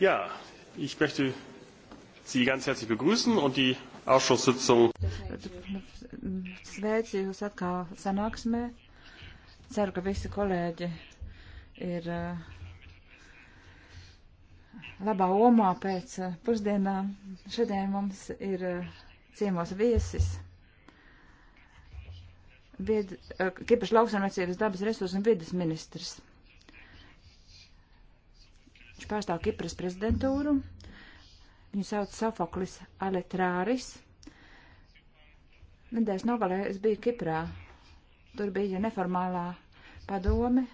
Ja, ich möchte Sie ganz herzlich begrüßen und die Ausschusssitzung. Sveicu jūs atkal sanāksmē. Ceru, ka visi kolēģi ir eh, labā omā pēc eh, pusdienām. Šodien mums ir eh, ciemos viesis. Vied, Kipaša lauksaimniecības dabas resursu un vidas ministrs. Viņš pārstāv Kipras prezidentūru. Viņu sauc Sofoklis Aletrāris. Nedēļas nogalē es biju Kiprā. Tur bija neformālā padome.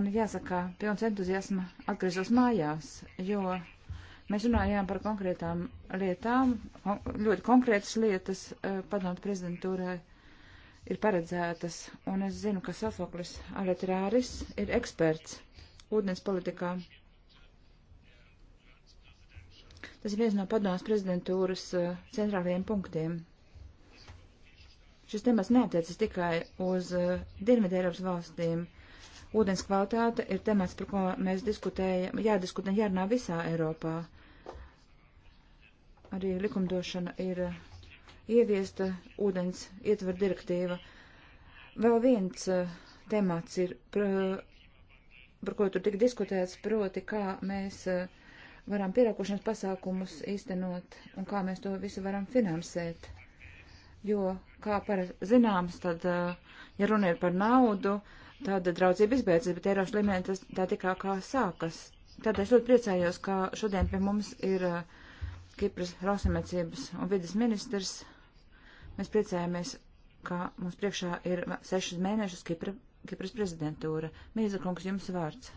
Un jāsaka, pilns entuziasma atgriezos mājās, jo mēs runājām par konkrētām lietām, ļoti konkrētas lietas eh, padomu prezidentūrai ir paredzētas, un es zinu, ka Sofoklis Aletrāris ir eksperts ūdens politikā. Tas ir viens no padomas prezidentūras eh, centrālajiem punktiem. Šis temats neatiecas tikai uz eh, Dienvidu Eiropas valstīm. Ūdens kvalitāte ir temats, par ko mēs diskutējam, jādiskutē, jārunā visā Eiropā. Arī likumdošana ir eh, ieviesta ūdens ietver direktīva. Vēl viens uh, temats ir, par, par ko tur tik diskutēts, proti, kā mēs uh, varam pierakošanas pasākumus īstenot un kā mēs to visu varam finansēt. Jo, kā par zināms, tad, eh, ja runa ir par naudu, tad draudzība izbeidzas, bet Eiropas līmenī tas tā tikā kā sākas. Tādēļ es ļoti priecājos, ka šodien pie mums ir eh, Kipras rausamniecības un vidas ministrs. Mēs priecājamies, ka mums priekšā ir sešas mēnešas Kipra, Kipras prezidentūra. Mīza kungs, jums vārds.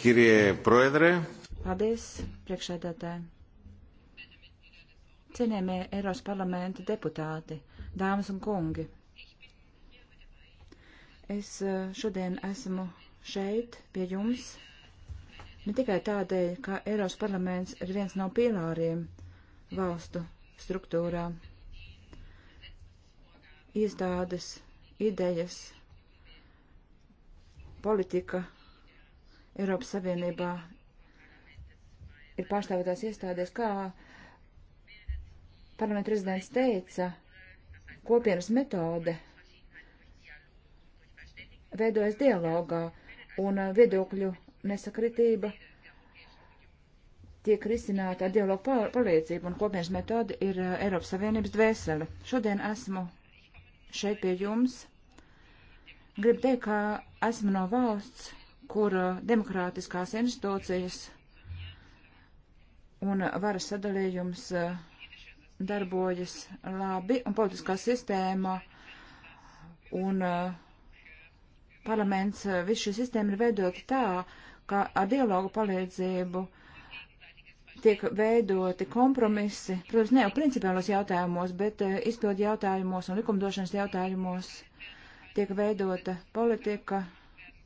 Kirie Proedre. Paldies, priekšēdētāji. Cienījamie Eiros parlamenta deputāti, dāmas un kungi. Es eh, šodien esmu šeit pie jums ne tikai tādēļ, ka Eiros parlaments ir viens no pīlāriem valstu struktūrā. Iestādes, idejas, politika Eiropas Savienībā ir pārstāvētās iestādēs, kā parlamenta prezidents teica, kopienas metode veidojas dialogā un uh, viedokļu nesakritība tiek risināta ar dialogu palīdzību, un kopienas metode ir uh, Eiropas Savienības dvēsele. Šodien esmu šeit pie jums. Gribu teikt, ka esmu no valsts, kur uh, demokrātiskās institūcijas un varas sadalījums uh, darbojas labi, un politiskā sistēma un uh, parlaments, viss šī sistēma ir veidota tā, ka ar dialogu palīdzību tiek veidoti kompromisi, protams, ne jau principiālos jautājumos, bet izpildu jautājumos un likumdošanas jautājumos tiek veidota politika,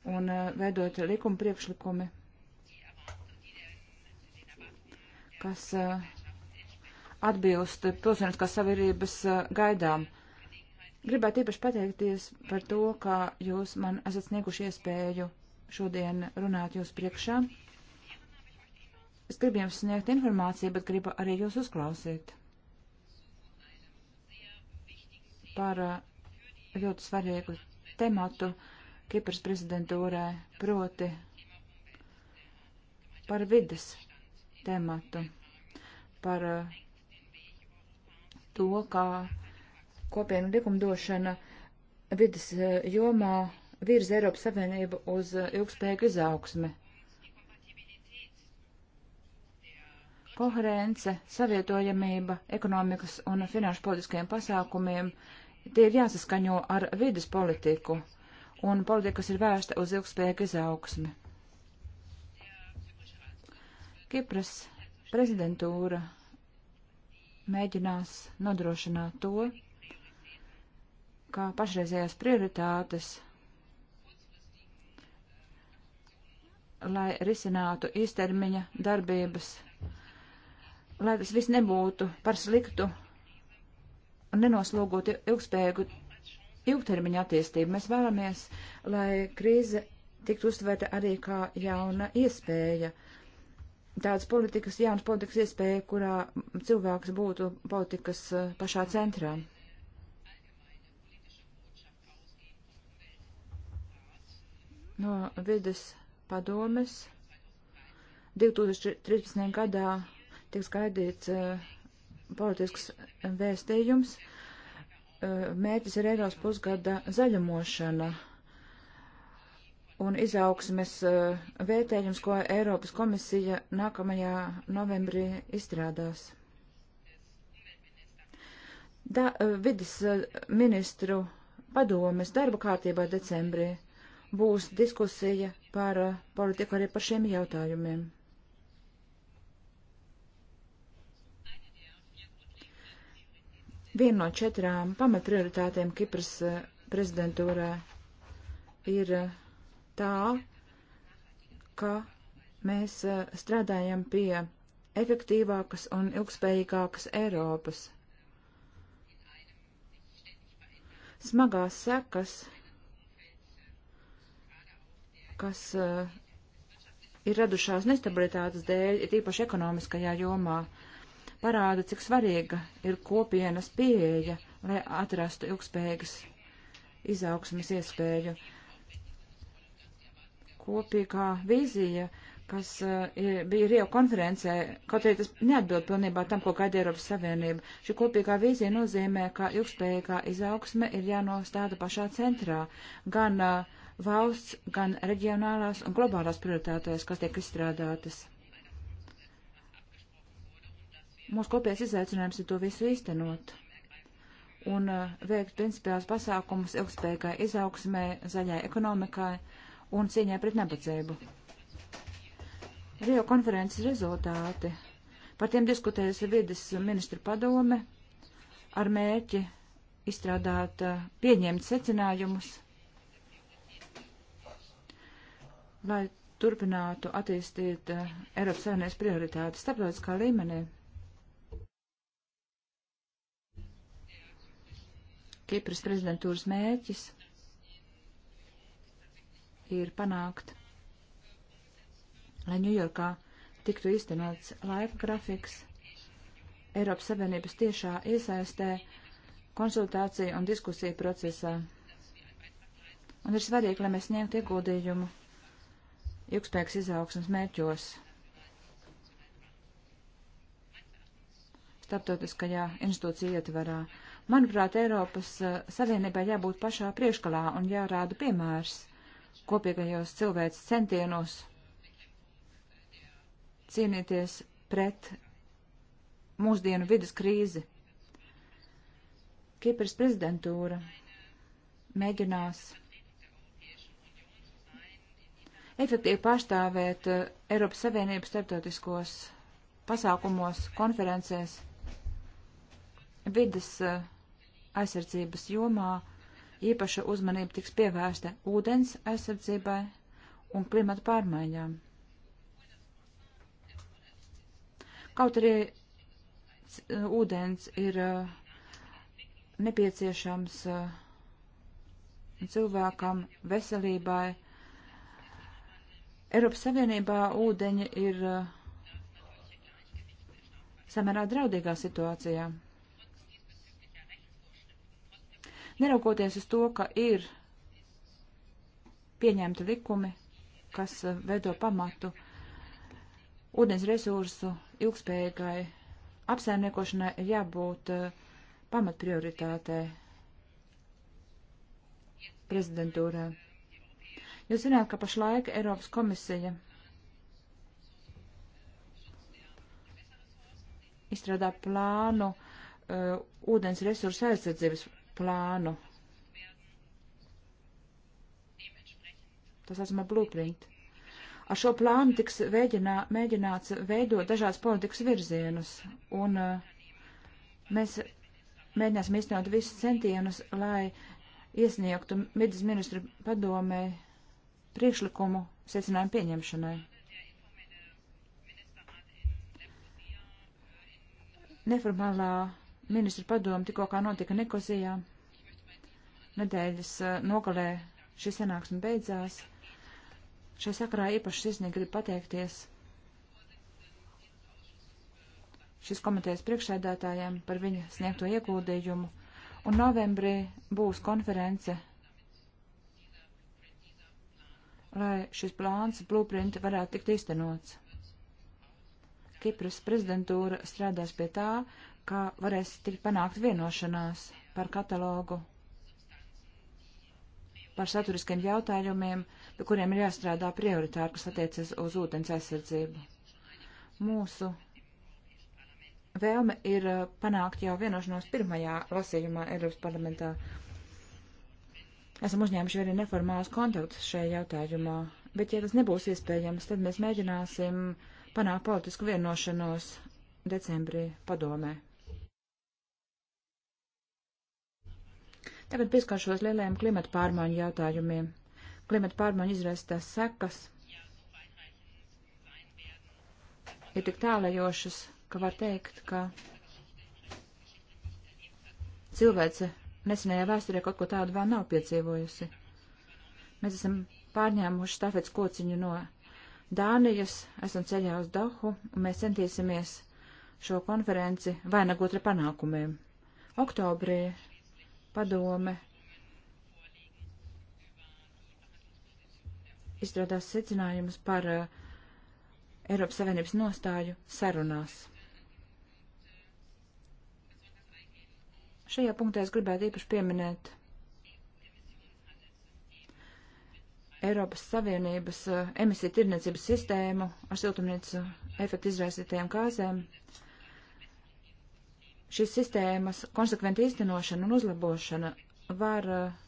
un eh, veidot likuma priekšlikumi, kas eh, atbilst pilsoniskās savienības eh, gaidām. Gribētu īpaši pateikties par to, ka jūs man esat snieguši iespēju šodien runāt jūs priekšā. Es gribu jums sniegt informāciju, bet gribu arī jūs uzklausīt par ļoti svarīgu tematu Kipras prezidentūrai, proti par vidas tematu, par eh, to, kā kopienu likumdošana vidas eh, jomā virza Eiropas Savienību uz eh, ilgspējīgu izaugsmi. Koherence, savietojamība ekonomikas un finanšu politiskajiem pasākumiem tie ir jāsaskaņo ar vidas politiku un politika, kas ir vērsta uz ilgspējīgu izaugsmi. Kipras prezidentūra mēģinās nodrošināt to, kā pašreizējās prioritātes, lai risinātu īstermiņa darbības, lai tas viss nebūtu par sliktu un nenoslogotu ilgspējīgu ilgtermiņa attīstību. Mēs vēlamies, lai krīze tiktu uztvērta arī kā jauna iespēja. Tāds politikas, jauns politikas iespēja, kurā cilvēks būtu politikas eh, pašā centrā. No vidas padomes 2013. gadā tiek skaidīts eh, politisks eh, vēstījums. Uh, Eh, mērķis ir Eiropas pusgada zaļumošana un izaugsmes eh, vērtējums, ko Eiropas komisija nākamajā novembrī izstrādās. Da, eh, vidas ministru padomes darba kārtībā decembrī būs diskusija par politiku arī par šiem jautājumiem. Viena no četrām pamatprioritātēm Kipras eh, prezidentūrā ir eh, tā, ka mēs eh, strādājam pie efektīvākas un ilgspējīgākas Eiropas. Smagās sekas, kas ir radušās nestabilitātes dēļ, ir īpaši ekonomiskajā jomā. Uh, parāda, cik svarīga ir kopienas pieeja, lai atrastu ilgspējīgas izaugsmas iespēju. Kopīgā vīzija, kas uh, bija Rio konferencē, kaut arī tas neatbild pilnībā tam, ko gaida Eiropas Savienība. Šī kopīgā vīzija nozīmē, ka ilgspējīgā izaugsme ir jānostāda pašā centrā, gan uh, valsts, gan reģionālās un globālās prioritātēs, kas tiek izstrādātas. Mūsu kopējais izaicinājums ir to visu īstenot un uh, veikt principiāls pasākumus ilgspējīgai izaugsmē, zaļai ekonomikai un cīņai pret nebadzību. Rio konferences rezultāti. Par tiem diskutējas vides ministra padome ar mērķi izstrādāt, uh, pieņemt secinājumus, lai turpinātu attīstīt uh, Eiropas Savienības prioritātes starptautiskā līmenī. Kipras prezidentūras mērķis ir panākt, lai Ņujorkā tiktu īstenots laika grafiks Eiropas Savienības tiešā iesaistē konsultāciju un diskusiju procesā. Un ir svarīgi, lai mēs sniegtu ieguldījumu ilgspējīgas izaugsmas mērķos. starptautiskajā institūcija ietvarā. Manuprāt, Eiropas eh, Savienībai jābūt pašā priekškalā un jārāda piemērs kopīgajos cilvēks centienos cīnīties pret mūsdienu vidas krīzi. Kipras prezidentūra mēģinās efektīvi pārstāvēt eh, Eiropas Savienības starptautiskos pasākumos, konferencēs, vidas uh, aizsardzības jomā īpaša uzmanība tiks pievērsta ūdens aizsardzībai un klimata pārmaiņām. Kaut arī ūdens ir uh, nepieciešams uh, cilvēkam veselībai. Eiropas Savienībā ūdeņi ir uh, samērā draudīgā situācijā. Neraugoties uz to, ka ir pieņemti likumi, kas eh, veido pamatu ūdens resursu ilgspējīgai apsaimniekošanai, ir jābūt eh, pamatprioritātē prezidentūrā. Jūs zināt, ka pašlaik Eiropas komisija izstrādā plānu uh, ūdens resursu aizsardzības plānu. Tas esmu blueprint. Ar šo plānu tiks vēģinā, mēģināts veidot dažādas politikas virzienus, un uh, mēs mēģināsim iztenot visus centienus, lai iesniegtu midz ministru padomē priekšlikumu secinājumu pieņemšanai. Neformālā Ministru padomu tikko kā notika Nikosijā. Nedēļas eh, nogalē šī sanāksme beidzās. Šai sakarā īpaši sirsnīgi gribu pateikties šis komitejas priekšsēdētājiem par viņa sniegto ieguldījumu, un novembrī būs konference, lai šis plāns, blueprint, varētu tikt īstenots. Kipras prezidentūra strādās pie tā, ka varēs tikt panākt vienošanās par katalogu, par saturiskiem jautājumiem, pie kuriem ir jāstrādā prioritāri, kas attiecas uz ūdens aizsardzību. Mūsu vēlme ir uh, panākt jau vienošanos pirmajā lasījumā Eiropas parlamentā. Esam uzņēmuši arī neformālus kontaktus šajā jautājumā, bet ja tas nebūs iespējams, tad mēs mēģināsim panākt politisku vienošanos decembrī padomē. Tagad pieskaršos lielajiem klimata pārmaiņu jautājumiem. Klimata pārmaiņu izraisītās sekas ir tik tālajošas, ka var teikt, ka cilvēce nesenajā vēsturē kaut ko tādu vēl nav piedzīvojusi. Mēs esam pārņēmuši stafets kociņu no Dānijas, esam ceļā uz Dahu, un mēs centīsimies šo konferenci vainagot ar panākumiem. Oktobrī padome izstrādās secinājumus par uh, Eiropas Savienības nostāju sarunās. Šajā punktā es gribētu īpaši pieminēt Eiropas Savienības uh, emisiju tirniecības sistēmu ar siltumnīcu efektu izraisītajām gāzēm. Uh, šīs sistēmas konsekventa īstenošana un uzlabošana var uh,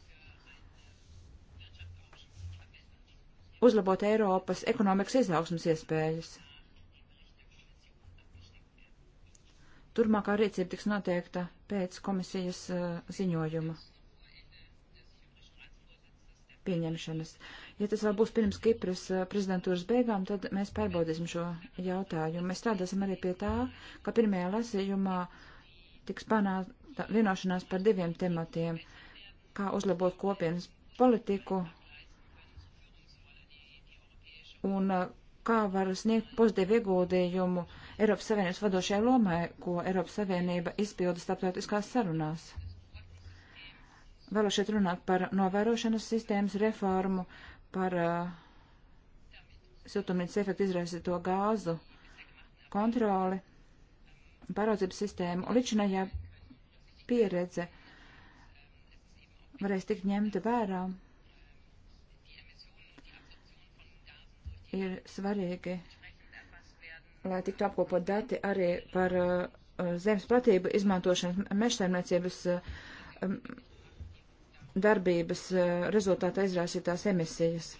uzlabot Eiropas ekonomikas izaugsmas iespējas. Turmākā rīcība tiks noteikta pēc komisijas uh, ziņojuma pieņemšanas. Ja tas vēl būs pirms Kipras uh, prezidentūras beigām, tad mēs pārbaudīsim šo jautājumu. Mēs strādāsim arī pie tā, ka pirmajā lasījumā uh, tiks panāta vienošanās par diviem tematiem - kā uzlabot kopienas politiku un uh, kā var sniegt pozitīvu ieguldījumu Eiropas Savienības vadošajai lomai, ko Eiropas Savienība izpilda starptautiskās sarunās. Vēlos šeit runāt par novērošanas sistēmas reformu, par uh, siltumnīcas efektu izraisīto gāzu kontroli pāraudzības sistēmu. Un līdzinājā pieredze varēs tikt ņemta vērā. Ir svarīgi, lai tiktu apkopot dati arī par uh, zemes platību izmantošanu mežsaimniecības uh, darbības uh, rezultātā izraisītās emisijas.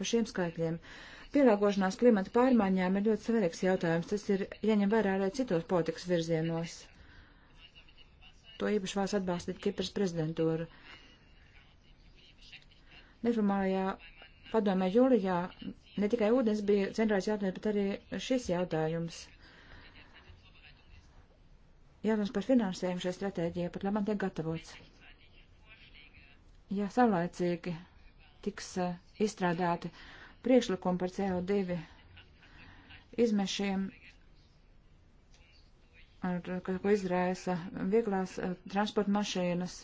Par šiem skaitļiem. Uh, Pielāgošanās klimata pārmaiņām ir ļoti svarīgs jautājums. Tas ir jāņem vērā arī citos politikas virzienos. To īpaši vēlas atbalstīt Kipras prezidentūra. Neformālajā padomē jūlijā ne tikai ūdens bija centrālais jautājums, bet arī šis jautājums. Jautājums par finansējumu šai stratēģijai pat labam tiek gatavots. Ja saulēcīgi tiks uh, izstrādāti priekšlikumu par CO2 izmešiem, ar, ko izraisa vieglās eh, transporta mašīnas,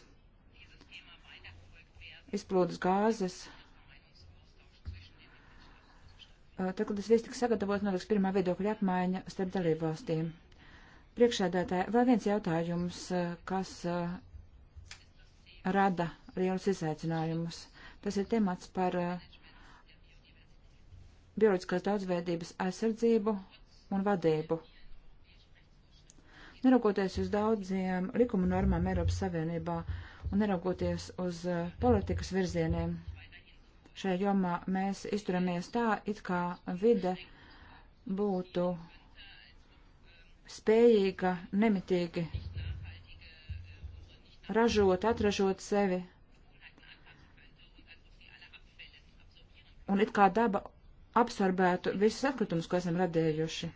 izplūdes gāzes. Eh, tad, kad tas viss tiks sagatavots, notiks pirmā viedokļa apmaiņa starp dalībvalstīm. Priekšsēdētāji, vēl viens jautājums, eh, kas rada lielus izaicinājumus. Tas ir temats par uh, bioloģiskās daudzveidības aizsardzību un vadību. Neraugoties uz daudziem likuma normām Eiropas Savienībā un neraugoties uz uh, politikas virzieniem, šajā jomā mēs izturamies tā, it kā vide būtu spējīga nemitīgi ražot, atražot sevi. Un it kā daba absorbētu visus atkritumus, ko esam radējuši.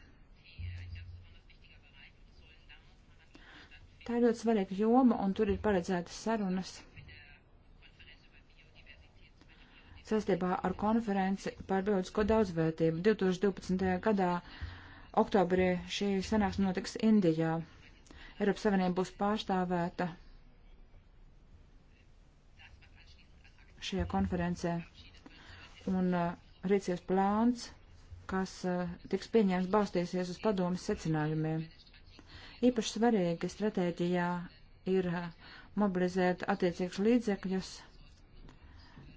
Tā ir ļoti svarīga joma, un tur ir paredzētas sarunas saistībā ar konferenci par bioloģisko daudzvērtību. 2012. gadā oktobrī šī sanāksme notiks Indijā. Eiropas Savienība būs pārstāvēta šajā konferencē. Un uh, rīcies plāns, kas eh, tiks pieņēmts balstīsies uz padomas secinājumiem. Īpaši svarīgi stratēģijā ir eh, mobilizēt attiecīgus līdzekļus,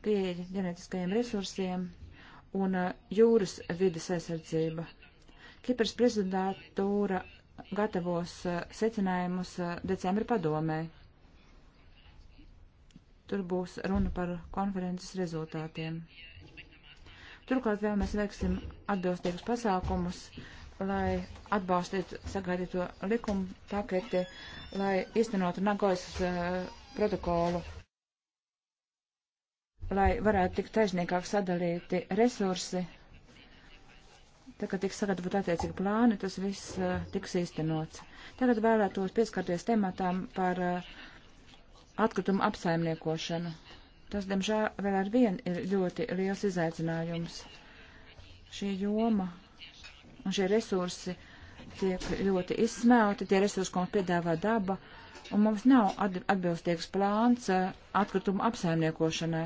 pieeja ģenetiskajiem resursiem un eh, jūras vidas aizsardzība. Kipras prezidentūra gatavos secinājumus decembra padomē. Tur būs runa par konferences rezultātiem. Turklāt vēl mēs veiksim atbilstīgus pasākumus, lai atbalstītu sagaidīto likumu paketi, lai īstenotu Nagojas uh, protokolu, lai varētu tikt taisnīgāk sadalīti resursi. Tā kā tiks sagatavot attiecīgi plāni, tas viss uh, tiks īstenots. Tagad vēlētos pieskarties tematām par uh, atkritumu apsaimniekošanu. Tas, diemžēl, vēl ar vienu ir ļoti liels izaicinājums. Šī joma un šie resursi tiek ļoti izsmelti, tie resursi, ko mums piedāvā daba, un mums nav atbilstīgs plāns eh, atkritumu apsaimniekošanai.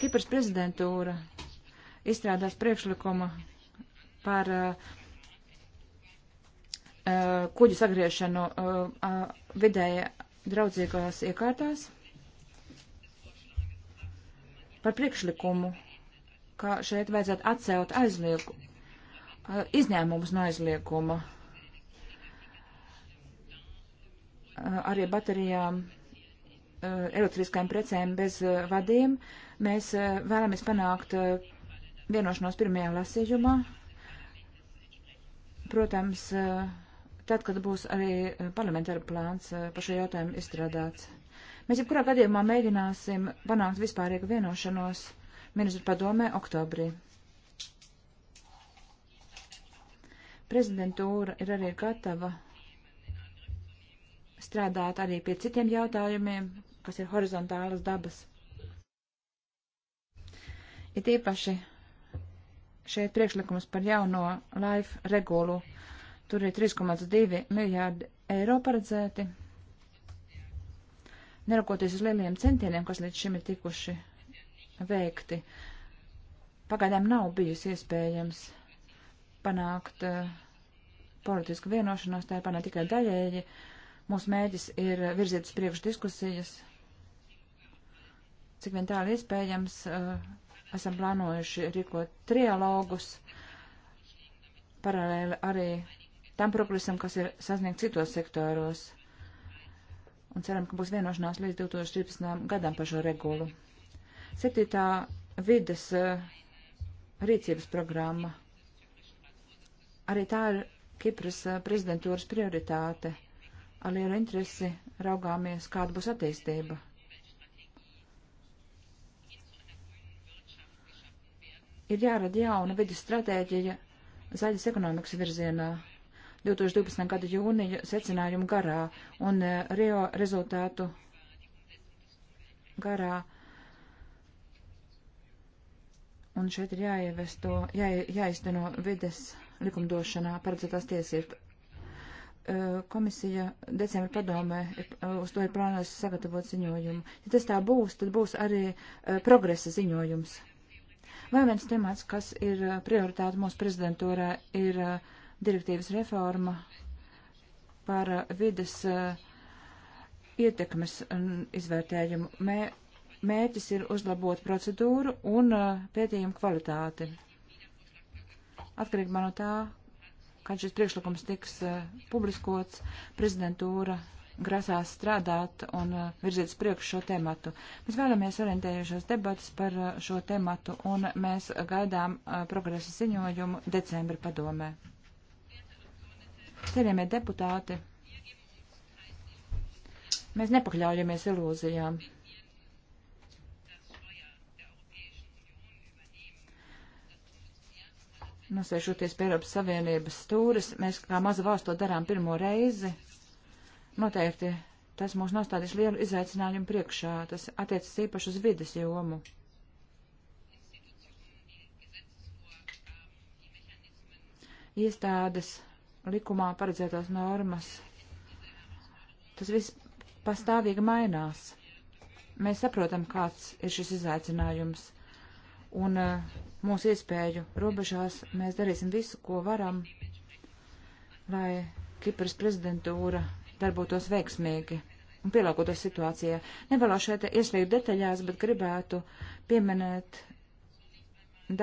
Kipras prezidentūra izstrādās priekšlikuma par uh, kuģu sagriešanu uh, vidēja draudzīgās iekārtās par priekšlikumu, ka šeit vajadzētu atcelt aizlieku, izņēmumus no aizlieguma arī baterijām, elektriskajām precēm bez vadiem. Mēs vēlamies panākt vienošanos pirmajā lasījumā. Protams, uh, tad, kad būs arī eh, parlamentāra plāns eh, par šo jautājumu izstrādāts. Mēs jebkurā gadījumā mēģināsim panākt vispārīgu vienošanos ministru padomē oktobrī. Prezidentūra ir arī gatava strādāt arī pie citiem jautājumiem, kas ir horizontālas dabas. Ir īpaši šeit priekšlikums par jauno life regulu Tur ir 3,2 miljārdi eiro paredzēti. Neraugoties uz lieliem centieniem, kas līdz šim ir tikuši veikti, pagaidām nav bijis iespējams panākt uh, politisku vienošanos, tā ir panākt tikai daļēji. Mūsu mēģis ir virzīt uz priekšu diskusijas. Cik vien tālu iespējams, uh, esam plānojuši rīkot trialogus, paralēli arī tam progresam, kas ir sasniegts citos sektoros. Un ceram, ka būs vienošanās līdz 2013. gadam par šo regulu. Septītā vides eh, rīcības programma. Arī tā ir Kipras eh, prezidentūras prioritāte. Ar lielu interesi raugāmies, kāda būs attīstība ir jārada jauna vidas stratēģija zaļas ekonomikas virzienā. 2012. gada jūnija secinājumu garā un e, Rio rezultātu garā. Un šeit ir jāievesto, jā, jāizteno vides likumdošanā paredzētās tiesības. E, komisija decembra padomē e, uz to ir plānojusi sagatavot ziņojumu. Ja tas tā būs, tad būs arī progresa ziņojums. Vēl viens temats, kas ir prioritāte mūsu prezidentūrā, ir uh, direktīvas reforma par uh, vides uh, ietekmes izvērtējumu. Mē, mērķis ir uzlabot procedūru un uh, pētījumu kvalitāti. Atkarīgi no tā, kad šis priekšlikums tiks publiskots, prezidentūra grasās strādāt un virzīties priekš šo tēmatu. Mēs vēlamies orientējušos debatas par šo tēmatu un mēs gaidām progresa ziņojumu decembra padomē. Cienījamie deputāti, mēs nepakļaujamies ilūzijām. Nosēžoties pie Eiropas Savienības stūres, mēs kā maza valsts to darām pirmo reizi. Noteikti tas mūs nostādīs lielu izaicinājumu priekšā. Tas attiecas īpaši uz vides jomu. Iestādes likumā paredzētās normas. Tas viss pastāvīgi mainās. Mēs saprotam, kāds ir šis izaicinājums, un eh, mūsu iespēju robežās mēs darīsim visu, ko varam, lai Kipras prezidentūra darbotos veiksmīgi un pielāgotos situācijai. Nevēlos šeit ieslīgt detaļās, bet gribētu pieminēt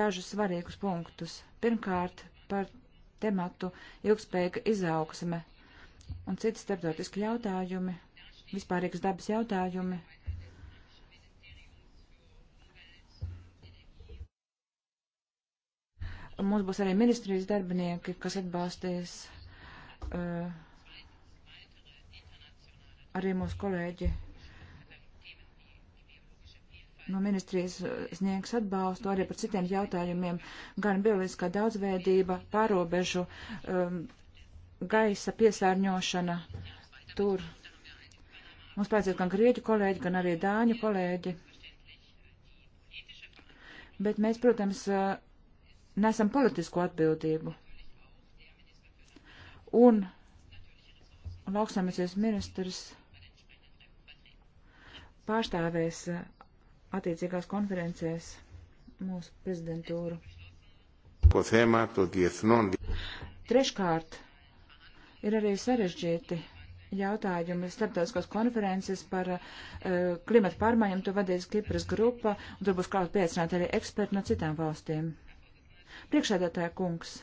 dažus svarīgus punktus. Pirmkārt, par tematu ilgspējīga izaugsme un citi starptautiski jautājumi, vispārīgas dabas jautājumi. Un mums būs arī ministrijas darbinieki, kas atbalstīs uh, arī mūsu kolēģi no ministrijas sniegs atbalstu arī par citiem jautājumiem, gan bioloģiskā daudzveidība, pārobežu, um, gaisa piesārņošana tur. Mums vajadzētu gan grieķu kolēģi, gan arī dāņu kolēģi. Bet mēs, protams, uh, nesam politisko atbildību. Un lauksaimniecības ministrs pārstāvēs uh, attiecīgās konferencēs mūsu prezidentūru. Treškārt, ir arī sarežģīti jautājumi starptautiskos konferences par uh, klimatu pārmaiņām. To vadīs Kipras grupa, un tur būs klāt piecināt arī eksperti no citām valstīm. Priekšēdētāja kungs,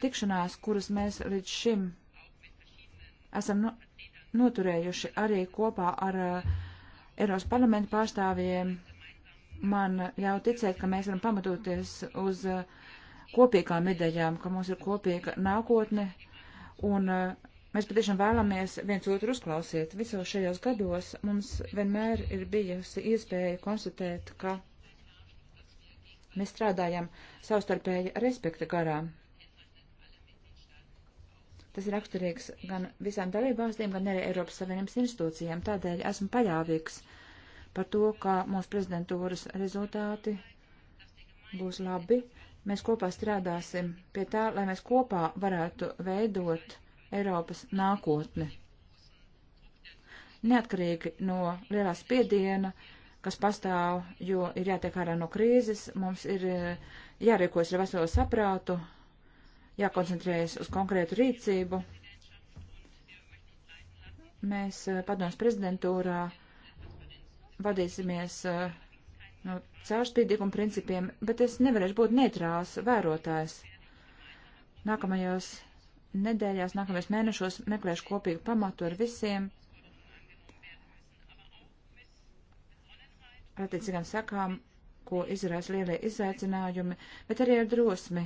tikšanās, kuras mēs līdz šim esam no, noturējuši arī kopā ar uh, Eiropas parlamenta pārstāvjiem man ļauj ticēt, ka mēs varam pamatoties uz uh, kopīgām idejām, ka mums ir kopīga nākotne, un uh, mēs patiešām vēlamies viens otru uzklausīt. Visos šajos gados mums vienmēr ir bijusi iespēja konstatēt, ka mēs strādājam savstarpēji respekta garām. Tas ir raksturīgs gan visām dalībvalstīm, gan arī Eiropas Savienības institūcijām. Tādēļ esmu paļāvīgs par to, ka mūsu prezidentūras rezultāti būs labi. Mēs kopā strādāsim pie tā, lai mēs kopā varētu veidot Eiropas nākotni. Neatkarīgi no lielā spiediena, kas pastāv, jo ir jātiek ārā no krīzes, mums ir eh, jārīkojas ar veselo saprātu, jākoncentrējas uz konkrētu rīcību. Mēs eh, padoms prezidentūrā vadīsimies eh, no caurspīdīguma principiem, bet es nevarēšu būt neitrāls vērotājs. Nākamajos nedēļās, nākamajos mēnešos meklēšu kopīgu pamatu ar visiem. Attiecīgām sakām, ko izraisa lielie izaicinājumi, bet arī ar drosmi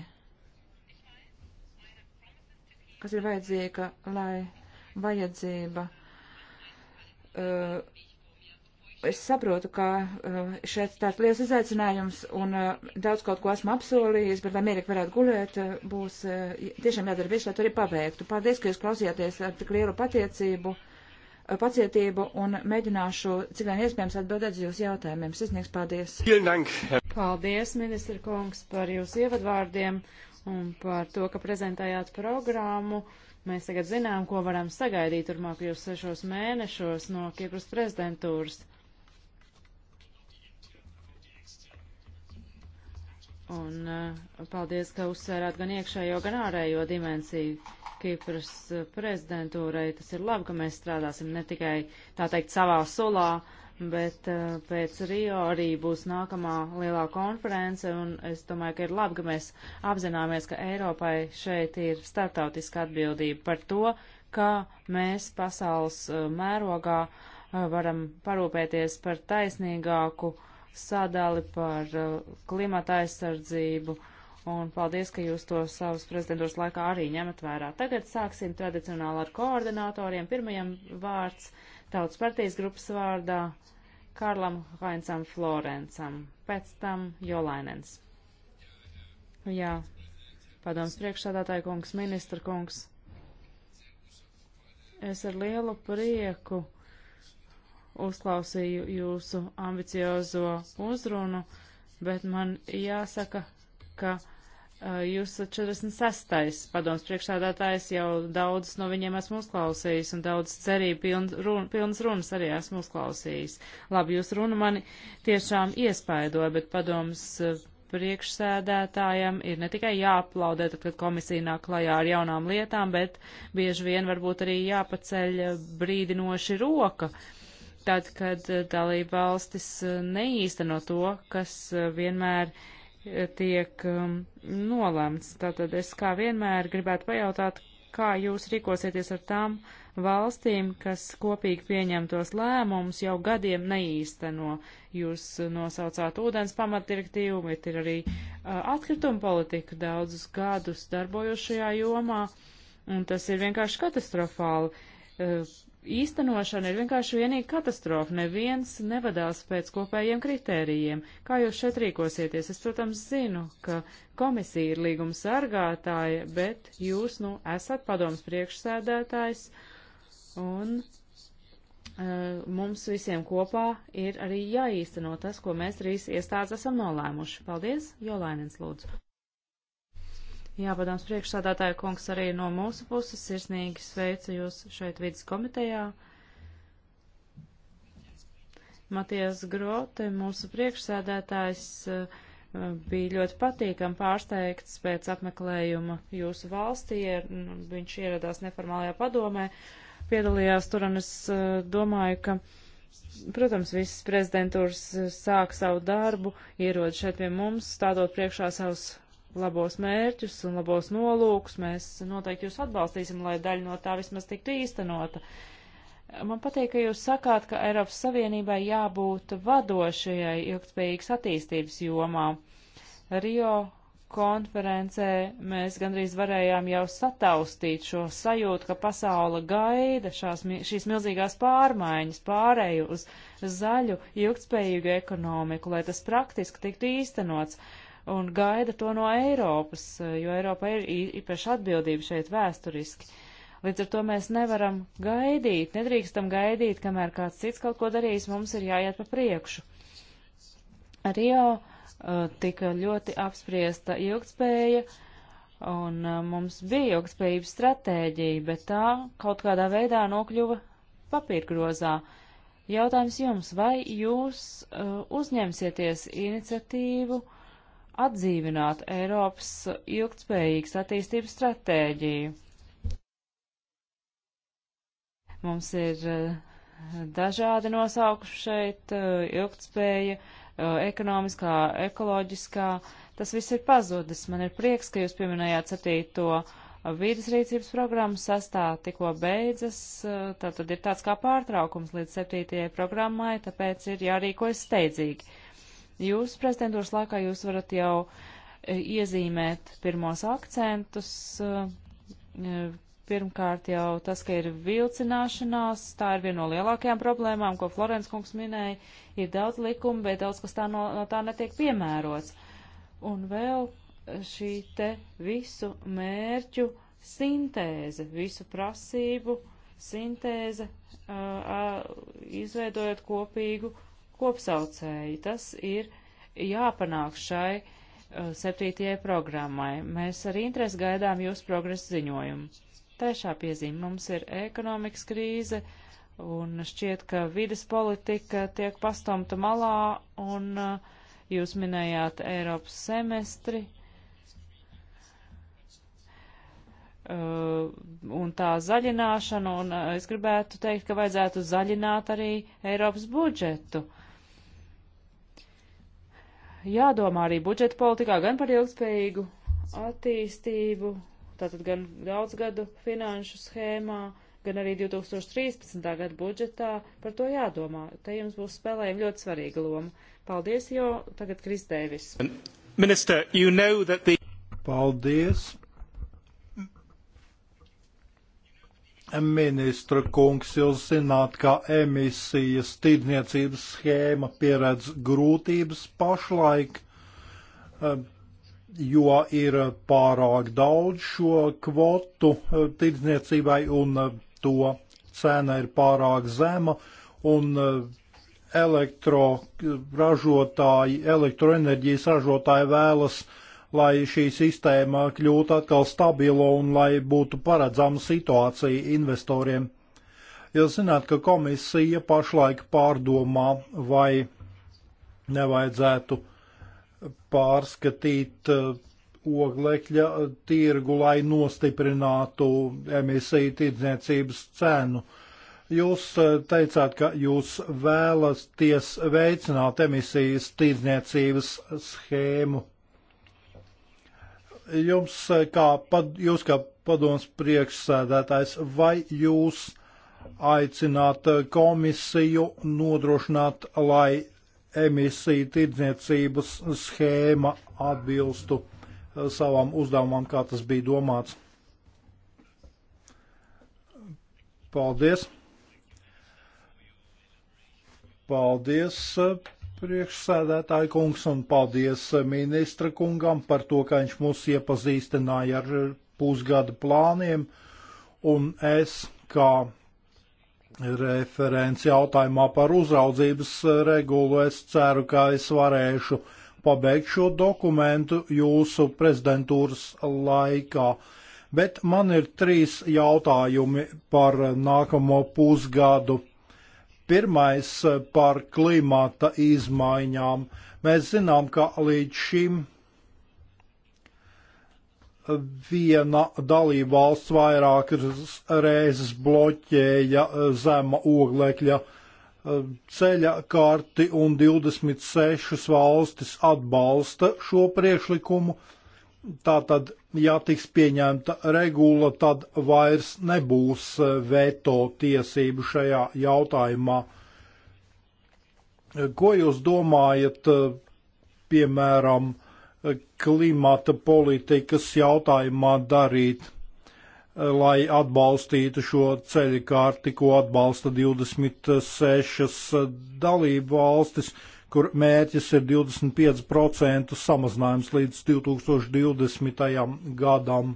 kas ir vajadzīga, lai vajadzība. Uh, es saprotu, ka uh, šeit tāds liels izaicinājums un uh, daudz kaut ko esmu apsolījis, bet lai mierīgi varētu gulēt, uh, būs uh, tiešām jādara viss, lai to arī paveiktu. Paldies, ka jūs klausījāties ar tik lielu patiecību, uh, pacietību un mēģināšu, cik vien iespējams, atbildēt uz jūsu jautājumiem. Sasniegs paldies. Paldies, ministra kungs, par jūsu ievadvārdiem un par to, ka prezentējāt programmu. Mēs tagad zinām, ko varam sagaidīt turmākajos sešos mēnešos no Kipras prezidentūras. Un eh, paldies, ka uzsvērāt gan iekšējo, gan ārējo dimensiju Kipras eh, prezidentūrai. Tas ir labi, ka mēs strādāsim ne tikai, tā teikt, savā sulā, bet eh, pēc Rio arī būs nākamā lielā konference, un es domāju, ka ir labi, ka mēs apzināmies, ka Eiropai šeit ir startautiska atbildība par to, kā mēs pasaules eh, mērogā eh, varam parūpēties par taisnīgāku sadali, par klimata aizsardzību un paldies, ka jūs to savas prezidentūras laikā arī ņemat vērā. Tagad sāksim tradicionāli ar koordinatoriem. Pirmajam vārds Tautas partijas grupas vārdā Karlam Haincam Florencam, pēc tam Jolainens. Jā, padoms priekšsādātāja kungs, ministra kungs. Es ar lielu prieku uzklausīju jūsu ambiciozo uzrunu, bet man jāsaka, ka Jūs 46. padoms priekšsādātājs jau daudz no viņiem esmu uzklausījis un daudz cerību piln, run, pilnas runas arī esmu uzklausījis. Labi, jūs runa mani tiešām iespaidoja, bet padoms priekšsēdētājam ir ne tikai jāaplaudē, tad, kad komisija nāk klajā ar jaunām lietām, bet bieži vien varbūt arī jāpaceļ brīdinoši roka, tad, kad dalība valstis neīsteno to, kas vienmēr ir tiek um, nolemts. Tātad es kā vienmēr gribētu pajautāt, kā jūs rīkosieties ar tām valstīm, kas kopīgi pieņemtos lēmumus jau gadiem neīsteno. Jūs nosaucāt ūdens pamatdirektīvu, bet ir arī uh, atkrituma politika daudzus gadus darbojušajā jomā, un tas ir vienkārši katastrofāli. Uh, īstenošana ir vienkārši vienīga katastrofa. Neviens nevadās pēc kopējiem kritērijiem. Kā jūs šeit rīkosieties? Es, protams, zinu, ka komisija ir līguma sargātāja, bet jūs, nu, esat padoms priekšsēdētājs un uh, mums visiem kopā ir arī jāīsteno tas, ko mēs trīs iestādes esam nolēmuši. Paldies, Jolainins, lūdzu. Jā, padoms priekšsādātāja kungs arī no mūsu puses sirsnīgi sveicu jūs šeit vidas komitejā. Matijas Grote, mūsu priekšsēdētājs, eh, bija ļoti patīkam pārsteigts pēc apmeklējuma jūsu valstī. Viņš ieradās neformālajā padomē, piedalījās tur, un es eh, domāju, ka. Protams, visas prezidentūras eh, sāk savu darbu, ierod šeit pie mums, stādot priekšā savus labos mērķus un labos nolūkus. Mēs noteikti jūs atbalstīsim, lai daļa no tā vismaz tiktu īstenota. Man patīk, ka jūs sakāt, ka Eiropas Savienībai jābūt vadošajai ilgtspējīgas attīstības jomā. Rio konferencē mēs gandrīz varējām jau sataustīt šo sajūtu, ka pasaula gaida šās, šīs milzīgās pārmaiņas, pārēju uz zaļu, ilgtspējīgu ekonomiku, lai tas praktiski tiktu īstenots un gaida to no Eiropas, eh, jo Eiropa ir īpaši atbildība šeit vēsturiski. Līdz ar to mēs nevaram gaidīt, nedrīkstam gaidīt, kamēr kāds cits kaut ko darīs, mums ir jāiet pa priekšu. Rio uh, tika ļoti apspriesta ilgspēja, un uh, mums bija ilgspējības stratēģija, bet tā kaut kādā veidā nokļuva papīrgrozā. Jautājums jums, vai jūs uh, uzņemsieties iniciatīvu uh, atdzīvināt Eiropas ilgtspējīgas attīstības stratēģiju. Mums ir eh, dažādi nosaukumi šeit eh, - ilgtspēja, eh, ekonomiskā, ekoloģiskā. Tas viss ir pazudis. Man ir prieks, ka jūs pieminējāt septīto vīdes rīcības programmu sastāv tikko beidzas, tā tad ir tāds kā pārtraukums līdz septītajai programmai, tāpēc ir jārīkojas steidzīgi. Jūs prezidentūras laikā jūs varat jau e, iezīmēt pirmos akcentus. E, e, pirmkārt jau tas, ka ir vilcināšanās, tā ir viena no lielākajām problēmām, ko Florence kungs minēja. Ir daudz likumu, bet daudz kas tā no, no tā netiek piemērots. Un vēl šī te visu mērķu sintēze, visu prasību sintēze, uh, uh, izveidojot kopīgu kopsaucēji. Tas ir jāpanāk šai uh, septītajai programmai. Mēs ar interesi gaidām jūsu progresa ziņojumu. Trešā piezīme mums ir ekonomikas krīze, un šķiet, ka vides politika tiek pastomta malā, un uh, jūs minējāt Eiropas semestri. Uh, un tā zaļināšana, un uh, es gribētu teikt, ka vajadzētu zaļināt arī Eiropas budžetu. Uh, jādomā arī budžeta politikā gan par ilgspējīgu attīstību, tātad gan daudzgadu finanšu schēmā, gan arī 2013. gada budžetā par to jādomā. Te jums būs spēlējama ļoti svarīga loma. Paldies, jo tagad Kristēvis. Minister, you know that the... Paldies. Ministra kungs, jūs zināt, ka emisijas tirdzniecības schēma pieredz grūtības pašlaik, eh, jo ir pārāk daudz šo kvotu eh, tirdzniecībai un eh, to cena ir pārāk zema un elektroražotāji, elektroenerģijas ražotāji vēlas uh, lai šī sistēma kļūtu atkal stabila un lai būtu paredzama situācija investoriem. Jūs zināt, ka komisija pašlaik pārdomā, vai nevajadzētu pārskatīt uh, oglekļa tirgu, lai nostiprinātu emisiju tirdzniecības cenu. Jūs uh, teicāt, ka jūs vēlaties veicināt emisijas tirdzniecības schēmu jums, eh, kā, pad, jūs kā padoms priekšsēdētājs, vai jūs aicināt eh, komisiju nodrošināt, lai emisiju tirdzniecības schēma atbilstu eh, savām uzdevumam, kā tas bija domāts? Paldies! Paldies priekšsēdētāja kungs un paldies eh, ministra kungam par to, ka viņš mūs iepazīstināja ar eh, pusgada plāniem. Un es, kā referents jautājumā par uzraudzības eh, regulu, es ceru, ka es varēšu pabeigt šo dokumentu jūsu prezidentūras laikā. Bet man ir trīs jautājumi par nākamo pusgadu Pirmais eh, par klimata izmaiņām. Mēs zinām, ka līdz šim viena dalībvalsts vairākas reizes bloķēja eh, zema oglekļa eh, ceļa karti un 26 valstis atbalsta šo priekšlikumu. Tātad ja tiks pieņemta regula, tad vairs nebūs eh, veto tiesību šajā jautājumā. Ko jūs domājat, eh, piemēram, klimata politikas jautājumā darīt, eh, lai atbalstītu šo ceļu kārti, ko atbalsta 26 dalību valstis? kur mērķis ir 25% samazinājums līdz 2020. gadam.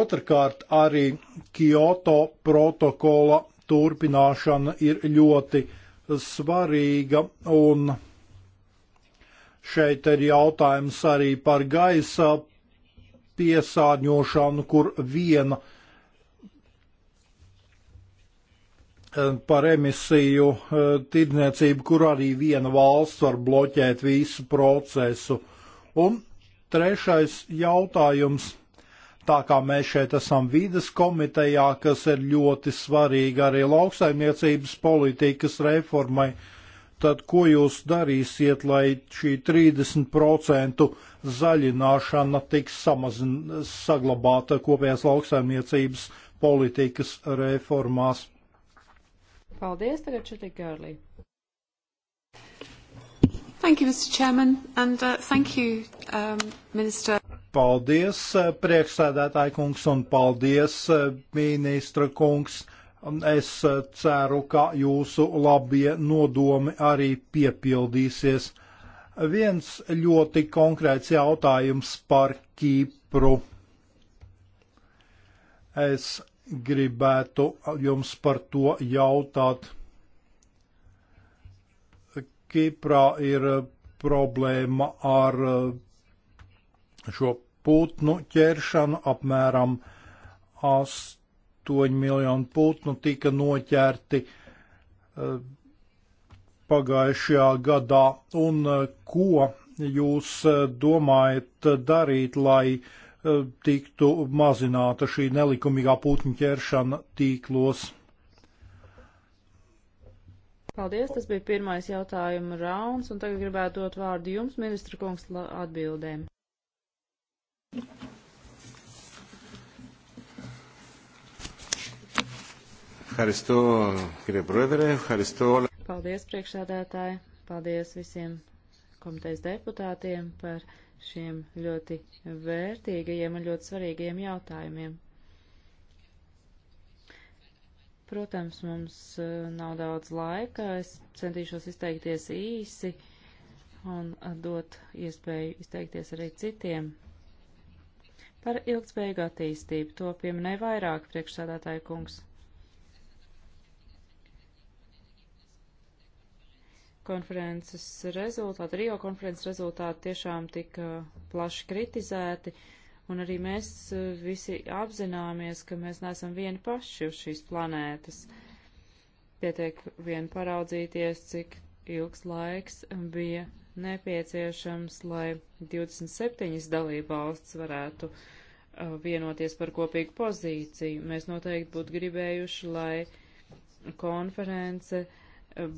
Otrakārt, arī Kyoto protokola turpināšana ir ļoti svarīga un šeit ir jautājums arī par gaisa piesārņošanu, kur viena Eh, par emisiju eh, tirdzniecību, kur arī viena valsts var bloķēt visu procesu. Un trešais jautājums. Tā kā mēs šeit esam vides komitejā, kas ir ļoti svarīga arī lauksaimniecības politikas reformai, tad ko jūs darīsiet, lai šī 30% zaļināšana tiks samazin, saglabāta kopējās lauksaimniecības politikas reformās? Paldies, tagad Čuti Gārlī. Thank you, Mr. Chairman, and uh, thank you, um, Minister. Paldies, uh, priekšsēdētāji kungs, un paldies, uh, ministra kungs. Es uh, ceru, ka jūsu labie nodomi arī piepildīsies. Viens ļoti konkrēts jautājums par Kīpru. Es gribētu jums par to jautāt. Kiprā ir problēma ar uh, šo putnu ķeršanu. Apmēram 8 miljonu putnu tika noķerti uh, pagājušajā gadā. Un uh, ko jūs domājat darīt, lai uh, tiktu mazināta šī nelikumīgā putņu ķeršana tīklos. Paldies, tas bija pirmais jautājuma rauns, un tagad gribētu dot vārdu jums, ministra kungs, atbildēm. Haristo, Brevere, Haristo. Paldies, priekšsēdētāji, paldies visiem komitejas deputātiem par šiem ļoti vērtīgajiem un ļoti svarīgajiem jautājumiem. Protams, mums uh, nav daudz laika, es centīšos izteikties īsi un uh, dot iespēju izteikties arī citiem. Par ilgspējīgu attīstību to pieminēja vairāk priekšsādātāja kungs. konferences rezultāti, Rio konferences rezultāti tiešām tika plaši kritizēti, un arī mēs e, visi apzināmies, ka mēs neesam vieni paši uz šīs planētas. Pietiek vien paraudzīties, cik ilgs laiks bija nepieciešams, lai 27 dalība valsts varētu e, vienoties par kopīgu pozīciju. Mēs noteikti būtu gribējuši, lai konference uh,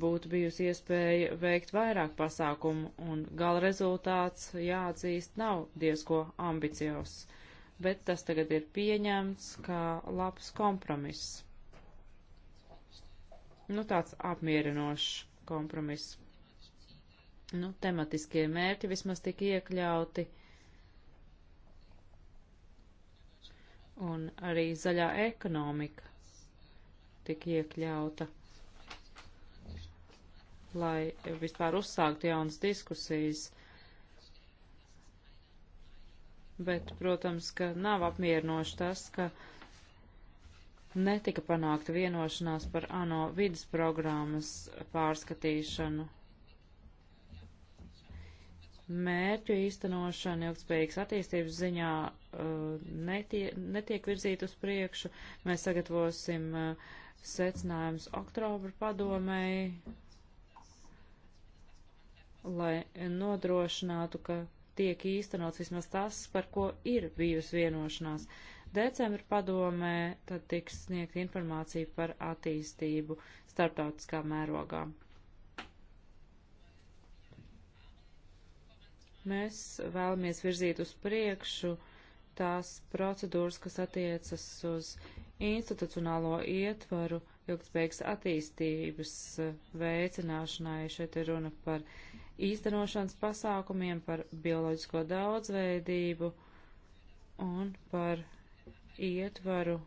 būtu bijusi iespēja veikt vairāk pasākumu, un gala rezultāts, jāatzīst, nav diezko ambiciozs, bet tas tagad ir pieņemts kā labs kompromiss. Nu, tāds apmierinošs kompromiss. Nu, tematiskie mērķi vismaz tik iekļauti. Un arī zaļā ekonomika tik iekļauta lai vispār uzsākt jaunas diskusijas. Bet, protams, ka nav apmierinoši tas, ka netika panākta vienošanās par ANO vidas programmas pārskatīšanu. Mērķu īstenošana ilgspējīgas attīstības ziņā uh, netie, netiek virzīta uz priekšu. Mēs sagatavosim uh, secinājumus oktobra padomēji lai nodrošinātu, ka tiek īstenots vismaz tas, par ko ir bijusi vienošanās. Decembra padomē tad tiks sniegt informācija par attīstību starptautiskā mērogā. Mēs vēlamies virzīt uz priekšu tās procedūras, kas attiecas uz institucionālo ietvaru ilgspējīgas attīstības veicināšanai. Šeit ir runa par īstenošanas pasākumiem, par bioloģisko daudzveidību un par ietvaru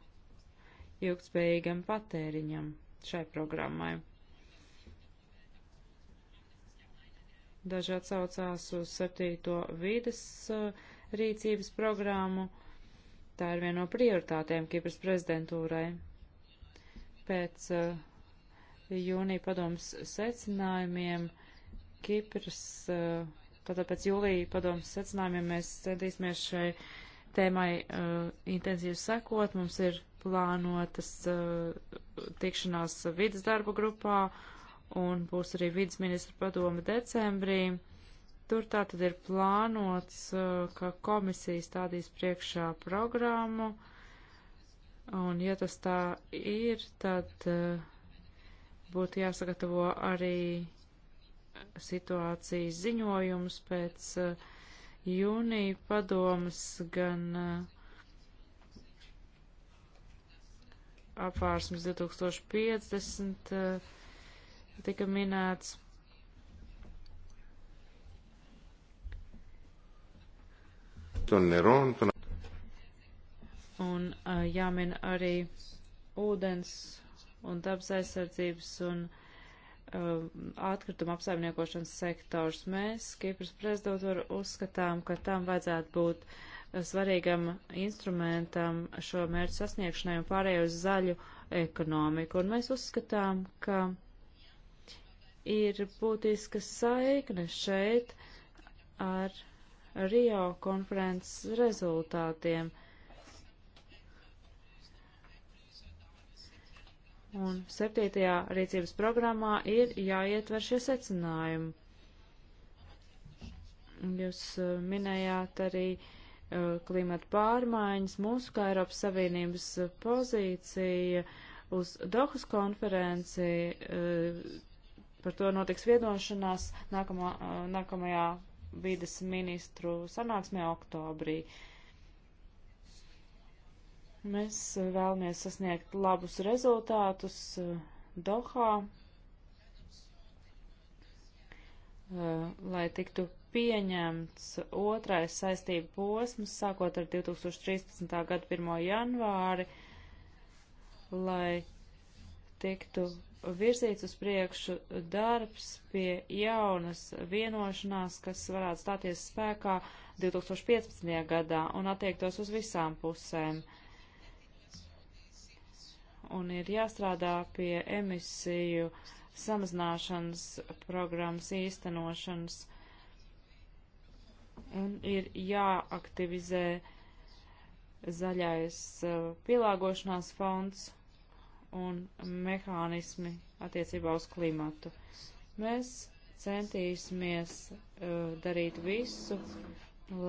ilgspējīgam patēriņam šai programmai. Daži atsaucās uz septīto vides uh, rīcības programmu. Tā ir viena no prioritātēm Kipras prezidentūrai. Pēc uh, jūnija padomas secinājumiem Kipras, eh, tātad pēc jūlija padomas secinājumiem mēs centīsimies šai tēmai uh, intensīvi sekot. Mums ir plānotas uh, tikšanās vidas darba grupā un būs arī vidas ministra padome decembrī. Tur tā tad ir plānots, uh, ka komisija stādīs priekšā programmu, un ja tas tā ir, tad uh, būtu jāsagatavo arī situācijas ziņojums pēc uh, jūnija padomas gan uh, apvārsmes 2050 uh, eh, tika minēts. Un jāmin arī ūdens un dabas aizsardzības un Uh, atkrituma apsaimniekošanas sektors. Mēs Kipras prezidentūru uzskatām, ka tam vajadzētu būt uh, svarīgam instrumentam šo mērķu sasniegšanai un pārējo uz zaļu ekonomiku. Un mēs uzskatām, ka ir būtiska saikne šeit ar Rio konferences rezultātiem. Un septītajā rīcības programmā ir jāietver šie secinājumi. Jūs eh, minējāt arī eh, klimata pārmaiņas, mūsu kā Eiropas Savienības pozīcija uz Dohas konferenci. Eh, par to notiks viedošanās nākamā, nākamajā vides ministru sanāksmē oktobrī. Uh, Mēs eh, vēlamies sasniegt labus rezultātus eh, Dohā, eh, lai tiktu pieņemts otrais saistību posms, sākot ar 2013. gada 1. janvāri, lai tiktu virzīts uz priekšu darbs pie jaunas vienošanās, kas varētu stāties spēkā 2015. gadā un attiektos uz visām pusēm. Uh, un ir jāstrādā pie emisiju samazināšanas programmas īstenošanas. Un ir jāaktivizē zaļais uh, pielāgošanās fonds un mehānismi attiecībā uz klimatu. Mēs centīsimies uh, darīt visu,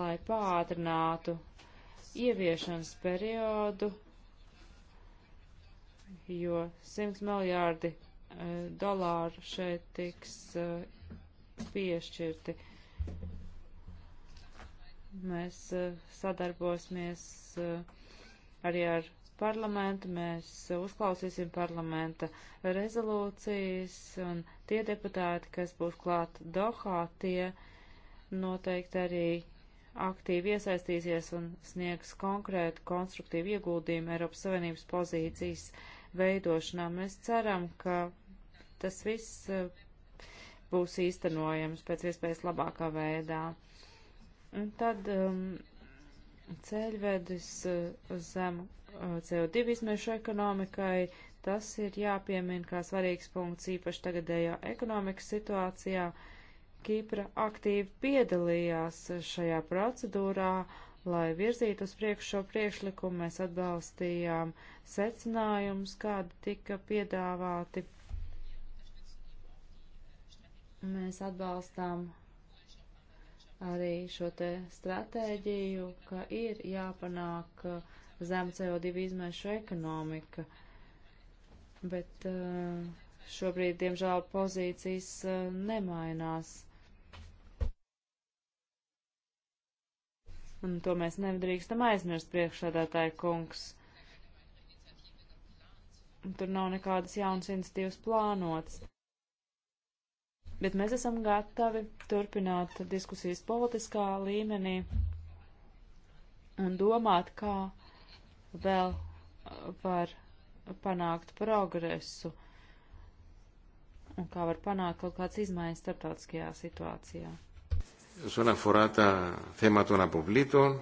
lai pātrinātu ieviešanas periodu jo 100 miljārdi eh, dolāru šeit tiks eh, piešķirti. Mēs eh, sadarbosimies arī ar parlamentu, mēs uzklausīsim parlamenta rezolūcijas, un tie deputāti, kas būs klāt Dohā, tie noteikti arī aktīvi iesaistīsies un sniegs konkrētu konstruktīvu ieguldījumu Eiropas Savienības pozīcijas uh, veidošanā. Mēs ceram, ka tas viss eh, būs īstenojams pēc iespējas labākā veidā. Un tad um, ceļvedis eh, zem eh, CO2 izmešu ekonomikai, tas ir jāpiemina kā svarīgs punkts īpaši tagadējā ekonomikas situācijā. Kipra aktīvi piedalījās šajā procedūrā lai virzītu uz priekšu šo priekšlikumu. Mēs atbalstījām secinājumus, kādi tika piedāvāti. Mēs atbalstām arī šo te stratēģiju, ka ir jāpanāk uh, zem CO2 izmēšu ekonomika, bet uh, šobrīd, diemžēl, pozīcijas uh, nemainās un to mēs nedrīkstam aizmirst priekšsādātāja kungs. Tur nav nekādas jaunas iniciatīvas plānotas. Bet mēs esam gatavi turpināt diskusijas politiskā līmenī un domāt, kā vēl uh, var panākt progresu un kā var panākt kaut kāds izmaiņas starptautiskajā situācijā όσον αφορά τα θέματα των αποβλήτων.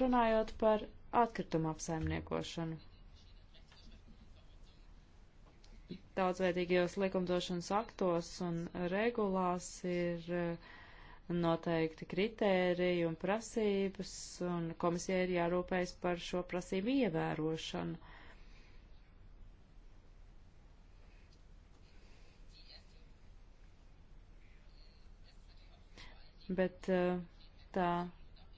Runājot par atkritumu apsaimniekošanu. Daudzveidīgajos likumdošanas aktos un regulās ir eh, noteikti kritēriji un prasības, un komisija ir jārūpējas par šo prasību ievērošanu. bet eh, tā,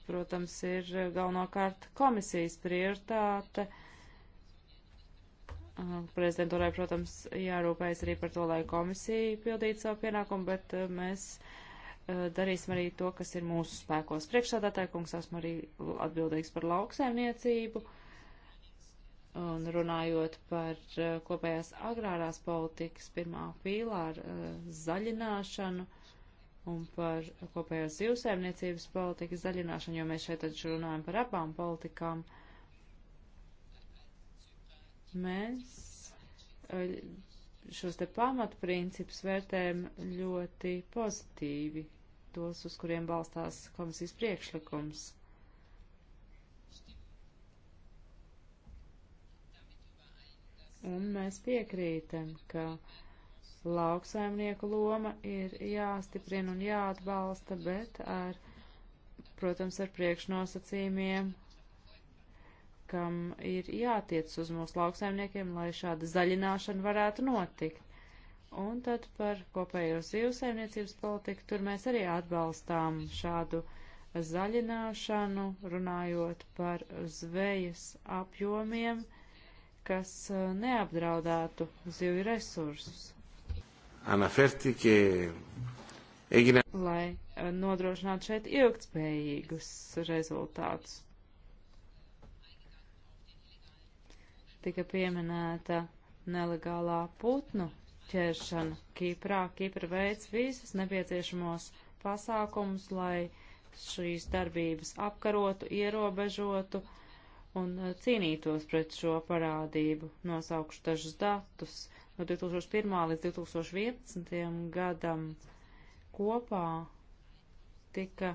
protams, ir galvenokārt komisijas prioritāte. Eh, prezidentūrai, protams, jārūpējas arī par to, lai komisija pildītu savu pienākumu, bet eh, mēs darīsim arī to, kas ir mūsu spēkos. Priekšsādātāja kungs esmu arī atbildīgs par lauksaimniecību un runājot par kopējās agrārās politikas pirmā pīlāra zaļināšanu un par kopējās zivsēmniecības politikas zaļināšanu, jo mēs šeit taču runājam par abām politikām. Mēs eh, šos te pamatprincipus vērtējam ļoti pozitīvi, tos, uz kuriem balstās komisijas priekšlikums. Un mēs piekrītam, ka uh, lauksaimnieku loma ir jāstiprina un jāatbalsta, bet ar, protams, ar priekšnosacījumiem, kam ir jātiec uz mūsu lauksaimniekiem, lai šāda zaļināšana varētu notikt. Un tad par kopējo zivsaimniecības politiku tur mēs arī atbalstām šādu zaļināšanu, runājot par zvejas apjomiem, kas eh, neapdraudētu zivju resursus. Αναφέρθηκε, έγινε... Lai eh, nodrošinātu šeit ilgtspējīgus rezultātus. Tika pieminēta nelegālā putnu ķeršana Kiprā. Kipra veids visus nepieciešamos pasākumus, lai šīs darbības apkarotu, ierobežotu un eh, cīnītos pret šo parādību. Nosaukšu dažus datus no 2001. līdz 2011. gadam kopā tika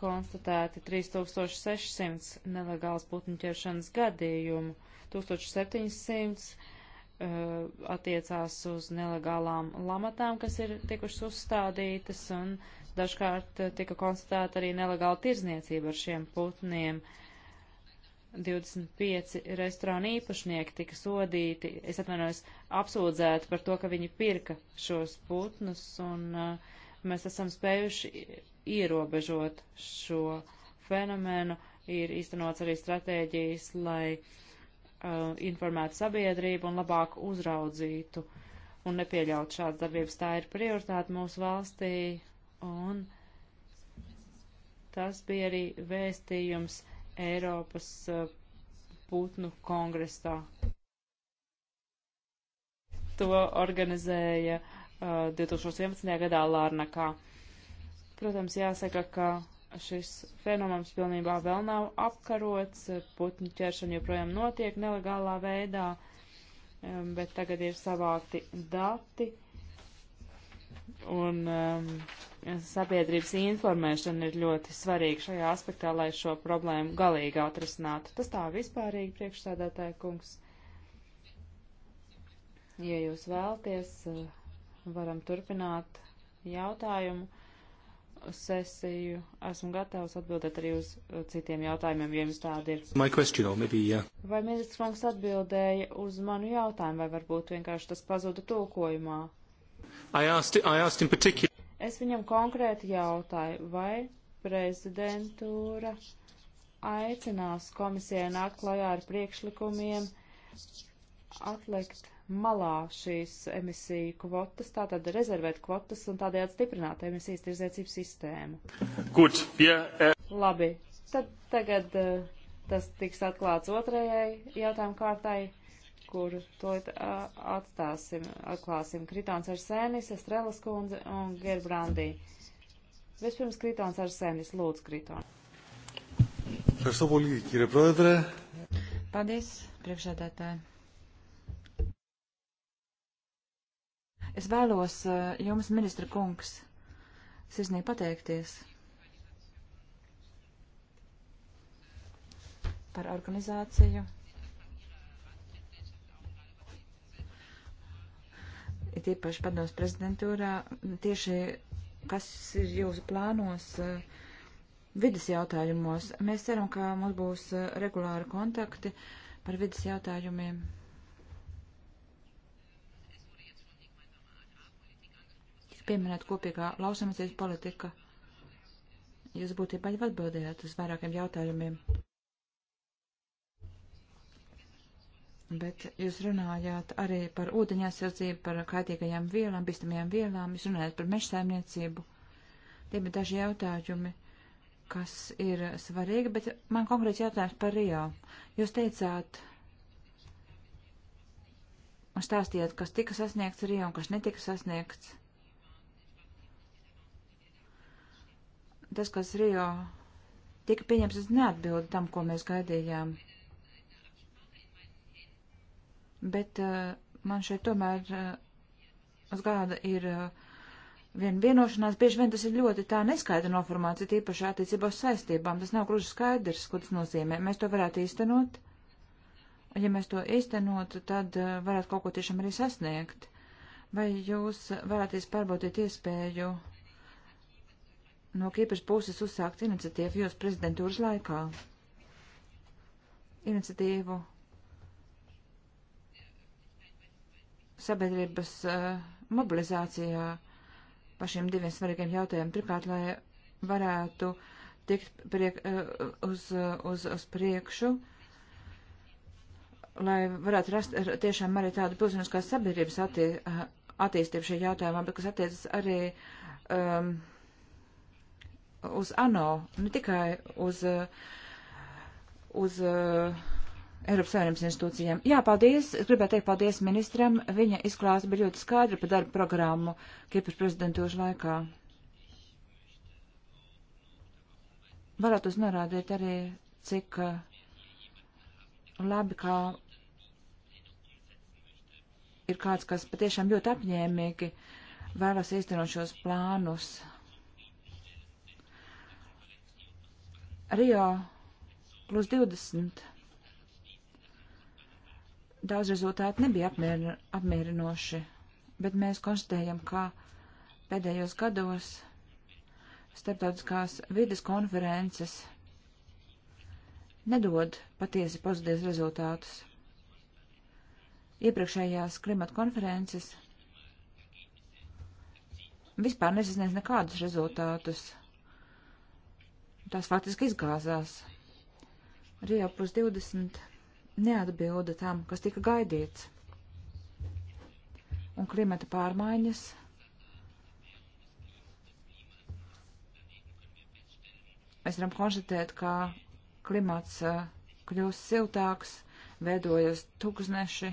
konstatēti 3600 nelegāls putnu ķeršanas gadījumu, 1700 uh, eh, attiecās uz nelegālām lamatām, kas ir tikušas uzstādītas, un dažkārt tika konstatēta arī nelegāla tirzniecība ar šiem putniem. Uh, 25 restorāna īpašnieki tika sodīti, es atvainojos, apsūdzēti par to, ka viņi pirka šos putnus, un uh, mēs esam spējuši ierobežot šo fenomenu. Ir īstenots arī stratēģijas, lai uh, informētu sabiedrību un labāk uzraudzītu un nepieļautu šādas darbības. Tā ir prioritāte mūsu valstī, un tas bija arī vēstījums. Uh, Eiropas eh, putnu kongresā. To organizēja uh, eh, 2011. gadā Lārnakā. Protams, jāsaka, ka šis fenomens pilnībā vēl nav apkarots, putnu ķeršana joprojām notiek nelegālā veidā, eh, bet tagad ir savākti dati un um, sabiedrības informēšana ir ļoti svarīga šajā aspektā, lai šo problēmu galīgi atrisinātu. Tas tā vispārīgi priekšsēdētāja kungs. Ja jūs vēlties, uh, varam turpināt jautājumu sesiju. Esmu gatavs atbildēt arī uz uh, citiem jautājumiem, ja jums tādi ir. Question, maybe, yeah. Vai ministrs kungs atbildēja uz manu jautājumu, vai varbūt vienkārši tas pazuda tulkojumā? I asked, I asked in particular. Es viņam konkrēti jautāju, vai prezidentūra aicinās komisijai nākt klajā ar priekšlikumiem atlikt malā šīs emisiju kvotas, tātad rezervēt kvotas un tādējādi stiprināt emisijas tirdzniecības sistēmu. Gut, yeah, äh, uh... Labi, tad tagad uh, tas tiks atklāts otrajai jautājumu kārtai kur to atstāsim, atklāsim. Kritāns ar sēnis, Estrelas kundze un Gerbrandī. Vispirms Kritāns ar sēnis, lūdzu, Kritāns. Ευχαριστώ πολύ, κύριε Πρόεδρε. Paldies, priekšsēdētāji. Es vēlos jums, ministra kungs, sirsnīgi pateikties par organizāciju it īpaši padomus prezidentūrā, tieši kas ir jūsu plānos eh, vidas jautājumos. Mēs ceram, ka mums būs eh, regulāri kontakti par vidas jautājumiem. pieminēt kopīgā lauksamniecības politika. Jūs būtībā jau atbildējāt uz vairākiem jautājumiem. Bet jūs runājāt arī par ūdeņaizsardzību, par kaitīgajām vielām, bīstamajām vielām, jūs runājāt par mežsaimniecību. Tie bija daži jautājumi, kas ir svarīgi, bet man konkrēts jautājums par Rio. Jūs teicāt un stāstījāt, kas tika sasniegts Rio un kas netika sasniegts. Tas, kas Rio tika pieņemts, neatbilda tam, ko mēs gaidījām bet eh, man šeit tomēr eh, uz gāda ir eh, viena vienošanās. Bieži vien tas ir ļoti tā neskaidra noformācija, tīpaši attiecībā uz saistībām. Tas nav gluži skaidrs, ko tas nozīmē. Mēs to varētu īstenot. Ja mēs to īstenotu, tad varētu kaut ko tiešām arī sasniegt. Vai jūs vēlaties pārbaudīt iespēju no Kīpras puses uzsākt iniciatīvu jūsu prezidentūras laikā? Iniciatīvu sabiedrības uh, mobilizācijā par šiem diviem svarīgiem jautājumiem. Pirmkārt, lai varētu tikt priek, uh, uz, uz, uz priekšu, lai varētu rast tiešām arī tādu pilsoniskās sabiedrības attī, eh, attīstību šajā jautājumā, bet kas attiecas arī um, uz ANO, ne tikai uz, uz uh, Eiropas Savienības institūcijām. Jā, paldies. Es gribētu teikt paldies ministram. Viņa izklāsta bija ļoti skaidra par darba programmu Kipras prezidentošu laikā. Varētu uz norādīt arī, cik uh, labi, kā ir kāds, kas patiešām ļoti apņēmīgi vēlas īstenot šos plānus. Rio plus 20 daudz rezultāti nebija apmierino, apmierinoši, bet mēs konstatējam, ka pēdējos gados starptautiskās vidas konferences nedod patiesi pozitīvus rezultātus. Iepriekšējās klimata konferences vispār nesasniedz nekādus rezultātus. Tās faktiski izgāzās. Rio plus 20 neatbilda tam, kas tika gaidīts. Un klimata pārmaiņas. Mēs varam konstatēt, ka klimats eh, kļūst siltāks, veidojas tūkstneši,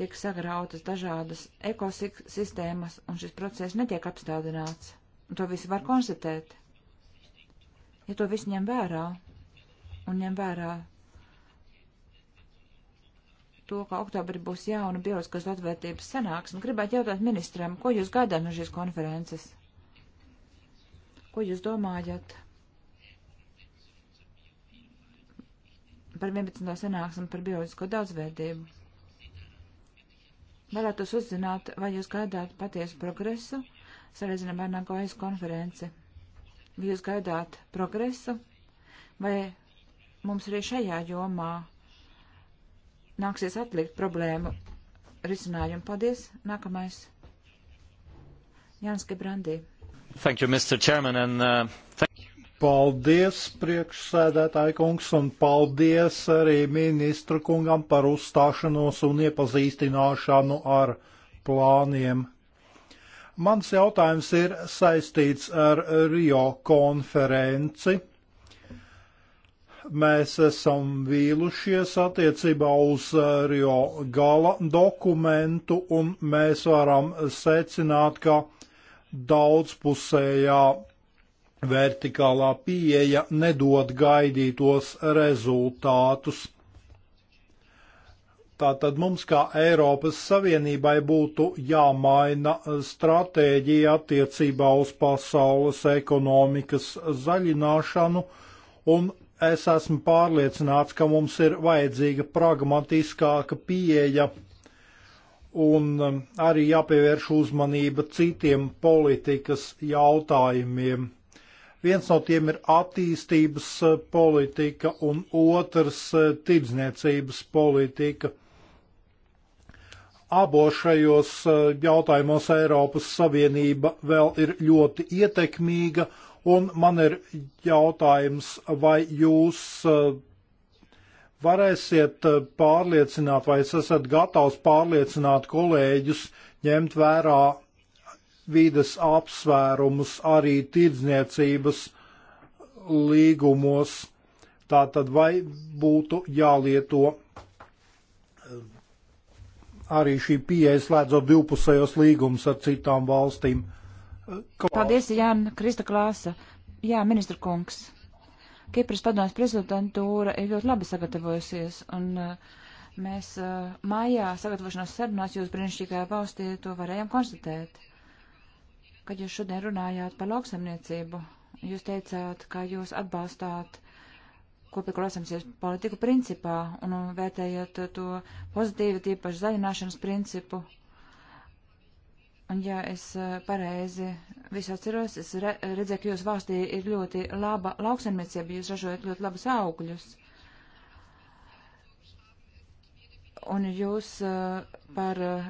tiek sagrautas dažādas ekosistēmas, un šis process netiek apstādināts. Un to visi var konstatēt. Ja to visu ņem vērā un ņem vērā to, ka oktobrī būs jauna bioloģiskās atvērtības sanāksme. Gribētu jautāt ministram, ko jūs gaidāt no šīs konferences? Ko jūs domājat par 11. sanāksmi par bioloģisko daudzveidību? Varētu uzzināt, vai jūs gaidāt patiesu progresu, sarēdzinām ar Nagojas konferenci. Vai jūs gaidāt progresu, vai mums arī šajā jomā nāksies atlikt problēmu risinājumu. Paldies. Nākamais. Jānis Gebrandī. Thank you, Mr. Chairman, and uh, thank you. Paldies, priekšsēdētāji kungs, un paldies arī ministru kungam par uzstāšanos un iepazīstināšanu ar plāniem. Mans jautājums ir saistīts ar Rio konferenci mēs esam vīlušies attiecībā uz eh, Rio gala dokumentu, un mēs varam secināt, ka daudzpusējā vertikālā pieeja nedod gaidītos rezultātus. Tātad mums kā Eiropas Savienībai būtu jāmaina eh, stratēģija attiecībā uz pasaules ekonomikas zaļināšanu un es esmu pārliecināts, ka mums ir vajadzīga pragmatiskāka pieeja un um, arī jāpievērš uzmanība citiem politikas jautājumiem. Viens no tiem ir attīstības uh, politika un otrs uh, tirdzniecības politika. Abos šajos uh, jautājumos Eiropas Savienība vēl ir ļoti ietekmīga Un man ir jautājums, vai jūs eh, varēsiet eh, pārliecināt, vai es esat gatavs pārliecināt kolēģus ņemt vērā vīdes apsvērumus arī tirdzniecības līgumos. Tātad vai būtu jālieto eh, arī šī pieeja slēdzot divpusējos līgumus ar citām valstīm? Paldies, Jāna Krista Klāsa. Jā, ministra kungs. Kipras padomjas prezidentūra ir ļoti labi sagatavojusies, un uh, mēs uh, mājā sagatavošanās sarunās jūs brīnišķīgajā valstī to varējām konstatēt. Kad jūs šodien runājāt par lauksamniecību, jūs teicāt, ka jūs atbalstāt kopīgu lauksamniecības politiku principā un vērtējat to pozitīvi, tīpaši zaļināšanas principu Un ja es eh, pareizi visu atceros, es re, redzēju, ka jūsu valstī ir ļoti laba lauksaimniecība, jūs ražojat ļoti labus augļus. Un jūs eh, par eh,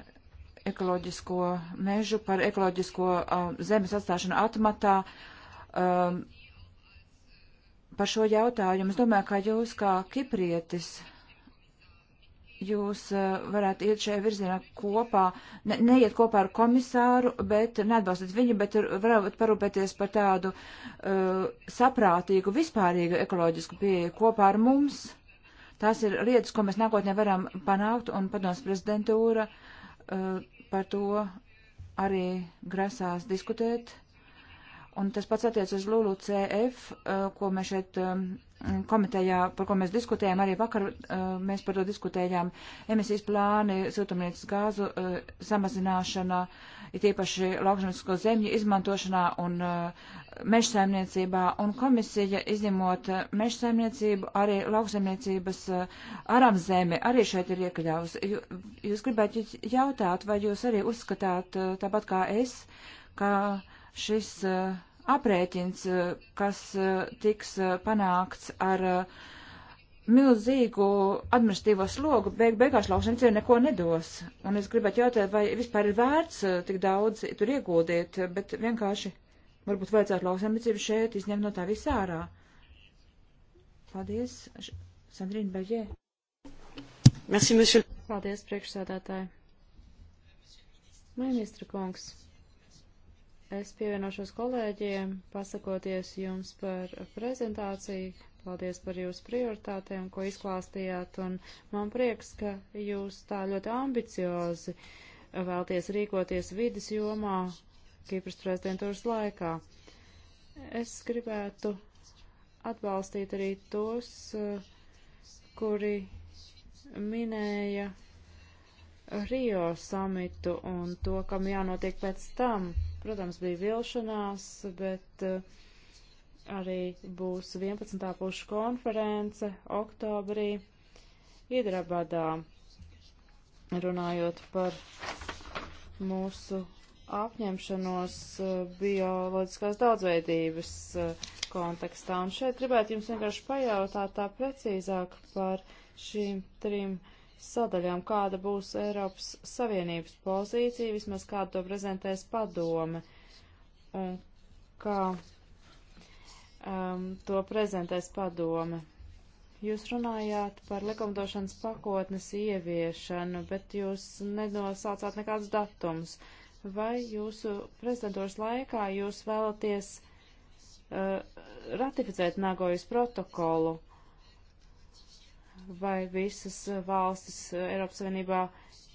ekoloģisko mežu, par ekoloģisko zemes atstāšanu atmatā, par šo jautājumu. Es domāju, ka jūs kā kiprietis jūs eh, varētu iet šajā virzienā kopā, ne, neiet kopā ar komisāru, bet neatbalstīt viņu, bet varat parūpēties par tādu uh, saprātīgu, vispārīgu ekoloģisku pieeju kopā ar mums. Tās ir lietas, ko mēs nākotnē varam panākt, un padoms prezidentūra uh, par to arī grasās diskutēt Un tas pats attiec uz Lulu CF, eh, ko mēs šeit eh, komitejā, par ko mēs diskutējām, arī vakar eh, mēs par to diskutējām, emisijas plāni, siltumnīcas gāzu samazināšana, ir tīpaši laukšanisko zemju izmantošanā un mežsaimniecībā. Un komisija, izņemot mežsaimniecību, arī lauksaimniecības aram zemi, arī šeit ir iekļāvusi. Jūs gribētu jautāt, vai jūs arī uzskatāt, tāpat kā es, ka. Kā šis uh, aprēķins, uh, kas uh, tiks panākts ar milzīgu administratīvo slogu, beig beigās lauksaimniecībai neko nedos. Un es gribētu jautāt, vai vispār ir vērts tik daudz tur ieguldīt, bet vienkārši varbūt vajadzētu lauksaimniecību šeit izņemt no tā visā ārā. Paldies, Sandrīna Baļē. Merci, monsieur. Paldies, priekšsēdētāji. Ministra kungs. Es pievienošos kolēģiem, pasakoties jums par prezentāciju. Paldies par jūsu prioritātēm, ko izklāstījāt, un man prieks, ka jūs tā ļoti ambiciozi vēlties rīkoties vidas jomā Kipras prezidentūras laikā. Es gribētu atbalstīt arī tos, kuri minēja Rio samitu un to, kam jānotiek pēc tam Protams, bija vilšanās, bet eh, arī būs 11. pušu konference oktobrī Iedrabadā, runājot par mūsu apņemšanos eh, bioloģiskās daudzveidības eh, kontekstā. Un šeit gribētu jums vienkārši pajautāt tā precīzāk par šīm trim uh, sadaļām, kāda būs Eiropas Savienības pozīcija, vismaz kā to prezentēs padome un kā um, to prezentēs padome. Jūs runājāt par likumdošanas pakotnes ieviešanu, bet jūs nenosaucāt nekādus datumus. Vai jūsu prezidentūras laikā jūs vēlaties uh, ratificēt Nagojas protokolu? Uh, vai visas valstis Eiropas Savienībā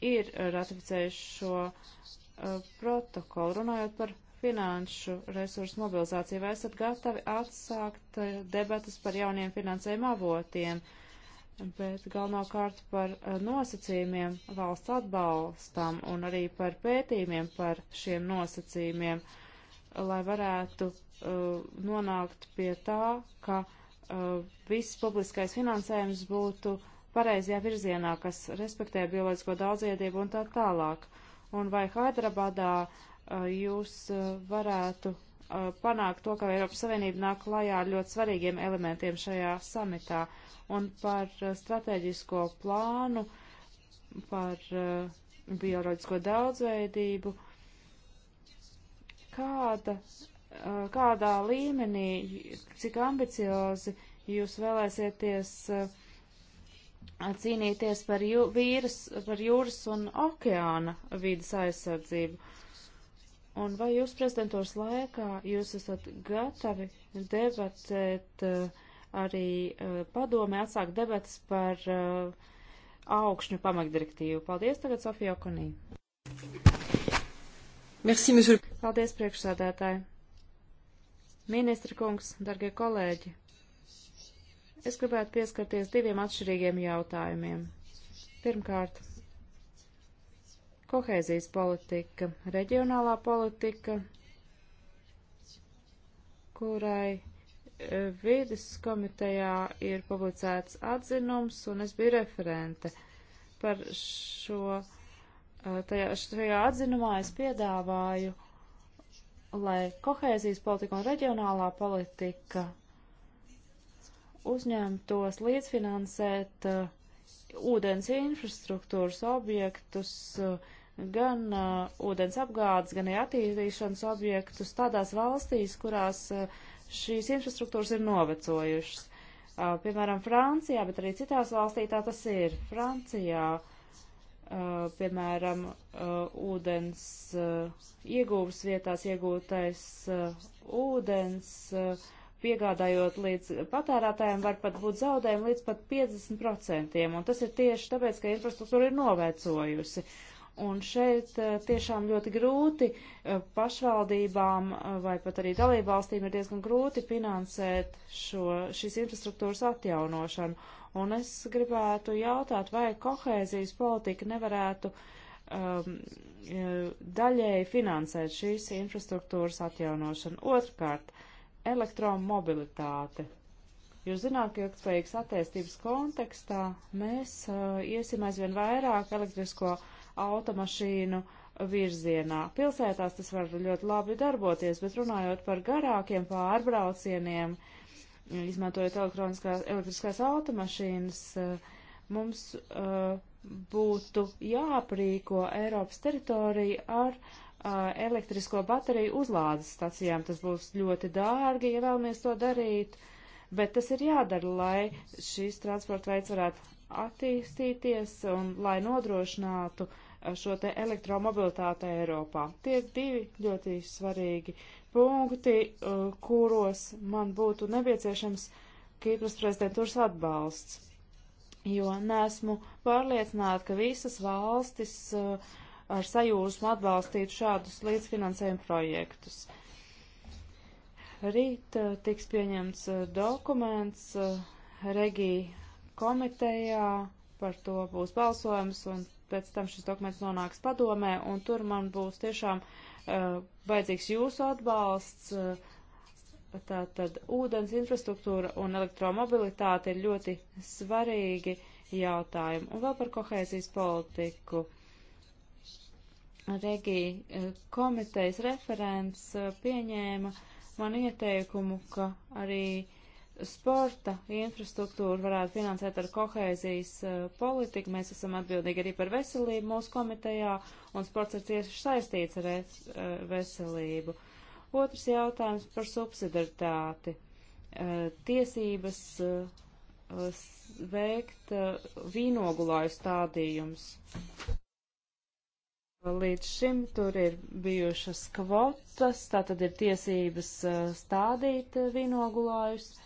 ir ratificējuši šo uh, protokolu. Runājot par finanšu resursu mobilizāciju, vai esat gatavi atsākt uh, debatas par jauniem finansējuma avotiem, bet galvenokārt par uh, nosacījumiem valsts atbalstam un arī par pētījumiem par šiem nosacījumiem, lai varētu nonākt pie tā, ka uh, Uh, viss publiskais finansējums būtu pareizajā virzienā, kas respektē bioloģisko daudziedību un tā tālāk. Un vai Haidrabadā uh, jūs uh, varētu panākt to, ka Eiropas Savienība nāk klajā ar ļoti svarīgiem elementiem šajā samitā un par strateģisko plānu, par bioloģisko daudzveidību. Kāda Uh, kādā līmenī, cik ambiciozi jūs vēlēsieties uh, cīnīties par, jū, vīras, par jūras un okeāna vidas aizsardzību. Un vai jūs prezidentūras laikā jūs esat gatavi debatēt uh, arī padomi atsākt debatas par augšņu pamatdirektīvu? Paldies tagad, Sofija Okonī. Merci, monsieur. Paldies, priekšsādātāji. Ministra kungs, dargie kolēģi, es gribētu pieskarties diviem atšķirīgiem jautājumiem. Pirmkārt, kohēzijas politika, reģionālā politika, kurai e, vīdes komitejā ir publicēts atzinums, un es biju referente par šo, e, tajā, šajā atzinumā es piedāvāju lai kohēzijas politika un reģionālā politika uzņemtos līdzfinansēt uh, ūdens infrastruktūras objektus, uh, gan uh, ūdens apgādes, gan attīrīšanas objektus tādās valstīs, kurās uh, šīs infrastruktūras ir novecojušas. Uh, piemēram, Francijā, bet arī citās valstī tā tas ir. Francijā Uh, piemēram, uh, ūdens uh, iegūvas vietās iegūtais ūdens, piegādājot līdz patērētājiem, var pat būt zaudējumi līdz pat 50%, un tas ir tieši tāpēc, ka infrastruktūra ir novecojusi. Un šeit tiešām ļoti grūti pašvaldībām vai pat arī dalībvalstīm ir diezgan grūti finansēt šo, šīs infrastruktūras atjaunošanu Un es gribētu jautāt, vai kohēzijas politika nevarētu um, daļēji finansēt šīs infrastruktūras atjaunošanu. Otrkārt, elektromobilitāte. Jūs zināt, ka ilgspējīgas attīstības kontekstā mēs uh, iesim aizvien vairāk elektrisko automašīnu virzienā. Pilsētās tas var ļoti labi darboties, bet runājot par garākiem pārbraucieniem, uh, izmantojot elektriskās automašīnas, eh, mums eh, būtu jāaprīko Eiropas teritorija ar eh, elektrisko bateriju uzlādes stacijām. Tas būs ļoti dārgi, ja vēlamies to darīt, bet tas ir jādara, lai šīs transporta veids varētu attīstīties un lai nodrošinātu šo te elektromobilitāti Eiropā. Tie ir divi ļoti svarīgi punkti, uh, kuros man būtu nepieciešams Kīpras prezidentūras atbalsts, jo nesmu pārliecināta, ka visas valstis uh, ar sajūsmu atbalstītu šādus līdzfinansējumu projektus. Rīt uh, tiks pieņemts dokuments Regī komitejā, par to būs balsojums, un pēc tam šis dokuments nonāks padomē, un tur man būs tiešām uh, Eh, vajadzīgs jūsu atbalsts. Eh, Tātad ūdens infrastruktūra un elektromobilitāte ir ļoti svarīgi jautājumi. Un vēl par kohēzijas politiku. Regī eh, komitejas referents pieņēma manu ieteikumu, ka arī uh, sporta infrastruktūru varētu finansēt ar kohēzijas uh, politiku. Mēs esam atbildīgi arī par veselību mūsu komitejā, un sports ir cieši saistīts ar es, uh, eh, veselību. Otrs jautājums par subsidaritāti. Uh, eh, tiesības veikt vīnogulāju stādījums. Līdz šim tur ir bijušas kvotas, tātad ir tiesības stādīt vīnogulājus. Uh,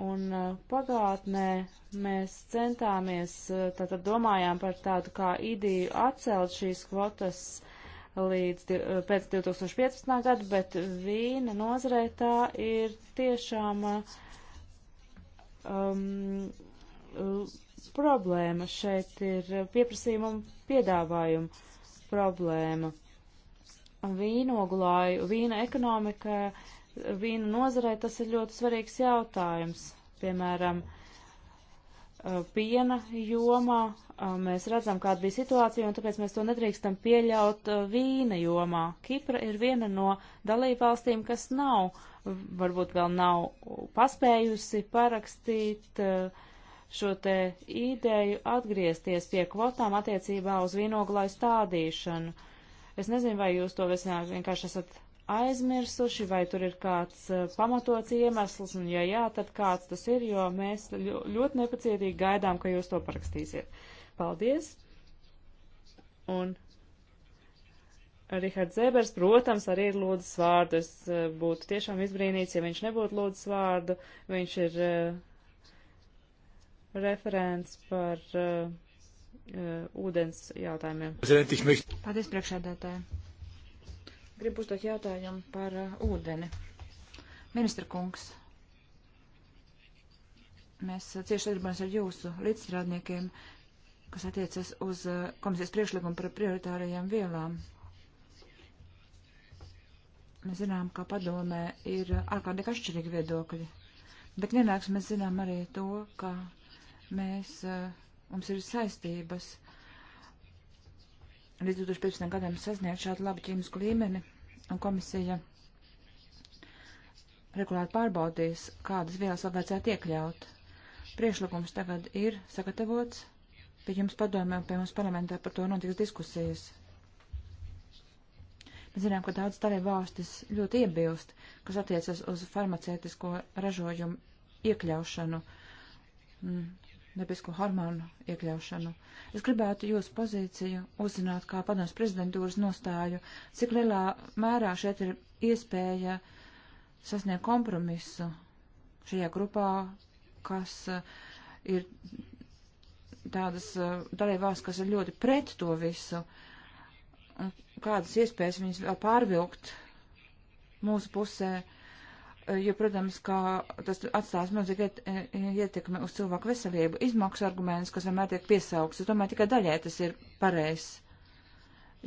Un uh, pagātnē mēs centāmies, uh, tātad domājām par tādu kā ideju atcelt šīs kvotas līdz uh, pēc 2015. gada, bet vīna nozarē tā ir tiešām um, problēma. Šeit ir pieprasījuma un piedāvājuma problēma. Vīnogulāju, vīna ekonomika vīnu nozarei tas ir ļoti svarīgs jautājums. Piemēram, piena jomā mēs redzam, kāda bija situācija, un tāpēc mēs to nedrīkstam pieļaut vīna jomā. Kipra ir viena no dalībvalstīm, kas nav, varbūt vēl nav paspējusi parakstīt šo te ideju atgriezties pie kvotām attiecībā uz vīnoglāju stādīšanu. Es nezinu, vai jūs to vienkārši esat aizmirsuši, vai tur ir kāds eh, pamatots iemesls, un ja jā, tad kāds tas ir, jo mēs ļoti nepacietīgi gaidām, ka jūs to parakstīsiet. Paldies! Un Rihards Zēbers, protams, arī ir lūdzas vārdu. Es eh, būtu tiešām izbrīnīts, ja viņš nebūtu lūdzas vārdu. Viņš ir uh, referents par uh, uh, ūdens jautājumiem. Paldies priekšādātājai. Gribu uzdot jautājumu par uh, ūdeni. Ministra kungs, mēs uh, cieši sadarbojamies ar jūsu līdzstrādniekiem, kas attiecas uz uh, komisijas priekšlikumu par prioritārajām vielām. Mēs zinām, ka padomē ir uh, ārkārtīgi atšķirīgi viedokļi, bet vienlaiks mēs zinām arī to, ka mēs, uh, mums ir saistības līdz 2015. gadam sasniegt šādu labu ķīmisku līmeni, un komisija regulāri pārbaudīs, kādas vielas vēl vajadzētu iekļaut. Priešlikums tagad ir sagatavots, pie jums padomē un pie mums parlamentā par to notiks diskusijas. Mēs zinām, ka daudz starē valstis ļoti iebilst, kas attiecas uz farmacētisko ražojumu iekļaušanu. Mm dabisko hormonu iekļaušanu. Es gribētu jūsu pozīciju uzzināt, kā padoms prezidentūras nostāju, cik lielā mērā šeit ir iespēja sasniegt kompromisu šajā grupā, kas eh, ir tādas eh, dalībās, kas ir ļoti pret to visu, un kādas iespējas viņas vēl pārvilkt mūsu pusē. Uh, jo, protams, ka tas atstās milzīgi ietekmi uz cilvēku veselību. Izmaksu arguments, kas vienmēr tiek piesaugs, es domāju, tikai daļai tas ir pareizs.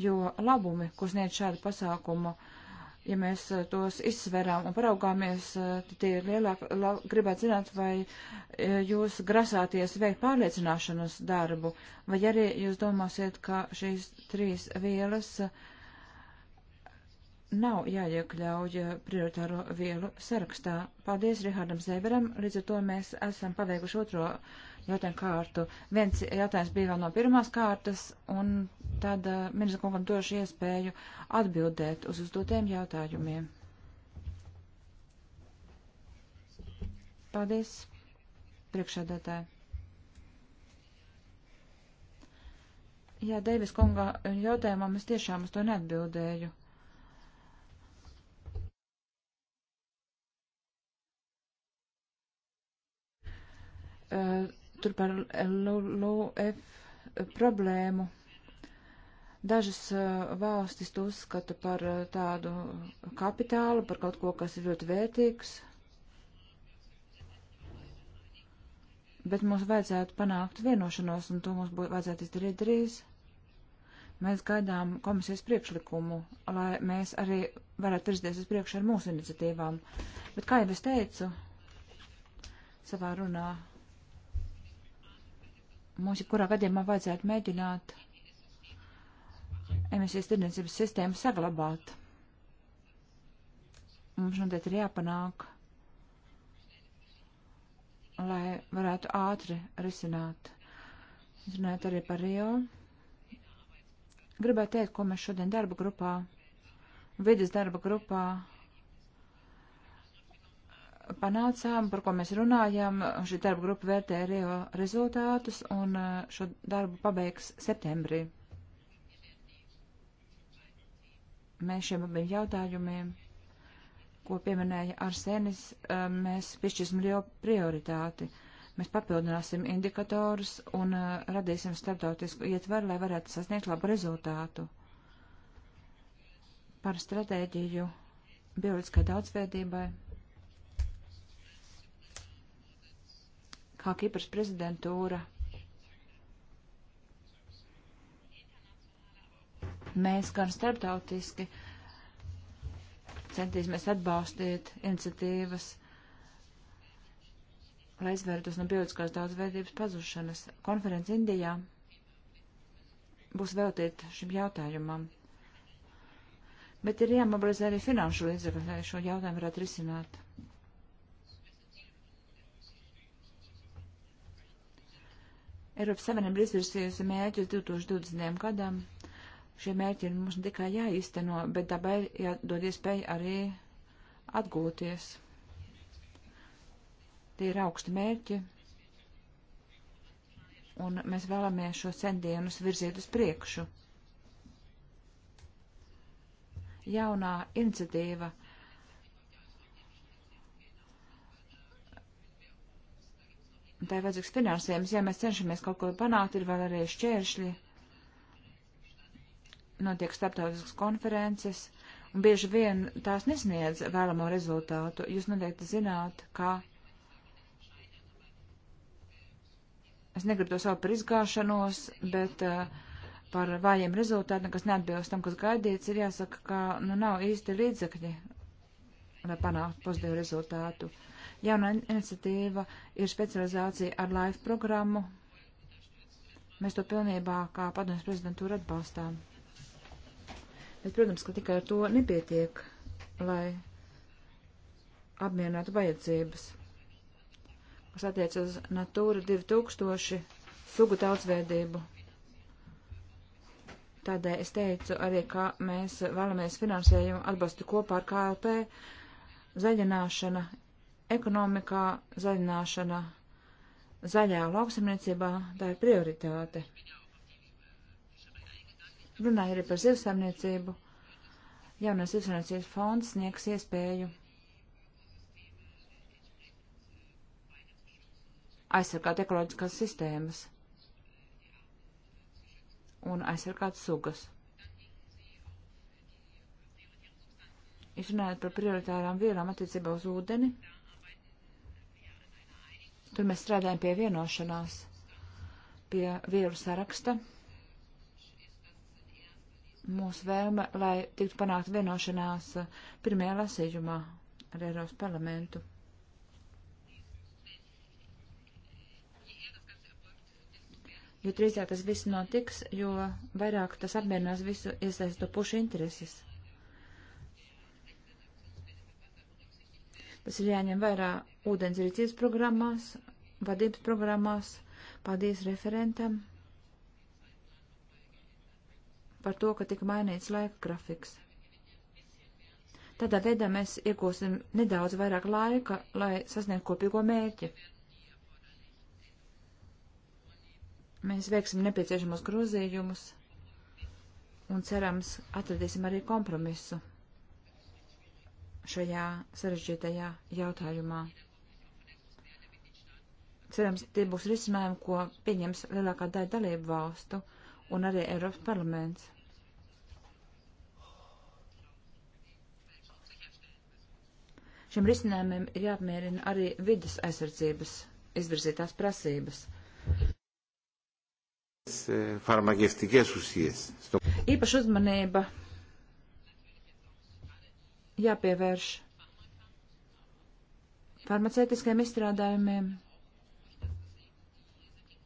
Jo labumi, ko sniedz šādu pasākumu, ja mēs tos izsverām un paraugāmies, tad tie ir lielāk, la, gribētu zināt, vai e, jūs grasāties veikt pārliecināšanas darbu, vai arī jūs domāsiet, ka šīs trīs vielas uh, nav jāiekļauj prioritāro vielu sarakstā. Paldies Rihardam Zēveram, līdz ar to mēs esam paveikuši otro jautājumu kārtu. Viens jautājums bija vēl no pirmās kārtas, un tad uh, ministra kungam došu iespēju atbildēt uz uzdotiem jautājumiem. Paldies, priekšādātāji. Jā, Deivis kunga jautājumam es tiešām uz to neatbildēju. Eh, tur par LUF eh, problēmu. Dažas eh, valstis to uzskata par tādu kapitālu, par kaut ko, kas ir ļoti vērtīgs. Bet mums vajadzētu panākt vienošanos, un to mums būtu vajadzētu izdarīt drīz. Mēs gaidām komisijas priekšlikumu, lai mēs arī varētu virzties uz priekšu ar mūsu iniciatīvām. Bet, kā jau es teicu savā runā, mums jebkurā gadījumā vajadzētu mēģināt emisijas tirdzniecības sistēmu saglabāt. Mums noteikti ir jāpanāk, lai varētu ātri risināt. Es runāju arī par Rio. Gribētu teikt, ko mēs šodien darba grupā, vidas darba grupā panācām, par ko mēs runājām. Šī darba grupa vērtē Rio rezultātus un eh, šo darbu pabeigs septembrī. Mēs šiem abiem jautājumiem, ko pieminēja Arsenis, eh, mēs piešķirsim lielu prioritāti. Mēs papildināsim indikatorus un eh, radīsim starptautisku ietvaru, lai varētu sasniegt labu rezultātu par stratēģiju bioloģiskai daudzveidībai. kā Kipras prezidentūra mēs gan starptautiski centīsimies atbalstīt iniciatīvas, lai izvērtos no bioloģiskās daudzveidības pazušanas. Konference Indijā būs veltīta šim jautājumam. Bet ir jāmobilizē arī finanšu līdzekļi, lai šo jautājumu varētu risināt. Eiropas Savienība izvirsies mērķus 2020. gadam. Šie mērķi ir mums ne tikai jāīsteno, bet dabai jādod iespēju arī atgūties. Tie ir augsti mērķi, un mēs vēlamies šo centienus virzīt uz priekšu. Jaunā iniciatīva – tā ir vajadzīgs finansējums. Ja mēs cenšamies kaut ko panākt, ir vēl arī šķēršļi. Notiek starptautiskas konferences, un bieži vien tās nesniedz vēlamo rezultātu. Jūs noteikti zināt, ka es negribu to saukt par izgāšanos, bet uh, par vājiem rezultātiem, kas neatbilst tam, kas gaidīts, ir jāsaka, ka nu, nav īsti līdzekļi, lai panāktu pozitīvu rezultātu. Uh, Jauna iniciatīva ir specializācija ar LIFE programmu. Mēs to pilnībā kā padomjas prezidentūra atbalstām. Bet, protams, ka tikai ar to nepietiek, lai apmierinātu vajadzības. Kas attiec uz Natūra 2000 sugu daudzveidību. Tādēļ es teicu arī, ka mēs vēlamies finansējumu atbalstu kopā ar KLP. Zaļināšana ekonomikā zaļināšana, zaļā lauksamniecībā, tā ir prioritāte. Runāja arī par zivsarniecību. Jaunais zivsarniecības fonds sniegs iespēju aizsargāt ekoloģiskās sistēmas un aizsargāt sugas. Jūs runājat par prioritārām vielām attiecībā uz ūdeni. Tur mēs strādājam pie vienošanās, pie vīru saraksta. Mūsu vēlme, lai tiktu panākt vienošanās pirmajā lasījumā ar Eiropas parlamentu. Jo drīzāk tas viss notiks, jo vairāk tas apmierinās visu iesaistu pušu intereses. Tas ir jāņem vērā ūdens rīcības programmās, vadības programmās. Paldies referentam par to, ka tika mainīts laika grafiks. Tādā veidā mēs iegūsim nedaudz vairāk laika, lai sasniegtu kopīgo mērķi. Mēs veiksim nepieciešamos grozījumus un cerams atradīsim arī kompromisu šajā sarežģītajā jautājumā. Cerams, tie būs risinājumi, ko pieņems lielākā daļa dalību valstu un arī Eiropas parlaments. Šiem risinājumiem ir jāapmierina arī vidas aizsardzības izvirzītās prasības. Īpaša uzmanība jāpievērš farmacētiskiem izstrādājumiem.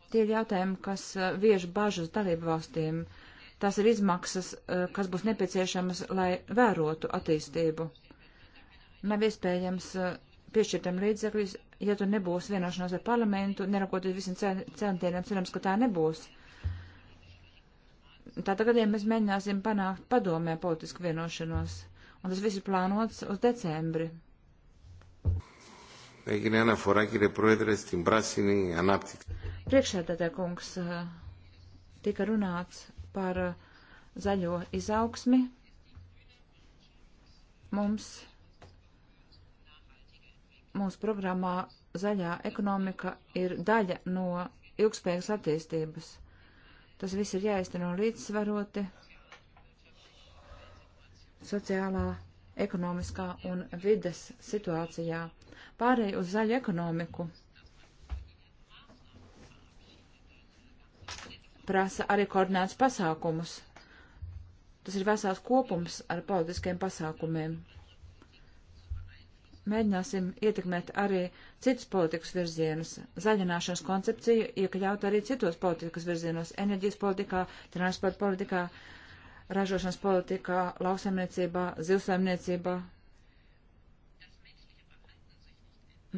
Tie ir jautājumi, kas uh, viež bažas dalību valstīm. Tās ir izmaksas, uh, kas būs nepieciešamas, lai vērotu attīstību. Nav iespējams uh, piešķirtam līdzekļus, ja tur nebūs vienošanās ar parlamentu, nerakoties visiem centieniem, cerams, ka tā nebūs. Tā tagad, ja mēs mēģināsim panākt padomē politisku vienošanos. Un tas viss ir plānots uz decembri. Έγινε αναφορά, κύριε Πρόεδρε, στην πράσινη ανάπτυξη. Priekšsēdētē kungs tika runāts par zaļo izaugsmi. Mums, mums programmā zaļā ekonomika ir daļa no ilgspējīgas attīstības. Tas viss ir jāizteno līdzsvaroti sociālā, ekonomiskā un vides situācijā. Pārēj uz zaļu ekonomiku prasa arī koordinēts pasākumus. Tas ir vesels kopums ar politiskiem pasākumiem. Mēģināsim ietekmēt arī citus politikas virzienus. Zaļināšanas koncepcija iekļaut arī citos politikas virzienos - enerģijas politikā, transporta politikā, uh, ražošanas politikā, lauksaimniecībā, zivsaimniecībā.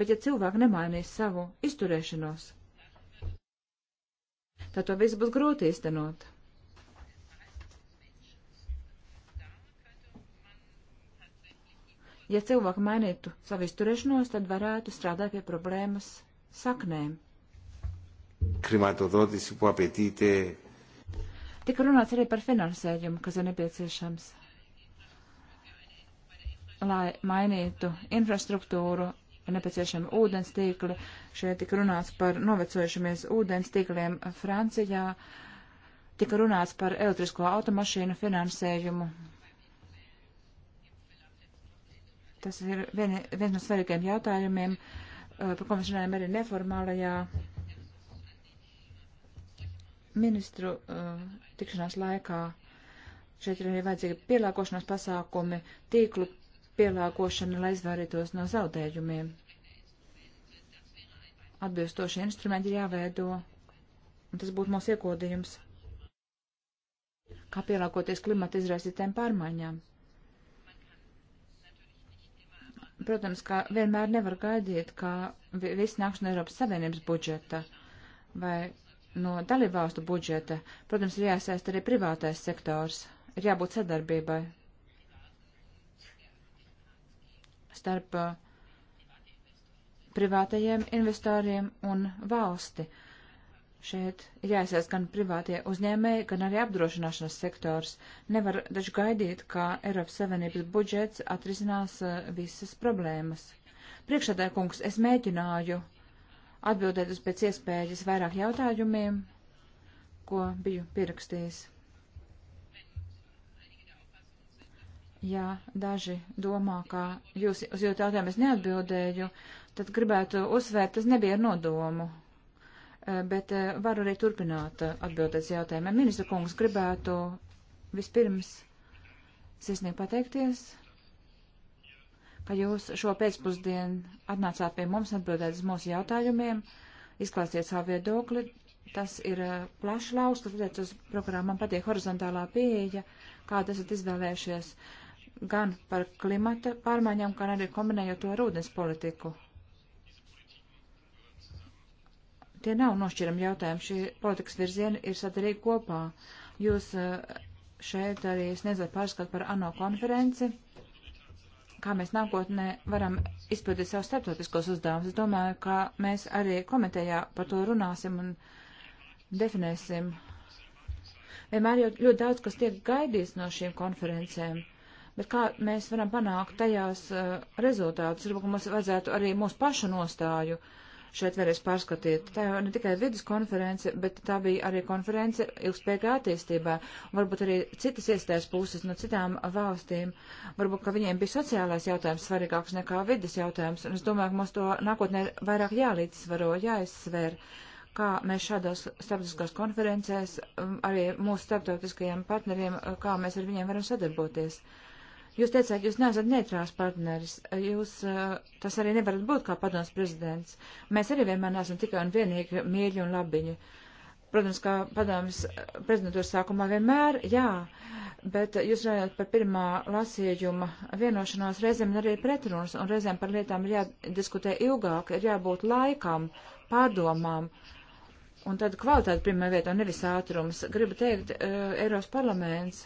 Bet ja cilvēki nemainīs savu izturēšanos, tad to visu būs grūti īstenot. Ja cilvēki mainītu savu izturēšanos, tad varētu strādāt pie problēmas saknēm. Krimatodotisi, ko apetīte Tika runāts arī par finansējumu, kas ir nepieciešams, lai mainītu infrastruktūru, ir nepieciešami ūdens tīkli. Šeit tika runāts par novecojušamies ūdens tīkliem Francijā. Tika runāts par elektrisko automašīnu finansējumu. Tas ir vien, viens no svarīgiem jautājumiem, eh, par ko mēs runājam arī neformālajā ministru uh, tikšanās laikā. Šeit ir arī vajadzīga pielāgošanās pasākumi, tīklu pielāgošana, lai izvairītos no zaudējumiem. Atbilstoši instrumenti ir jāveido, un tas būtu mūsu iekodījums. Kā pielāgoties klimata izraisītēm pārmaiņām? Protams, ka vienmēr nevar gaidīt, ka viss nākšana Eiropas Savienības budžeta vai no dalībvalstu budžeta. Protams, ir jāsaist arī privātais sektors. Ir jābūt sadarbībai starp uh, privātajiem investoriem un valsti. Šeit ir jāiesaist gan privātie uzņēmēji, gan arī apdrošināšanas sektors. Nevar taču gaidīt, ka Eiropas Savienības budžets atrisinās uh, visas problēmas. Priekšādākums es mēģināju atbildēt uz pēc iespējas vairāk jautājumiem, ko biju pierakstījis. Ja daži domā, ka jūs uz jūtu jautājumu es neatbildēju, tad gribētu uzsvērt, tas nebija ar nodomu, eh, bet eh, varu arī turpināt eh, atbildēt jautājumiem. Ministra kungs gribētu vispirms sirsnīgi pateikties ka jūs šo pēcpusdienu atnācāt pie mums atbildēt uz mūsu jautājumiem, izklāstiet savu viedokli. Tas ir eh, plašs lauks, kas liec uz programmu. Man patīk horizontālā pieeja, kāda esat izvēlējušies gan par klimata pārmaiņām, gan arī kombinējot to ar ūdens politiku. Tie nav nošķirami jautājumi. Šie politikas virzieni ir sadarīgi kopā. Jūs eh, šeit arī sniedzat pārskatu par ANO konferenci kā mēs nākotnē varam izpildīt savus starptautiskos uzdevumus. Es domāju, ka mēs arī komitejā par to runāsim un definēsim. Vienmēr jau ļoti daudz, kas tiek gaidīts no šīm konferencēm, bet kā mēs varam panākt tajās uh, rezultātus, varbūt mums vajadzētu arī mūsu pašu nostāju uh, šeit varēs pārskatīt. Tā jau ne tikai vidas konference, bet tā bija arī konference ilgspējīgā attīstībā. Varbūt arī citas iestājas puses no citām valstīm. Varbūt, ka viņiem bija sociālais jautājums svarīgāks nekā vidas jautājums. Un es domāju, ka mums to nākotnē vairāk jālīdzsvaro, jāizsver kā mēs šādās starptautiskās konferencēs, um, arī mūsu starptautiskajiem partneriem, uh, kā mēs ar viņiem varam sadarboties. Uh, Jūs teicāt, jūs neesat neitrāls partneris, jūs eh, tas arī nevarat būt kā padoms prezidents. Mēs arī vienmēr neesam tikai un vienīgi mīļi un labiņi. Protams, kā padomas prezidentūras sākumā vienmēr, jā, bet jūs runājat par pirmā lasījuma vienošanos reizēm arī pretrunas, un reizēm par lietām ir jādiskutē ilgāk, ir jābūt laikam, pārdomām. Un tad kvalitāte pirmā vietā, nevis ātrums. Gribu teikt, uh, Eiropas parlaments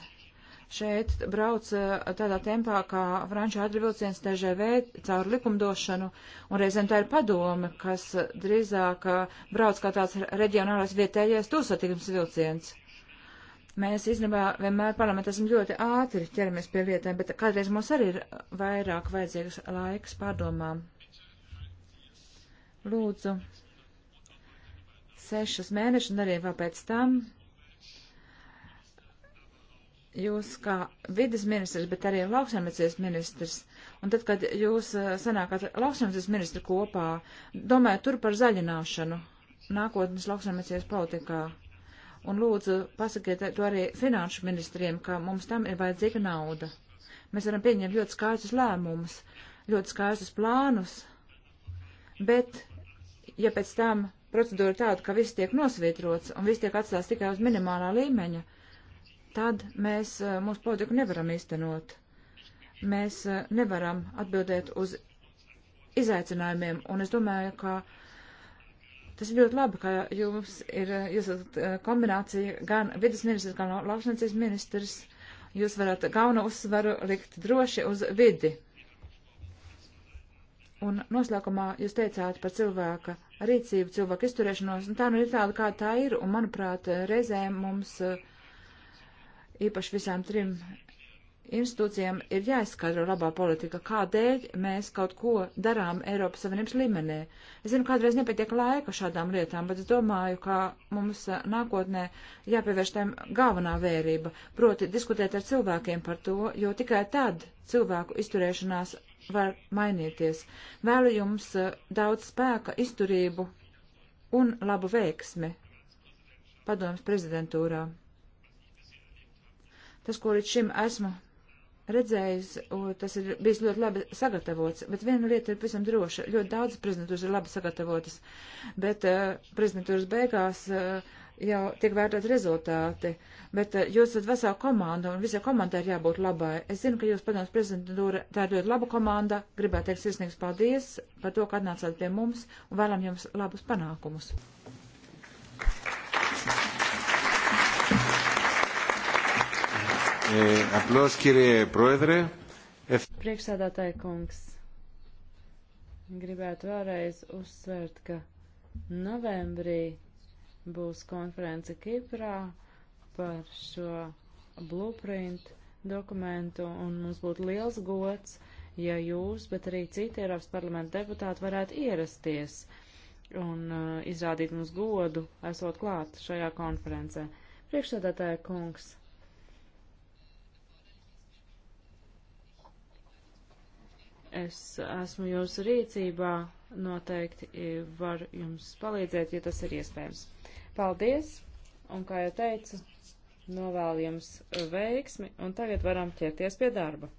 šeit brauc eh, tādā tempā, kā franču ātrvilciens TGV caur likumdošanu, un reizēm tā ir padome, kas drīzāk eh, brauc kā tāds reģionālais vietējais tūsatikums vilciens. Mēs īstenībā vienmēr parlamentā esam ļoti ātri ķeramies pie lietām, bet kādreiz mums arī ir vairāk vajadzīgs laiks pārdomām. Lūdzu, sešas mēnešas un arī vēl pēc tam jūs kā vidas ministrs, bet arī lauksaimniecības ministrs, un tad, kad jūs eh, sanākat lauksaimniecības ministru kopā, domājat tur par zaļināšanu nākotnes lauksaimniecības politikā. Un lūdzu, pasakiet to arī finanšu ministriem, ka mums tam ir vajadzīga nauda. Mēs varam pieņemt ļoti skaistus lēmumus, ļoti skaistus plānus, bet, ja pēc tam procedūra tāda, ka viss tiek nosvītrots un viss tiek atstāts tikai uz minimālā līmeņa, tad mēs eh, mūsu politiku nevaram īstenot. Mēs eh, nevaram atbildēt uz izaicinājumiem, un es domāju, ka tas ir ļoti labi, ka jums ir, eh, jūs esat kombinācija gan vidas ministrs, gan lauksnēcības ministrs, jūs varat galveno uzsvaru likt droši uz vidi. Un noslēgumā jūs teicāt par cilvēka rīcību, cilvēku izturēšanos, un tā nu ir tāda, kā tā ir, un manuprāt, reizēm mums uh, īpaši visām trim institūcijām ir jāizskaidro labā politika, kādēļ mēs kaut ko darām Eiropas Savienības līmenī. Es zinu, kādreiz nepietiek laika šādām lietām, bet es domāju, ka mums eh, nākotnē jāpievērš tām galvenā vērība, proti diskutēt ar cilvēkiem par to, jo tikai tad cilvēku izturēšanās var mainīties. Vēlu jums eh, daudz spēka, izturību un labu veiksmi padomas prezidentūrā. Tas, ko līdz šim esmu redzējis, tas ir bijis ļoti labi sagatavots, bet viena lieta ir pavisam droša. Ļoti daudz prezidentūras ir labi sagatavotas, bet uh, prezidentūras beigās uh, jau tiek vērtēt rezultāti. Bet uh, jūs esat vesela komanda un visai komandai ir jābūt labai. Es zinu, ka jūs padomus prezidentūra, tā ir ļoti laba komanda. Gribētu teikt sirsnīgs paldies par to, ka atnācāt pie mums un vēlam jums labus panākumus. Ε, απλώς, κύριε Πρόεδρε... Priekšsēdētāja kungs, gribētu vēlreiz uzsvērt, ka novembrī būs konference Kiprā par šo blueprint dokumentu, un mums būtu liels gods, ja jūs, bet arī citi Eiropas parlamenta deputāti varētu ierasties un uh, izrādīt mums godu, esot klāt šajā konferencē. Priekšsēdētāja kungs, es esmu jūsu rīcībā, noteikti e, varu jums palīdzēt, ja tas ir iespējams. Paldies, un kā jau teicu, novēlu jums veiksmi, un tagad varam ķerties pie darba.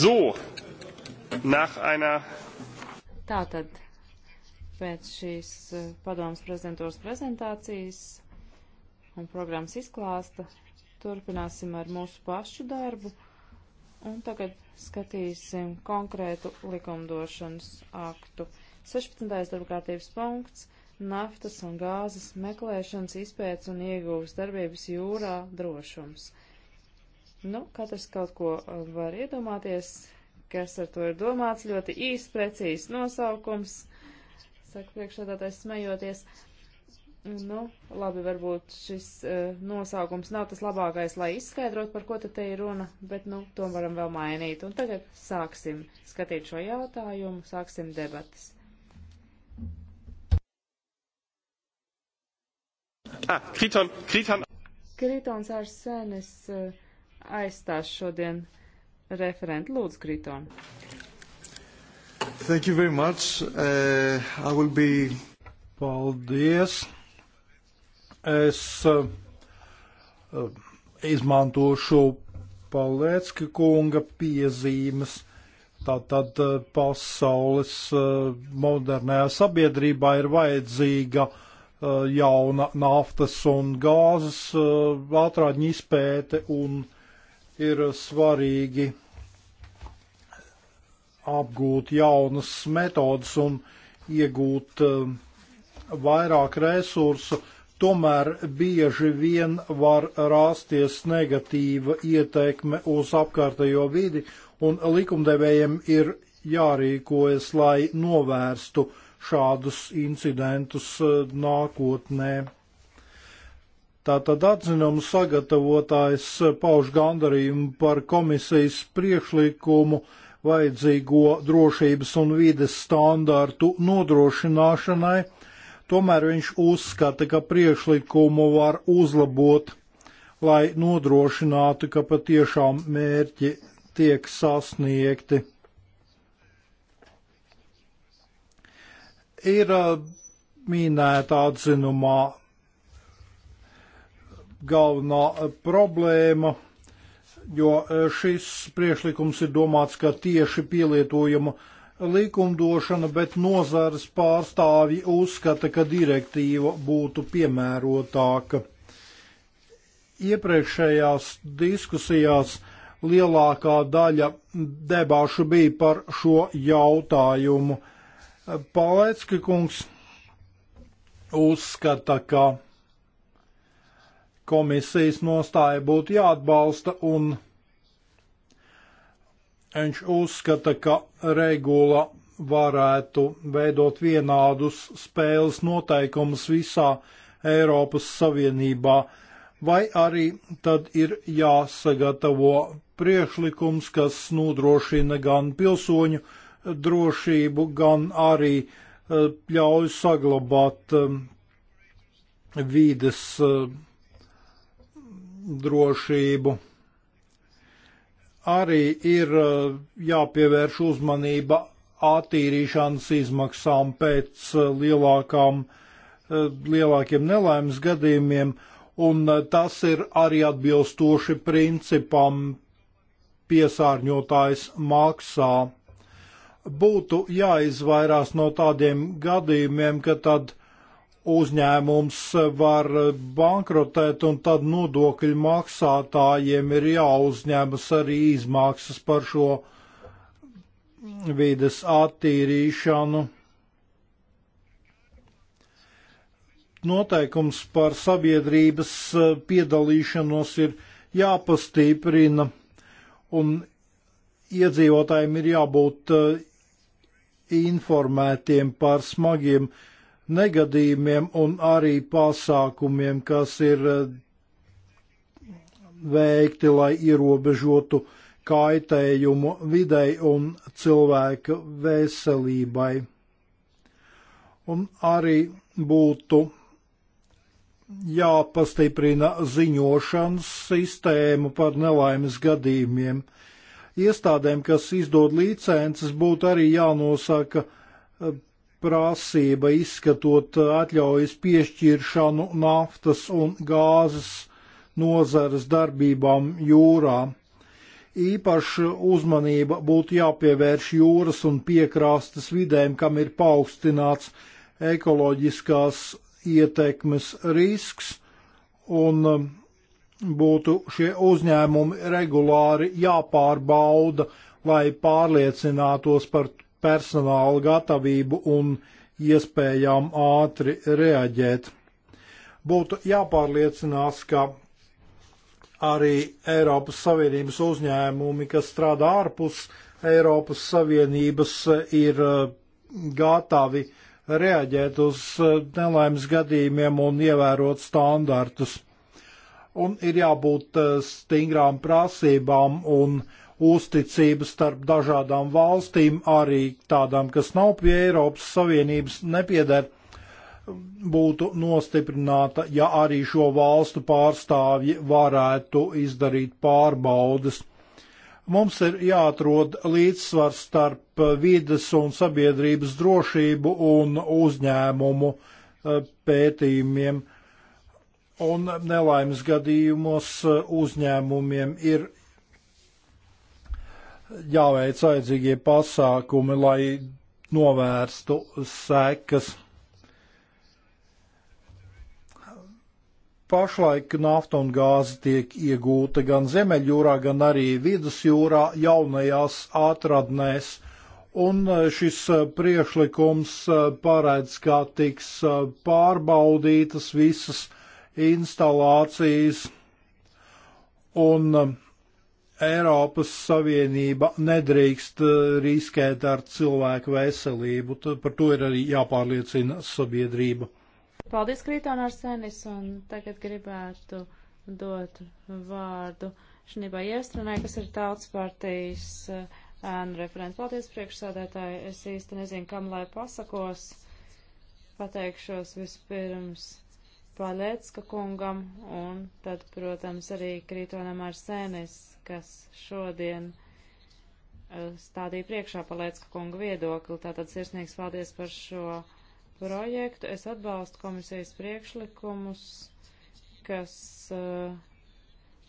So, nach einer. Tātad, pēc šīs eh, padomas prezidentūras prezentācijas un programmas izklāsta, turpināsim ar mūsu pašu darbu un tagad skatīsim konkrētu likumdošanas aktu. 16. darba kārtības punkts - naftas un gāzes meklēšanas, izpētes un iegūves darbības jūrā drošums. Nu, katrs kaut ko uh, var iedomāties, kas ar to ir domāts. Ļoti īsts, precīzs nosaukums, saka priekšsēdātais smejoties. Nu, labi, varbūt šis uh, nosaukums nav tas labākais, lai izskaidrot, par ko tad te ir runa, bet, nu, to varam vēl mainīt. Un tagad sāksim skatīt šo jautājumu, sāksim debatas. Ah, Kriton, Kriton. Kritons Arsenis. Uh, aizstās šodien referentu Lūdzu Kriton. Thank you very much. Uh, I will be... Paldies. Es uh, uh izmantošu Palēcka kunga piezīmes. Tātad uh, pasaules uh, modernajā sabiedrībā ir vajadzīga jauna naftas un gāzes atrādņu izpēte un ir svarīgi apgūt jaunas metodas un iegūt eh, vairāk resursu, tomēr bieži vien var rāsties negatīva ietekme uz apkārtējo vidi, un likumdevējiem ir jārīkojas, lai novērstu šādus incidentus eh, nākotnē. Tātad atzinumu sagatavotājs pauž gandarījumu par komisijas priekšlikumu vajadzīgo drošības un vides standārtu nodrošināšanai, tomēr viņš uzskata, ka priekšlikumu var uzlabot, lai nodrošinātu, ka patiešām mērķi tiek sasniegti. Ir uh, minēta atzinumā galvenā eh, problēma, jo eh, šis priešlikums ir domāts, ka tieši pielietojama likumdošana, bet nozares pārstāvji uzskata, ka direktīva būtu piemērotāka. Iepriekšējās diskusijās lielākā daļa debāšu bija par šo jautājumu. Palecka kungs uzskata, ka komisijas nostāja būtu jāatbalsta, un viņš uzskata, ka regula varētu veidot vienādus spēles noteikumus visā Eiropas Savienībā, vai arī tad ir jāsagatavo priekšlikums, kas nodrošina gan pilsoņu drošību, gan arī eh, ļauj saglabāt eh, vides eh, drošību. Arī ir uh, jāpievērš uzmanība attīrīšanas izmaksām pēc uh, lielākām, uh, lielākiem nelaimes gadījumiem, un tas ir arī atbilstoši principam piesārņotājs maksā. Būtu jāizvairās no tādiem gadījumiem, ka tad uh, uzņēmums var bankrotēt, un tad nodokļu maksātājiem ir jāuzņemas arī izmaksas par šo vides attīrīšanu. Noteikums par sabiedrības piedalīšanos ir jāpastiprina, un iedzīvotājiem ir jābūt eh, informētiem par smagiem uh, negadījumiem un arī pasākumiem, kas ir eh, veikti, lai ierobežotu kaitējumu videi un cilvēka veselībai. Un arī būtu jāpastiprina ziņošanas sistēmu par nelaimes gadījumiem. Iestādēm, kas izdod licences, būtu arī jānosaka eh, prasība izskatot eh, atļaujas piešķiršanu naftas un gāzes nozares darbībām jūrā. Īpaša uzmanība būtu jāpievērš jūras un piekrastes vidēm, kam ir paaugstināts ekoloģiskās ietekmes risks, un eh, būtu šie uzņēmumi regulāri jāpārbauda, lai pārliecinātos par to, personāla gatavību un iespējām ātri reaģēt. Būtu jāpārliecinās, ka arī Eiropas Savienības uzņēmumi, kas strādā ārpus Eiropas Savienības, ir eh, gatavi reaģēt uz eh, nelaimes gadījumiem un ievērot standartus. Un ir jābūt eh, stingrām prasībām un uh, uzticība starp dažādām valstīm, arī tādām, kas nav pie Eiropas Savienības nepieder, būtu nostiprināta, ja arī šo valstu pārstāvji varētu izdarīt pārbaudas. Mums ir jāatrod līdzsvars starp vides un sabiedrības drošību un uzņēmumu eh, pētījumiem un nelaimes gadījumos uzņēmumiem ir jāveic vajadzīgie pasākumi, lai novērstu sekas. Pašlaik nafta un gāze tiek iegūta gan Ziemeļjūrā, gan arī Vidusjūrā jaunajās atradnēs, un e, šis e, priekšlikums e, paredz, kā tiks pārbaudītas visas instalācijas, un Eiropas Savienība nedrīkst eh, riskēt ar cilvēku veselību. Par to ir arī jāpārliecina sabiedrība. Paldies, Krītona Arsenis, un tagad gribētu dot vārdu Šnībā Iestrunai, kas ir tautas partijas eh, ēnu referents. Paldies, priekšsādētāji. Es īsti nezinu, kam lai pasakos. Pateikšos vispirms Paļecka kungam un tad, protams, arī Krītonam Arsenis kas šodien eh, stādīja priekšā Palēcka kunga viedokli. Tātad sirsnīgs paldies par šo projektu. Es atbalstu komisijas priekšlikumus, kas uh,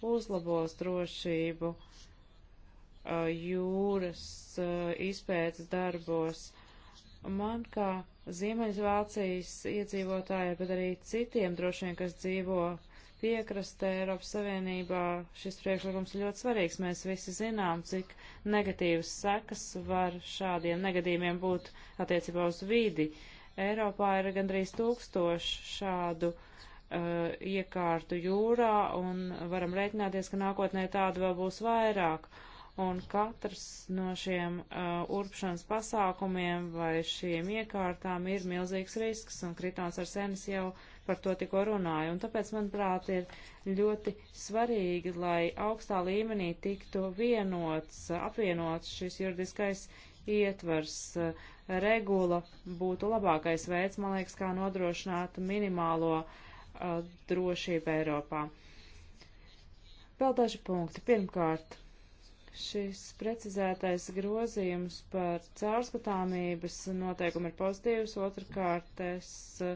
uzlabos drošību uh, jūras uh, izpētes darbos. Man kā Ziemeļvācijas iedzīvotājai, bet arī citiem droši vien, kas dzīvo piekrastē Eiropas Savienībā šis priekšlikums ir ļoti svarīgs. Mēs visi zinām, cik negatīvas sekas var šādiem negadījumiem būt attiecībā uz vidi. Eiropā ir gandrīz tūkstoši šādu uh, iekārtu jūrā un varam reiķināties, ka nākotnē tādu vēl būs vairāk. Un katrs no šiem uh, urpšanas pasākumiem vai šīm iekārtām ir milzīgs risks, un Kritons ar senis jau uh, par to tikko runāju. Un tāpēc, manuprāt, ir ļoti svarīgi, lai augstā līmenī tiktu vienots, apvienots šis juridiskais ietvers, regula būtu labākais veids, man liekas, kā nodrošināt minimālo uh, drošību Eiropā. Vēl daži punkti. Pirmkārt, šis precizētais grozījums par caurskatāmības noteikumu ir pozitīvs. Otrakārt, es uh,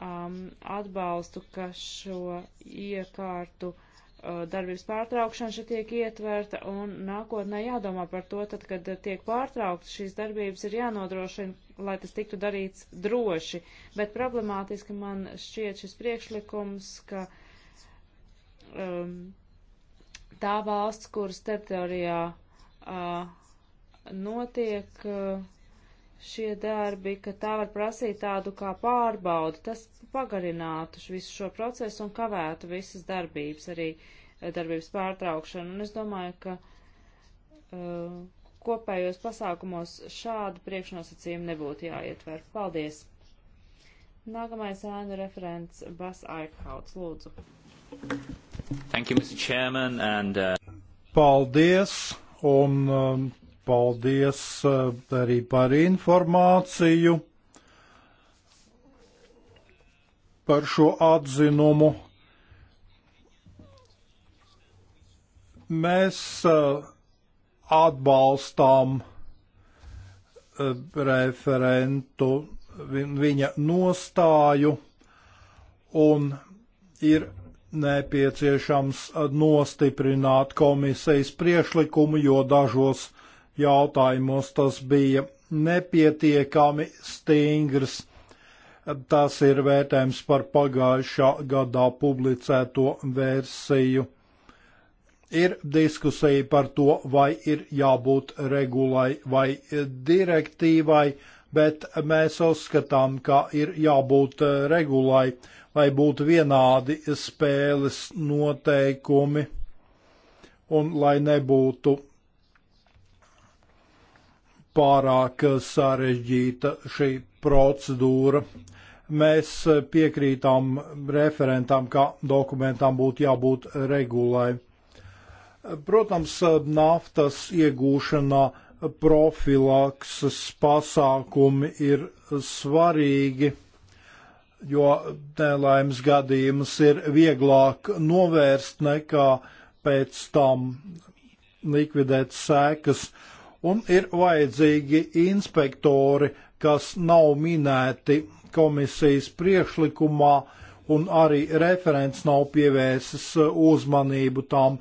um, atbalstu, ka šo iekārtu uh, darbības pārtraukšana šeit tiek ietverta un nākotnē jādomā par to, tad, kad tiek pārtrauktas šīs darbības, ir jānodrošina, lai tas tiktu darīts droši. Bet problemātiski man šķiet šis priekšlikums, ka um, tā valsts, kuras teritorijā uh, notiek uh, šie darbi, ka tā var prasīt tādu kā pārbaudi, tas pagarinātu visu šo procesu un kavētu visas darbības, arī eh, darbības pārtraukšanu. Un es domāju, ka uh, kopējos pasākumos šādu priekšnosacījumu nebūtu jāietver. Paldies! Nākamais ēnu referents Bas Aikhauts, lūdzu. Thank you, Mr. Chairman, and, uh... Paldies! Un um, paldies eh, arī par informāciju par šo atzinumu. Mēs eh, atbalstām eh, referentu viņa nostāju un ir nepieciešams nostiprināt komisijas priešlikumu, jo dažos jautājumos tas bija nepietiekami stingrs. Tas ir vērtējums par pagājušā gadā publicēto versiju. Ir diskusija par to, vai ir jābūt regulai vai direktīvai, bet mēs uzskatām, ka ir jābūt regulai, lai būtu vienādi spēles noteikumi un lai nebūtu pārāk sarežģīta šī procedūra. Mēs piekrītām referentam, ka dokumentam būtu jābūt regulai. Protams, naftas iegūšanā profilakses pasākumi ir svarīgi, jo nelaimes gadījumus ir vieglāk novērst nekā pēc tam likvidēt sēkas. Uh, un ir vajadzīgi inspektori, kas nav minēti komisijas priekšlikumā, un arī referents nav pievērsis uh, uzmanību tam.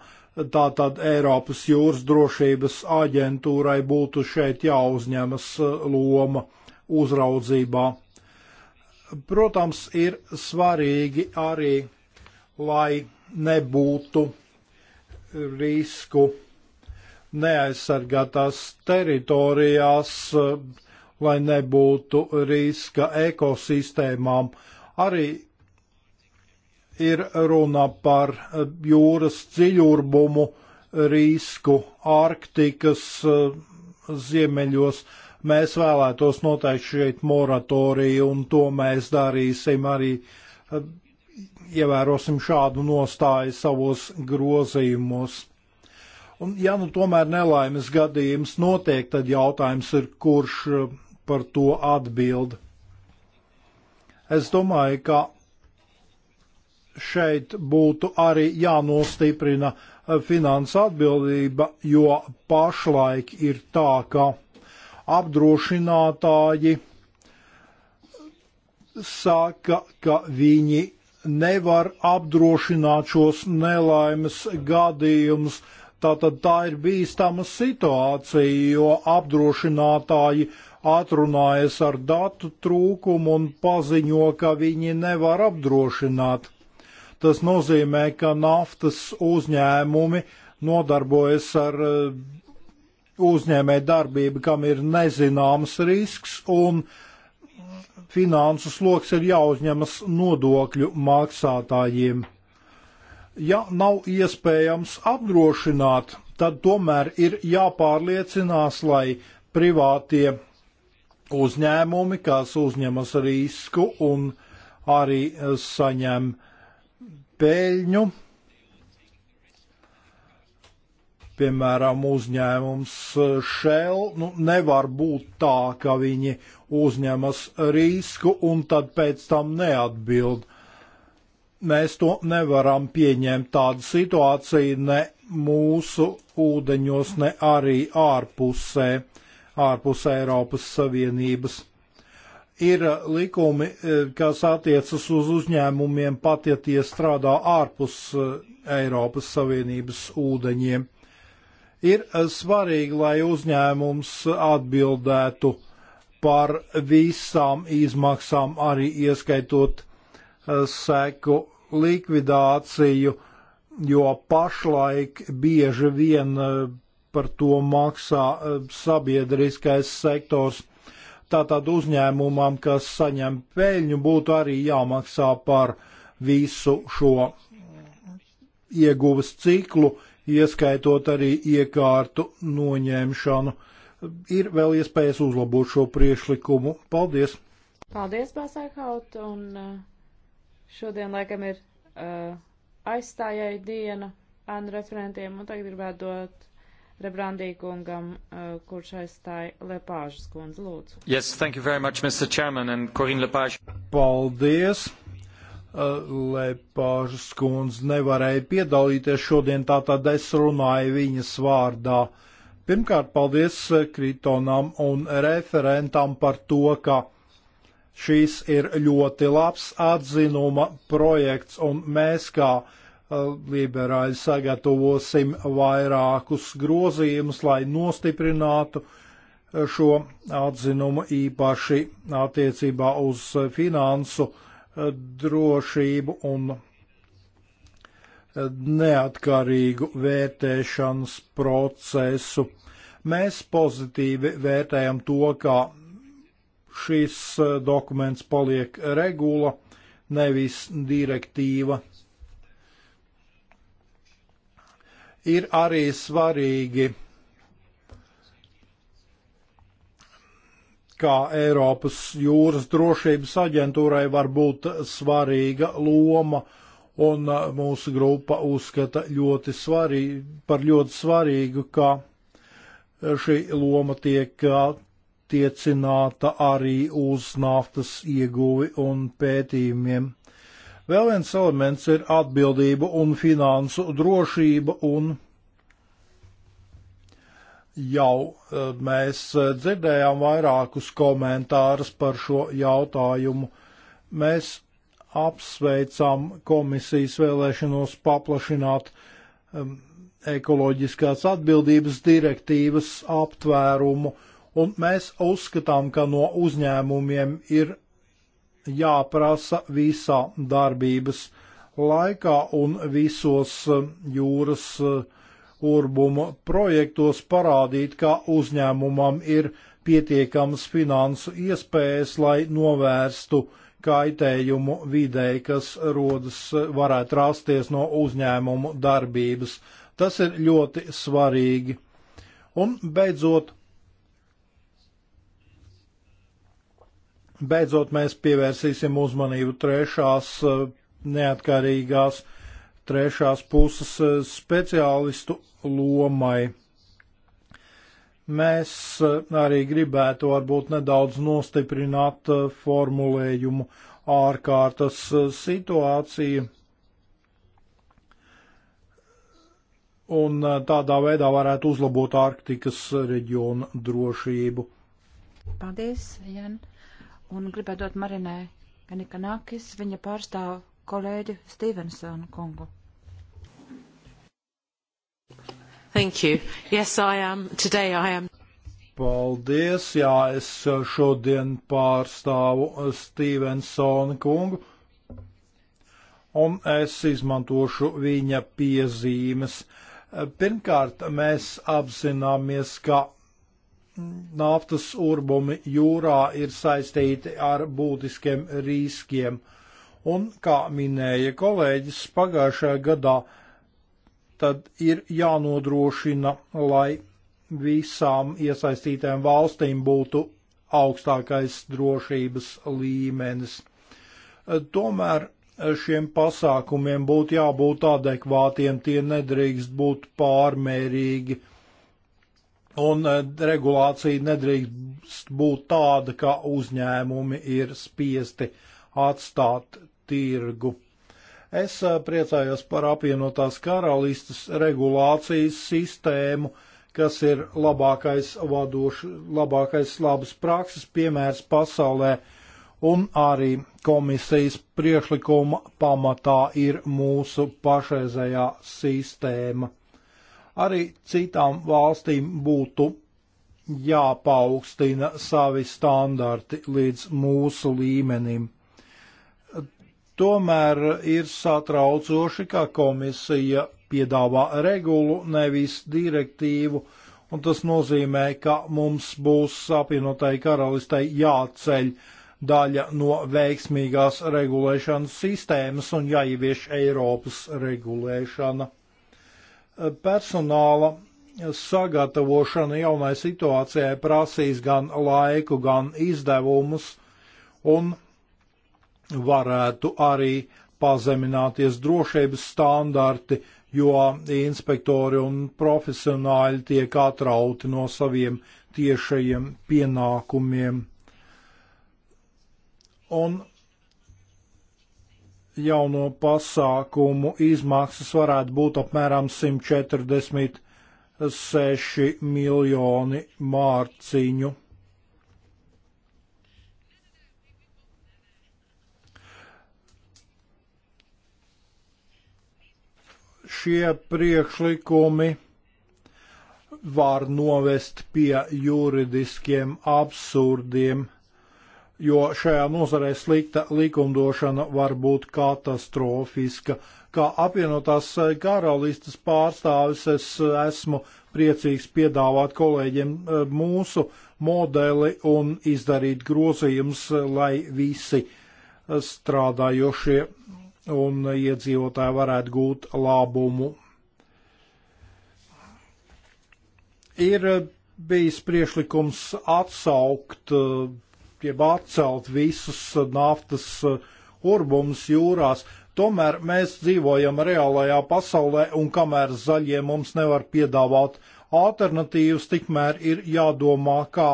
Tātad Eiropas jūras drošības aģentūrai būtu šeit jāuzņemas uh, loma uzraudzībā. Protams, ir svarīgi arī, lai nebūtu risku neaizsargātās teritorijās, eh, lai nebūtu riska ekosistēmām. Arī ir runa par eh, jūras dziļurbumu risku Arktikas eh, ziemeļos. Mēs vēlētos noteikti šeit moratoriju, un to mēs darīsim arī, ievērosim šādu nostāju savos grozījumos. Un, ja nu tomēr nelaimes gadījums notiek, tad jautājums ir, kurš eh, par to atbild. Es domāju, ka šeit būtu arī jānostiprina eh, finanses atbildība, jo pašlaik ir tā, ka apdrošinātāji saka, ka viņi nevar apdrošināt šos nelaimes gadījumus, uh, Tātad tā ir bīstama situācija, jo apdrošinātāji atrunājas ar datu trūkumu un paziņo, ka viņi nevar apdrošināt. Tas nozīmē, ka naftas uzņēmumi nodarbojas ar eh, uzņēmē darbību, kam ir nezināms risks un finansu sloks ir jāuzņemas nodokļu maksātājiem. Ja nav iespējams apdrošināt, tad tomēr ir jāpārliecinās, lai privātie uzņēmumi, kas uzņemas risku un arī saņem peļņu, piemēram, uzņēmums Shell, nu, nevar būt tā, ka viņi uzņemas risku un tad pēc tam neatbild. Uh, Mēs to nevaram pieņemt tādu situāciju ne mūsu ūdeņos, ne arī ārpusē, ārpus Eiropas Savienības. Ir likumi, eh, kas attiecas uz uzņēmumiem pat, ja tie strādā ārpus eh, Eiropas Savienības ūdeņiem ir eh, svarīgi, lai uzņēmums atbildētu par visām izmaksām, arī ieskaitot seku likvidāciju, jo pašlaik bieži vien e, par to maksā e, sabiedriskais sektors. Tātad uzņēmumam, kas saņem peļņu, būtu arī jāmaksā par visu šo ieguves ciklu, ieskaitot arī iekārtu noņemšanu. Ir vēl iespējas uzlabot šo priešlikumu. Paldies! Paldies, Bāzēkaut, un e, Šodien, laikam, ir uh, aizstājai diena ēnu referentiem, un tagad gribētu dot Rebrandī kungam, uh, kurš aizstāja Lepāžas kundzi. Lūdzu. Yes, thank you very much, Mr. Chairman and Corinne Lepāža. Paldies! Uh, Lepāžas kundze nevarēja piedalīties šodien, tātad es runāju viņas vārdā. Pirmkārt, paldies uh, Kritonam un referentam par to, ka Šīs ir ļoti labs atzinuma projekts, un mēs kā uh, liberāļi sagatavosim vairākus grozījumus, lai nostiprinātu uh, šo atzinumu īpaši attiecībā uz uh, finansu drošību un neatkarīgu vērtēšanas procesu. Mēs pozitīvi vērtējam to, kā šis eh, dokuments paliek regula, nevis direktīva. Ir arī svarīgi, kā Eiropas jūras drošības aģentūrai var būt svarīga loma, un eh, mūsu grupa uzskata ļoti svarīgi, par ļoti svarīgu, ka eh, šī loma tiek attiecināta arī uz naftas ieguvi un pētījumiem. Vēl viens elements ir atbildība un finansu drošība, un jau eh, mēs eh, dzirdējām vairākus komentārus par šo jautājumu. Mēs apsveicam komisijas vēlēšanos paplašināt eh, ekoloģiskās atbildības direktīvas aptvērumu un mēs uzskatām, ka no uzņēmumiem ir jāprasa visā darbības laikā un visos eh, jūras eh, urbuma projektos parādīt, ka uzņēmumam ir pietiekams finansu iespējas, lai novērstu kaitējumu videi, kas rodas, eh, varētu rasties no uzņēmumu darbības. Tas ir ļoti svarīgi. Un beidzot, Beidzot, mēs pievērsīsim uzmanību trešās eh, neatkarīgās, trešās puses eh, speciālistu lomai. Mēs eh, arī gribētu varbūt nedaudz nostiprināt formulējumu ārkārtas situācija. Un tādā veidā varētu uzlabot Arktikas reģiona drošību. Paldies, Jan un gribētu dot Marinai Enikanakis, viņa pārstāv kolēģi Stevensonu kungu. Thank you. Yes, I am. Today I am. Paldies, jā, es šodien pārstāvu Stevensonu kungu, un es izmantošu viņa piezīmes. Pirmkārt, mēs apzināmies, ka naftas urbumi jūrā ir saistīti ar būtiskiem riskiem. Un, kā minēja kolēģis pagājušajā gadā, tad ir jānodrošina, lai visām iesaistītēm valstīm būtu augstākais drošības līmenis. Tomēr šiem pasākumiem būtu jābūt adekvātiem, tie nedrīkst būt pārmērīgi Un eh, regulācija nedrīkst būt tāda, ka uzņēmumi ir spiesti atstāt tirgu. Es eh, priecājos par apvienotās karalistas regulācijas sistēmu, kas ir labākais vadošs, labākais labas prakses piemērs pasaulē, un arī komisijas priekšlikuma pamatā ir mūsu pašreizējā sistēma arī citām valstīm būtu jāpaukstina savi standarti līdz mūsu līmenim. Tomēr ir satraucoši, ka komisija piedāvā regulu, nevis direktīvu, un tas nozīmē, ka mums būs apvienotai karalistei jāceļ daļa no veiksmīgās regulēšanas sistēmas un jāievieš Eiropas regulēšana personāla sagatavošana jaunai situācijai prasīs gan laiku, gan izdevumus un varētu arī pazemināties drošības standarti, jo inspektori un profesionāļi tiek atrauti no saviem tiešajiem pienākumiem. Un jauno pasākumu izmaksas varētu būt apmēram 146 miljoni mārciņu. Šie priekšlikumi var novest pie juridiskiem absurdiem jo šajā nozarē slikta likumdošana var būt katastrofiska. Kā apvienotās karalistas pārstāvis es esmu priecīgs piedāvāt kolēģiem eh, mūsu modeli un izdarīt grozījums, lai visi eh, strādājošie un iedzīvotāji varētu gūt labumu. Ir eh, bijis priešlikums atsaukt uh, jeb atcelt visus uh, naftas urbumus uh, jūrās. Tomēr mēs dzīvojam reālajā pasaulē, un kamēr zaļie mums nevar piedāvāt alternatīvas, tikmēr ir jādomā, kā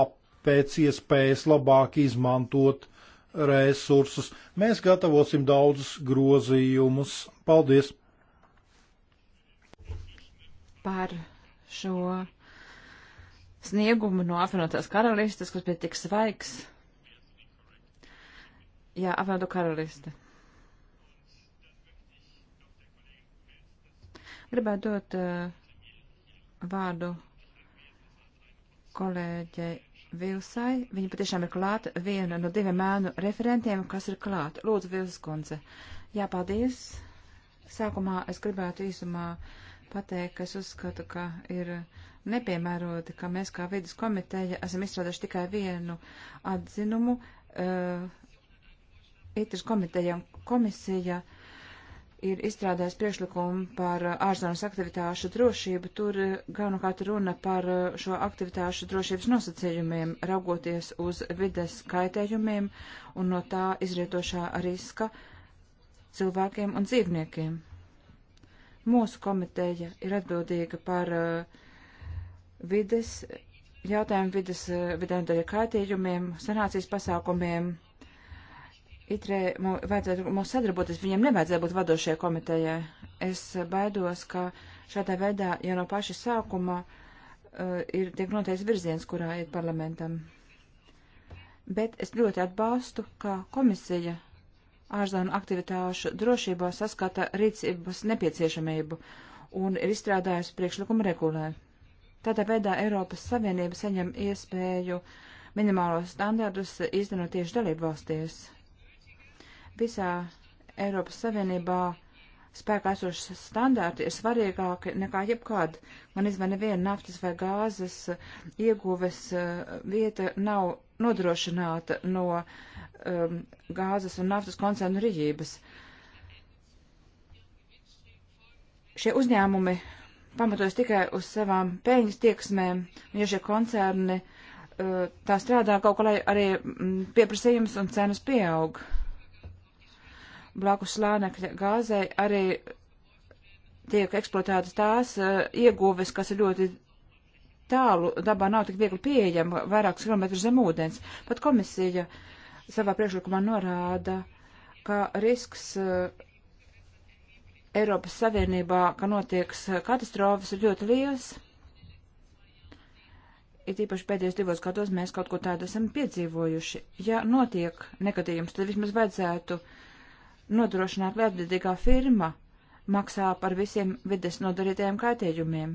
pēc iespējas labāk izmantot resursus. Mēs gatavosim daudzus grozījumus. Paldies! Par šo sniegumu no apvienotās karalistes, kas bija tik svaigs. Jā, apvienoto karalisti. Gribētu dot uh, vārdu kolēģei Vilsai. Viņa patiešām ir klāta viena no diviem mēnu referentiem, kas ir klāta. Lūdzu, Vilsas kundze. Jā, paldies. Sākumā es gribētu īsumā pateikt, ka es uzskatu, ka ir nepiemēroti, ka mēs kā vidas komiteja esam izstrādājuši tikai vienu atzinumu. Uh, ITRIS komiteja un komisija ir izstrādājis priekšlikumu par uh, ārzonas aktivitāšu drošību. Tur uh, galvenokārt runa par uh, šo aktivitāšu drošības nosacījumiem, raugoties uz vides kaitējumiem un no tā izrietošā riska cilvēkiem un dzīvniekiem. Mūsu komiteja ir atbildīga par vides jautājumu, vides vidēm daļa kaitējumiem, sanācijas pasākumiem Itrē mums vajadzētu mums sadarboties, viņiem nevajadzēja būt vadošajai komitejai. Es baidos, ka šādā veidā jau no paša sākuma uh, ir tiek noteikts virziens, kurā iet parlamentam. Bet es ļoti atbalstu, ka komisija ārzonu aktivitāšu drošībā saskata rīcības nepieciešamību un ir izstrādājusi priekšlikumu regulē. Tādā veidā Eiropas Savienība saņem iespēju minimālos standardus īstenot tieši dalību valstīs visā Eiropas Savienībā spēkā esošie standarti ir svarīgāki nekā jebkāda. Man izvēl neviena naftas vai gāzes ieguves eh, vieta nav nodrošināta no um, gāzes un naftas koncernu rīģības. Šie uzņēmumi pamatojas tikai uz savām peļņas tieksmēm, un ja šie koncerni uh, tā strādā, kaut kā arī mm, pieprasījums un cenas pieaug. Uh, blakus slānekļa gāzei arī tiek eksploatētas tās uh, ieguves, kas ir ļoti tālu, dabā nav tik viegli pieejama, vairākus kilometrus zem ūdens. Pat komisija savā priekšlikumā norāda, ka risks uh, Eiropas Savienībā, ka notieks katastrofas, ir ļoti liels. It īpaši pēdējos divos gados mēs kaut ko tādu esam piedzīvojuši. Ja notiek negadījums, tad vismaz vajadzētu uh, nodrošināt, lai atbildīgā firma maksā par visiem vides nodarītajiem kaitējumiem.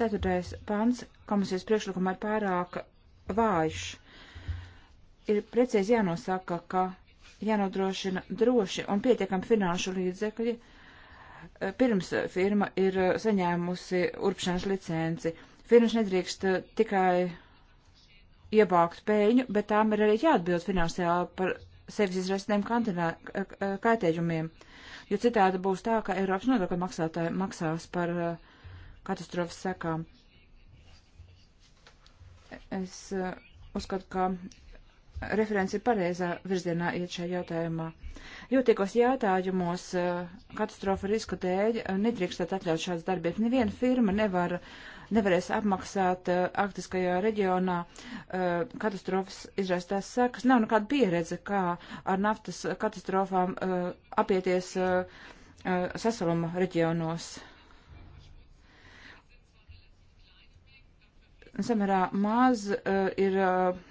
Ceturtais pants komisijas priekšlikumā ir pārāk vājš. Ir precīzi jānosaka, ka jānodrošina droši un pietiekami finanšu līdzekļi, eh, pirms firma ir eh, saņēmusi urpšanas licenci. Firmas nedrīkst eh, tikai iebākt pēļņu, bet tām ir arī jāatbild finansiāli par sevis izrastiem kaitējumiem, jo citādi būs tā, ka Eiropas nodokļu maksātāji maksās par eh, katastrofas sekām. Es eh, uzskatu, ka referents ir pareizā virzienā iet šajā jautājumā. Jūtīgos jautājumos eh, katastrofa riska dēļ nedrīkstētu atļaut šādas darbības. Neviena firma nevar uh, nevarēs apmaksāt uh, arktiskajā reģionā uh, katastrofas izraistās sekas. Nav nekāda pieredze, kā ar naftas katastrofām uh, apieties uh, uh, sasaluma reģionos. Samērā maz uh, ir. Uh,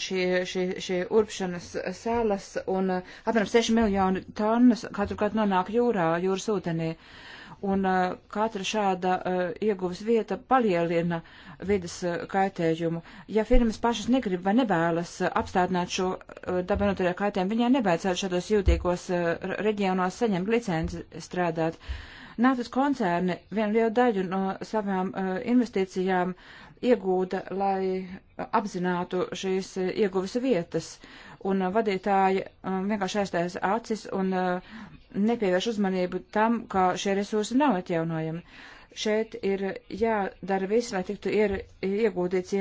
šie, šie, šie urpšanas sēlas un apmēram 6 miljoni tonnas katru gadu nonāk jūrā, jūras ūdenī. Uh, un uh, katra šāda uh, ieguves vieta palielina uh, vidas uh, kaitējumu. Ja firmas pašas negrib vai nevēlas uh, apstādināt šo uh, dabanotajā kaitējumu, viņai nevajadzētu šādos jūtīgos uh, reģionos saņemt licenci strādāt. Naftas koncerni vienu lielu daļu no savām uh, investīcijām iegūda, lai uh, apzinātu šīs uh, ieguves vietas, un uh, vadītāji uh, vienkārši aiztais acis un uh, nepievērš uzmanību tam, ka šie resursi nav atjaunojami. Šeit ir jādara viss, lai tiktu ier, iegūtīts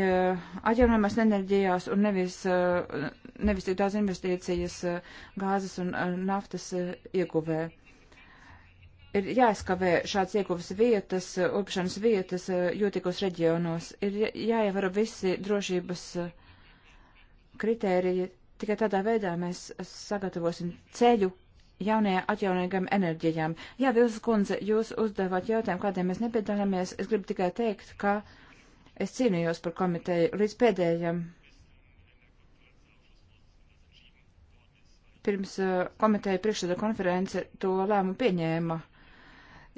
atjaunojamās enerģijās un nevis, eh, nevis tik daudz investīcijas eh, gāzes un eh, naftas ieguvē ir jāizkavē šāds ieguvas vietas, upšanas vietas jūtīgos reģionos. Ir jāievaro visi drošības kritēriji. Tikai tādā veidā mēs sagatavosim ceļu jaunajām atjaunīgām enerģijām. Jā, Vilsas kundze, jūs uzdevāt jautājumu, kādiem mēs nepiedalāmies. Es gribu tikai teikt, ka es cīnījos par komiteju līdz pēdējiem. Pirms uh, komiteja priekšsēdā konference to lēmumu pieņēma.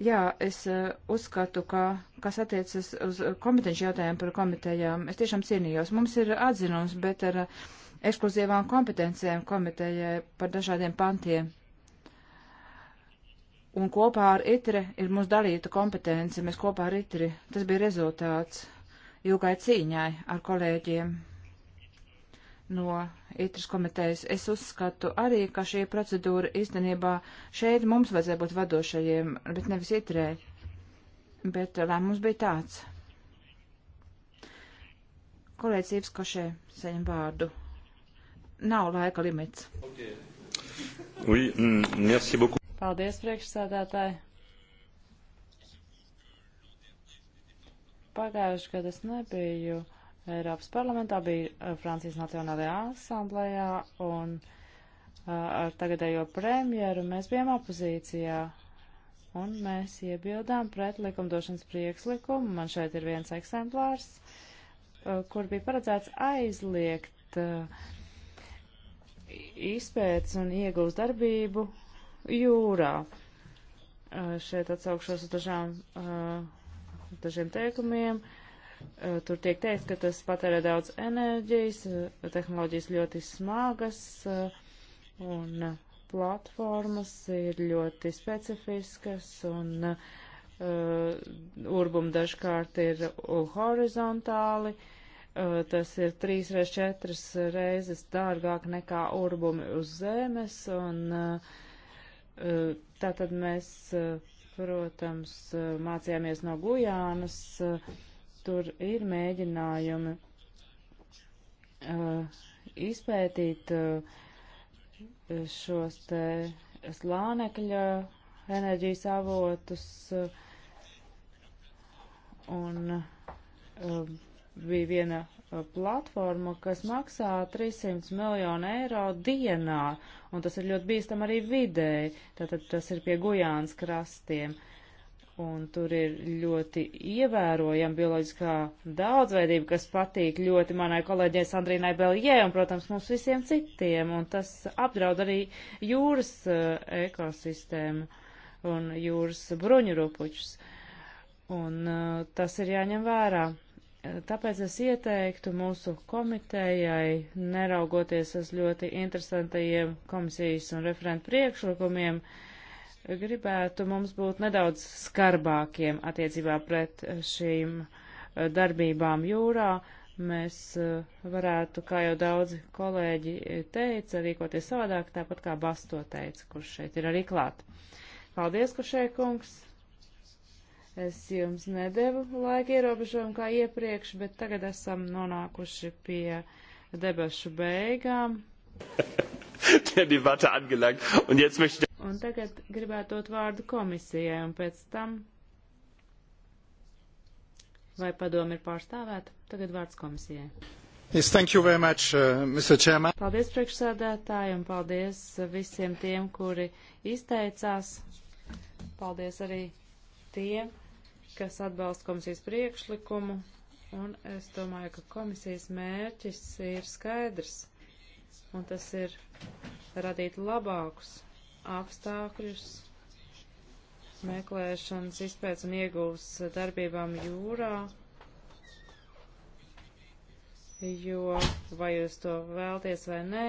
Jā, es uh, uzskatu, ka kas attiecas uz komiteņu jautājumu par komitejām, es tiešām cīnījos. Mums ir atzinums, bet ar uh, ekskluzīvām kompetencijām komitejai par dažādiem pantiem un kopā ar ITRE ir mūsu dalīta kompetence. Mēs kopā ar ITRE, tas bija rezultāts ilgai cīņai ar kolēģiem no ITRES komitejas. Es uzskatu arī, ka šī procedūra īstenībā šeit mums vajadzēja būt vadošajiem, bet nevis ITRE. Bet lēmums bija tāds. Kolēģis Ivs Košē saņem vārdu. Nav laika limits. Okay. Oui, mm, merci beaucoup. Paldies, priekšsādātāji. Pagājuši, kad es nebiju Eiropas parlamentā, biju eh, Francijas Nacionālajā asamblējā un eh, ar tagadējo premjeru mēs bijām opozīcijā un mēs iebildām pret likumdošanas priekšlikumu. Man šeit ir viens eksemplārs, eh, kur bija paredzēts aizliegt izpētes un iegūst darbību jūrā. Šeit atsaukšos uz dažām, dažiem teikumiem. Tur tiek teikt, ka tas patērē daudz enerģijas, tehnoloģijas ļoti smagas un platformas ir ļoti specifiskas un uh, urbumi dažkārt ir horizontāli. Uh, tas ir trīs reiz četras reizes dārgāk nekā urbumi uz zemes un uh, Tātad mēs, protams, mācījāmies no Gujānas, tur ir mēģinājumi izpētīt šos te slānekļa enerģijas avotus un bija viena Uh, platforma, kas maksā 300 miljonu eiro dienā, un tas ir ļoti bīstam arī vidēji, tātad tas ir pie Gujānas krastiem. Un tur ir ļoti ievērojama bioloģiskā daudzveidība, kas patīk ļoti manai kolēģei Sandrīnai Belijē un, protams, mums visiem citiem, un tas apdraud arī jūras uh, ekosistēmu un jūras bruņurupučus. Un uh, tas ir jāņem vērā. Tāpēc es ieteiktu mūsu komitejai, neraugoties uz ļoti interesantajiem komisijas un referentu priekšlikumiem, gribētu mums būt nedaudz skarbākiem attiecībā pret šīm eh, darbībām jūrā. Mēs eh, varētu, kā jau daudzi kolēģi teica, rīkoties savādāk, tāpat kā Basto teica, kurš šeit ir arī klāt. Paldies, Kušē kungs! Es jums nedevu laika ierobežojumu kā iepriekš, bet tagad esam nonākuši pie debašu beigām. un tagad gribētu dot vārdu komisijai, un pēc tam. Vai padomi ir pārstāvēta? Tagad vārds komisijai. Yes, thank you very much, uh, Mr. Chairman. Paldies priekšsādātāji un paldies visiem tiem, kuri izteicās. Paldies arī tiem, kas atbalsta komisijas priekšlikumu, un es domāju, ka komisijas mērķis ir skaidrs, un tas ir radīt labākus apstākļus meklēšanas, izpēc un iegūs darbībām jūrā, jo vai jūs to vēlties vai nē,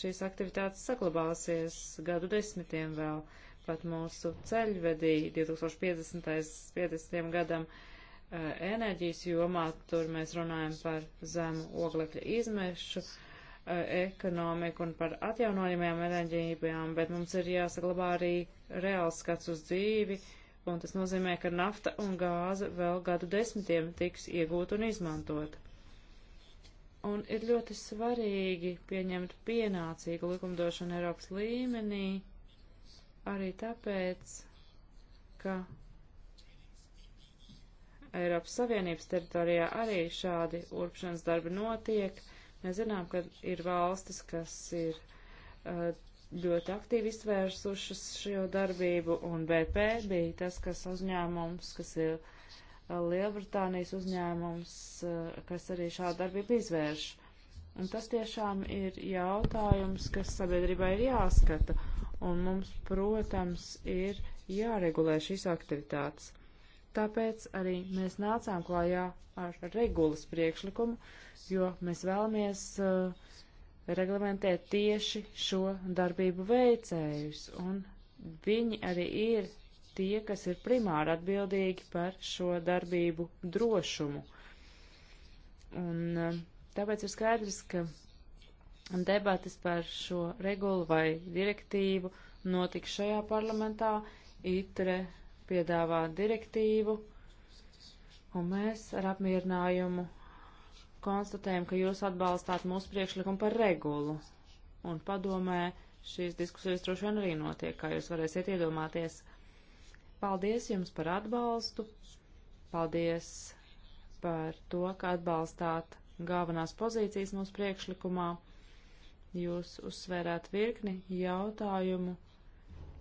šīs aktivitātes saglabāsies gadu desmitiem vēl pat mūsu ceļvedī 2050. 50. gadam eh, enerģijas jomā, tur mēs runājam par zemu oglekļa izmešu eh, ekonomiku un par atjaunojumiem enerģijām, bet mums ir jāsaglabā arī reāls skats uz dzīvi, un tas nozīmē, ka nafta un gāze vēl gadu desmitiem tiks iegūt un izmantot. Un ir ļoti svarīgi pieņemt pienācīgu likumdošanu Eiropas līmenī, arī tāpēc, ka Eiropas Savienības teritorijā arī šādi urpšanas darbi notiek. Mēs zinām, ka ir valstis, kas ir uh, ļoti aktīvi izvērsušas šo darbību, un BP bija tas, kas uzņēmums, kas ir uh, Lielbritānijas uzņēmums, uh, kas arī šādu darbību izvērš. Un tas tiešām ir jautājums, kas sabiedrībā ir jāskata. Uh, un mums, protams, ir jāregulē šīs aktivitātes. Tāpēc arī mēs nācām klājā ar regulas priekšlikumu, jo mēs vēlamies uh, reglamentēt tieši šo darbību veicējus, un viņi arī ir tie, kas ir primāri atbildīgi par šo darbību drošumu. Un uh, tāpēc ir skaidrs, ka debatas par šo regulu vai direktīvu notiks šajā parlamentā. ITRE piedāvā direktīvu, un mēs ar apmierinājumu konstatējam, ka jūs atbalstāt mūsu priekšlikumu par regulu. Un padomē šīs diskusijas droši vien arī notiek, kā jūs varēsiet iedomāties. Paldies jums par atbalstu, paldies par to, ka atbalstāt galvenās pozīcijas mūsu priekšlikumā. Jūs uzsvērāt virkni jautājumu,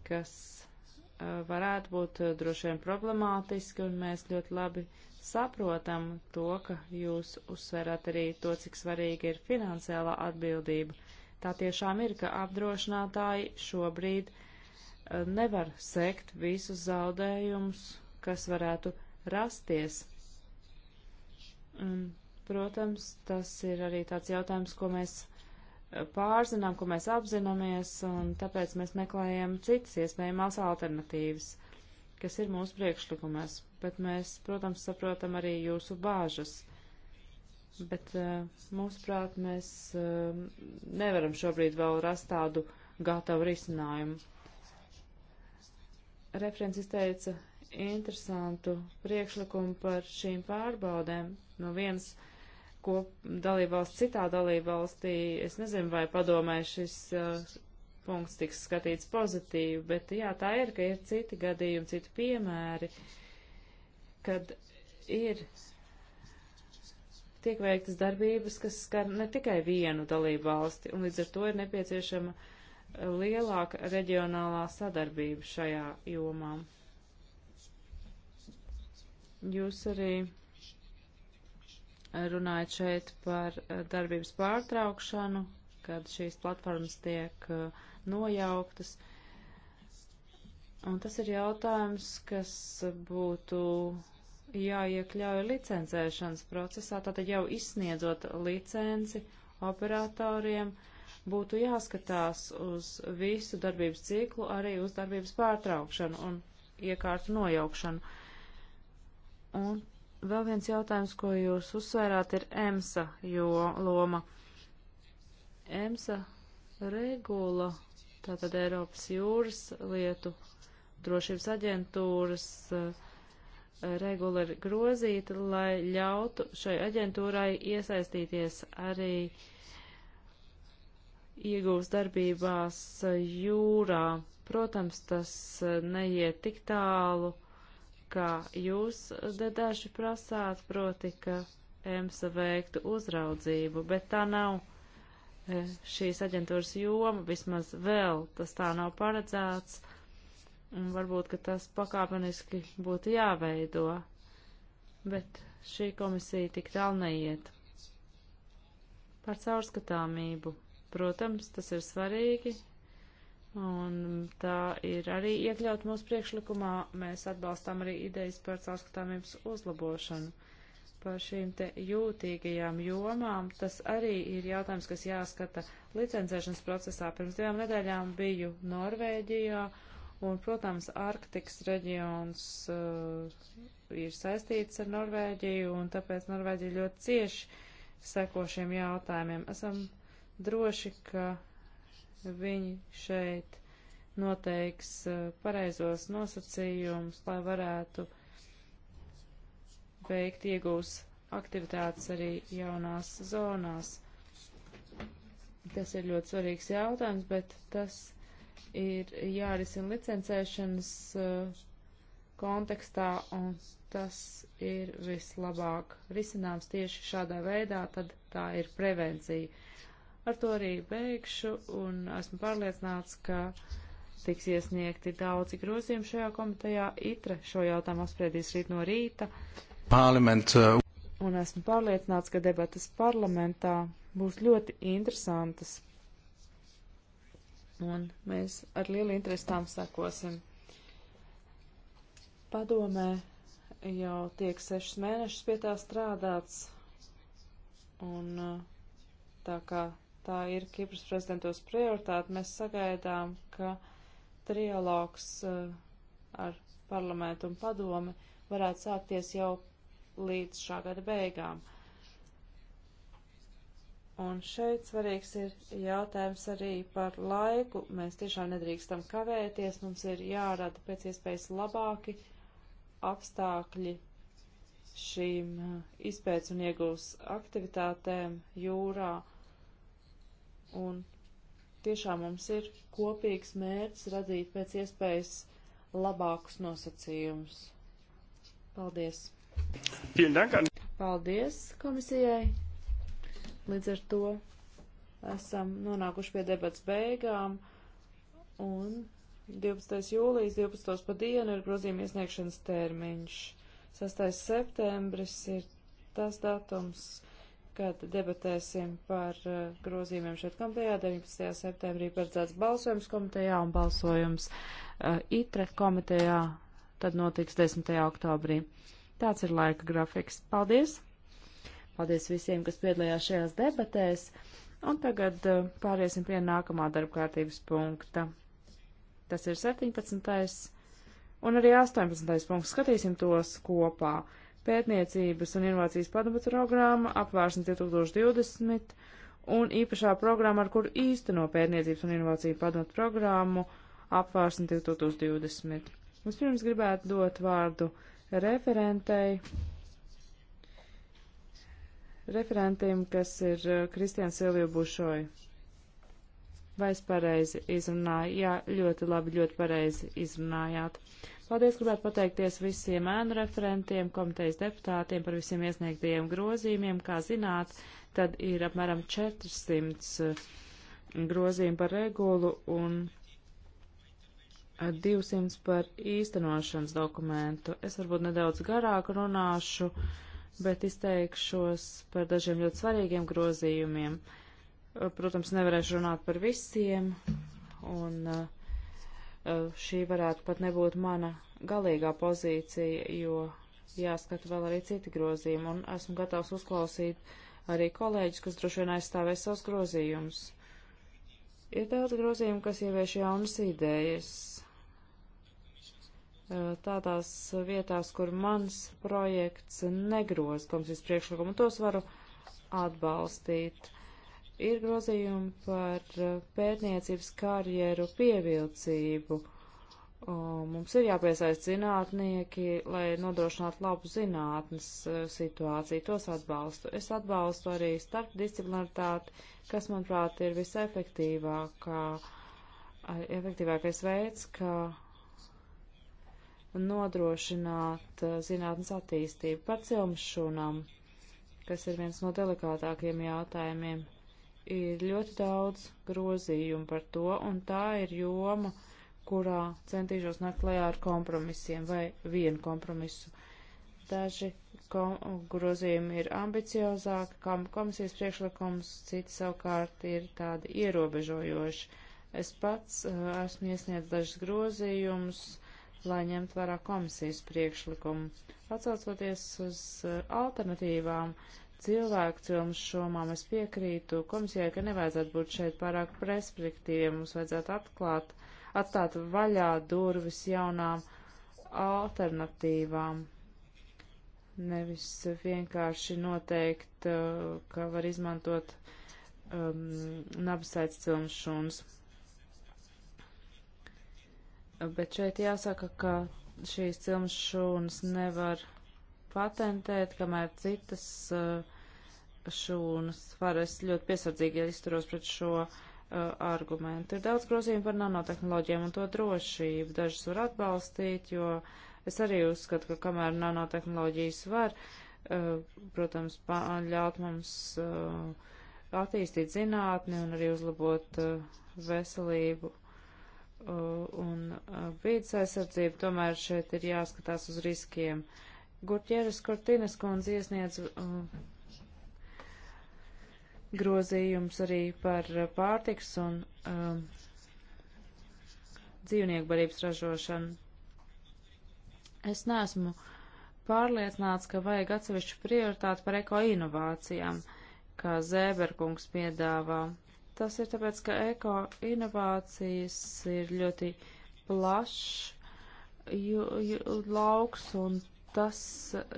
kas uh, varētu būt uh, droši vien problemātiski, un mēs ļoti labi saprotam to, ka jūs uzsverat arī to, cik svarīga ir finansiālā atbildība. Tā tiešām ir, ka apdrošinātāji šobrīd uh, nevar sekt visus zaudējumus, kas varētu rasties. Un, protams, tas ir arī tāds jautājums, ko mēs pārzinām, ko mēs apzināmies, un tāpēc mēs meklējam citas iespējamās alternatīvas, kas ir mūsu priekšlikumās. Bet mēs, protams, saprotam arī jūsu bāžas. Bet, eh, mūsuprāt, mēs eh, nevaram šobrīd vēl rast tādu gatavu risinājumu. Referents izteica interesantu priekšlikumu par šīm pārbaudēm. No vienas puses, kop, dalībvalsts citā dalībvalstī, es nezinu, vai padomē šis uh, punkts tiks skatīts pozitīvi, bet jā, tā ir, ka ir citi gadījumi, citi piemēri, kad ir tiek veiktas darbības, kas skar ne tikai vienu dalību valsti, un līdz ar to ir nepieciešama lielāka reģionālā sadarbība šajā jomā. Jūs arī runājot šeit par eh, darbības pārtraukšanu, kad šīs platformas tiek eh, nojauktas. Un tas ir jautājums, kas būtu jāiekļauj licencēšanas procesā, tātad jau izsniedzot licenci operatoriem, būtu jāskatās uz visu darbības ciklu, arī uz darbības pārtraukšanu un iekārtu nojaukšanu. Un Vēl viens jautājums, ko jūs uzsvērāt, ir EMSA jo loma. EMSA regula, tātad Eiropas jūras lietu drošības aģentūras eh, regula ir grozīta, lai ļautu šai aģentūrai iesaistīties arī iegūst darbībās jūrā. Protams, tas eh, neiet tik tālu kā jūs dedaši prasāt, proti, ka EMSA veiktu uzraudzību, bet tā nav e, šīs aģentūras joma, vismaz vēl tas tā nav paredzēts, un varbūt, ka tas pakāpeniski būtu jāveido, bet šī komisija tik tālu neiet. Par caurskatāmību. Protams, tas ir svarīgi, Un tā ir arī iekļaut mūsu priekšlikumā. Mēs atbalstām arī idejas par caurskatāmības uzlabošanu. Par šīm te jūtīgajām jomām tas arī ir jautājums, kas jāskata licencēšanas procesā. Pirms divām nedēļām biju Norvēģijā, un, protams, Arktikas reģions uh, ir saistīts ar Norvēģiju, un tāpēc Norvēģija ļoti cieši seko šiem jautājumiem. Esam droši, ka Viņi šeit noteiks eh, pareizos nosacījumus, lai varētu veikt iegūs aktivitātes arī jaunās zonās. Tas ir ļoti svarīgs jautājums, bet tas ir jārisina licencēšanas eh, kontekstā, un tas ir vislabāk risināms tieši šādā veidā, tad tā ir prevencija. Ar to arī beigšu un esmu pārliecināts, ka tiks iesniegti daudzi grozījumi šajā komitejā. ITRE šo jautājumu apspriedīs rīt no rīta. Parlament. Uh, un esmu pārliecināts, ka debatas parlamentā būs ļoti interesantas. Un mēs ar lielu interesi tām sekosim. Padomē jau tiek sešas mēnešus pie tā strādāts. Un uh, tā kā tā ir Kipras prezidentos prioritāte. Mēs sagaidām, ka trialogs eh, ar parlamentu un padomi varētu sākties jau līdz šā gada beigām. Un šeit svarīgs ir jautājums arī par laiku. Mēs tiešām nedrīkstam kavēties. Mums ir jārada pēc iespējas labāki apstākļi šīm eh, izpēc un iegūs aktivitātēm jūrā Un tiešām mums ir kopīgs mērķis radīt pēc iespējas labākus nosacījumus. Paldies! Paldies komisijai! Līdz ar to esam nonākuši pie debats beigām un 12. jūlijas 12. pa dienu ir grozījuma iesniegšanas termiņš. 6. septembris ir tas datums, kad debatēsim par eh, grozījumiem šeit komitejā. 19. septembrī paredzēts balsojums komitejā un balsojums uh, ITRE komitejā. Tad notiks 10. oktobrī. Tāds ir laika grafiks. Paldies! Paldies visiem, kas piedalījās šajās debatēs. Un tagad uh, pāriesim pie nākamā darba kārtības punkta. Tas ir 17. un arī 18. punkts. Skatīsim tos kopā. Uh, pētniecības un inovācijas padoma programma, apvārsnes 2020 un īpašā programma, ar kuru īsteno pētniecības un inovāciju padoma programmu, apvārsnes 2020. Vispirms gribētu dot vārdu referentei, referentiem, kas ir eh, Kristians Silviju Bušoju. Vai es pareizi izrunāju? Jā, ļoti labi, ļoti pareizi izrunājāt. Paldies, gribētu pateikties visiem ēnu referentiem, komitejas deputātiem par visiem iesniegtajiem grozījumiem. Kā zināt, tad ir apmēram 400 eh, grozījumi par regulu un 200 eh, par īstenošanas dokumentu. Es varbūt nedaudz garāk runāšu, bet izteikšos par dažiem ļoti svarīgiem grozījumiem. Eh, protams, nevarēšu runāt par visiem. Un, uh, šī varētu pat nebūt mana galīgā pozīcija, jo jāskata vēl arī citi grozījumi, un esmu gatavs uzklausīt arī kolēģis, kas droši vien aizstāvēs savus grozījumus. Ir daudz grozījumu, kas ievieš jaunas idejas. Tādās vietās, kur mans projekts negroz komisijas priekšlikumu, tos varu atbalstīt ir grozījumi par uh, pētniecības karjeru pievilcību. Mums ir jāpiesaist zinātnieki, lai nodrošinātu labu zinātnes uh, situāciju. Tos atbalstu. Es atbalstu arī starpdisciplinaritāti, kas, manuprāt, ir visefektīvākā, uh, efektīvākais veids, kā nodrošināt zinātnes attīstību par cilmšūnām, kas ir viens no delikātākiem jautājumiem ir ļoti daudz grozījumu par to, un tā ir joma, kurā centīšos nākt klajā ar kompromisiem vai vienu kompromisu. Daži kom grozījumi ir ambiciozāki, kam komisijas priekšlikums, citi savukārt ir tādi ierobežojoši. Es pats uh, esmu iesniedzis dažus grozījumus, lai ņemtu vērā komisijas priekšlikumu. Atsaucoties uz uh, alternatīvām, uh, cilvēku cilvēku šomām es piekrītu komisijai, ka nevajadzētu būt šeit pārāk perspektīviem, mums vajadzētu atklāt, atstāt vaļā durvis jaunām alternatīvām. Nevis vienkārši noteikt, uh, ka var izmantot um, nabasaits cilvēkšūnas. Bet šeit jāsaka, ka šīs cilvēkšūnas nevar patentēt, kamēr citas uh, šūnas var. Es ļoti piesardzīgi izturos pret šo uh, argumentu. Ir daudz grozījumu par nanotehnoloģiem un to drošību. Dažas var atbalstīt, jo es arī uzskatu, ka kamēr nanotehnoloģijas var, uh, protams, ļaut mums attīstīt zinātni un arī uzlabot veselību un vidas aizsardzību, tomēr šeit ir jāskatās uz riskiem. Uh, Gurķieras Kortīnas kundze iesniedz uh, grozījums arī par pārtiks un uh, dzīvnieku barības ražošanu. Es neesmu pārliecināts, ka vajag atsevišķu prioritāti par ekoinovācijām, kā Zēberkungs piedāvā. Tas ir tāpēc, ka ekoinovācijas ir ļoti plašs lauks un tas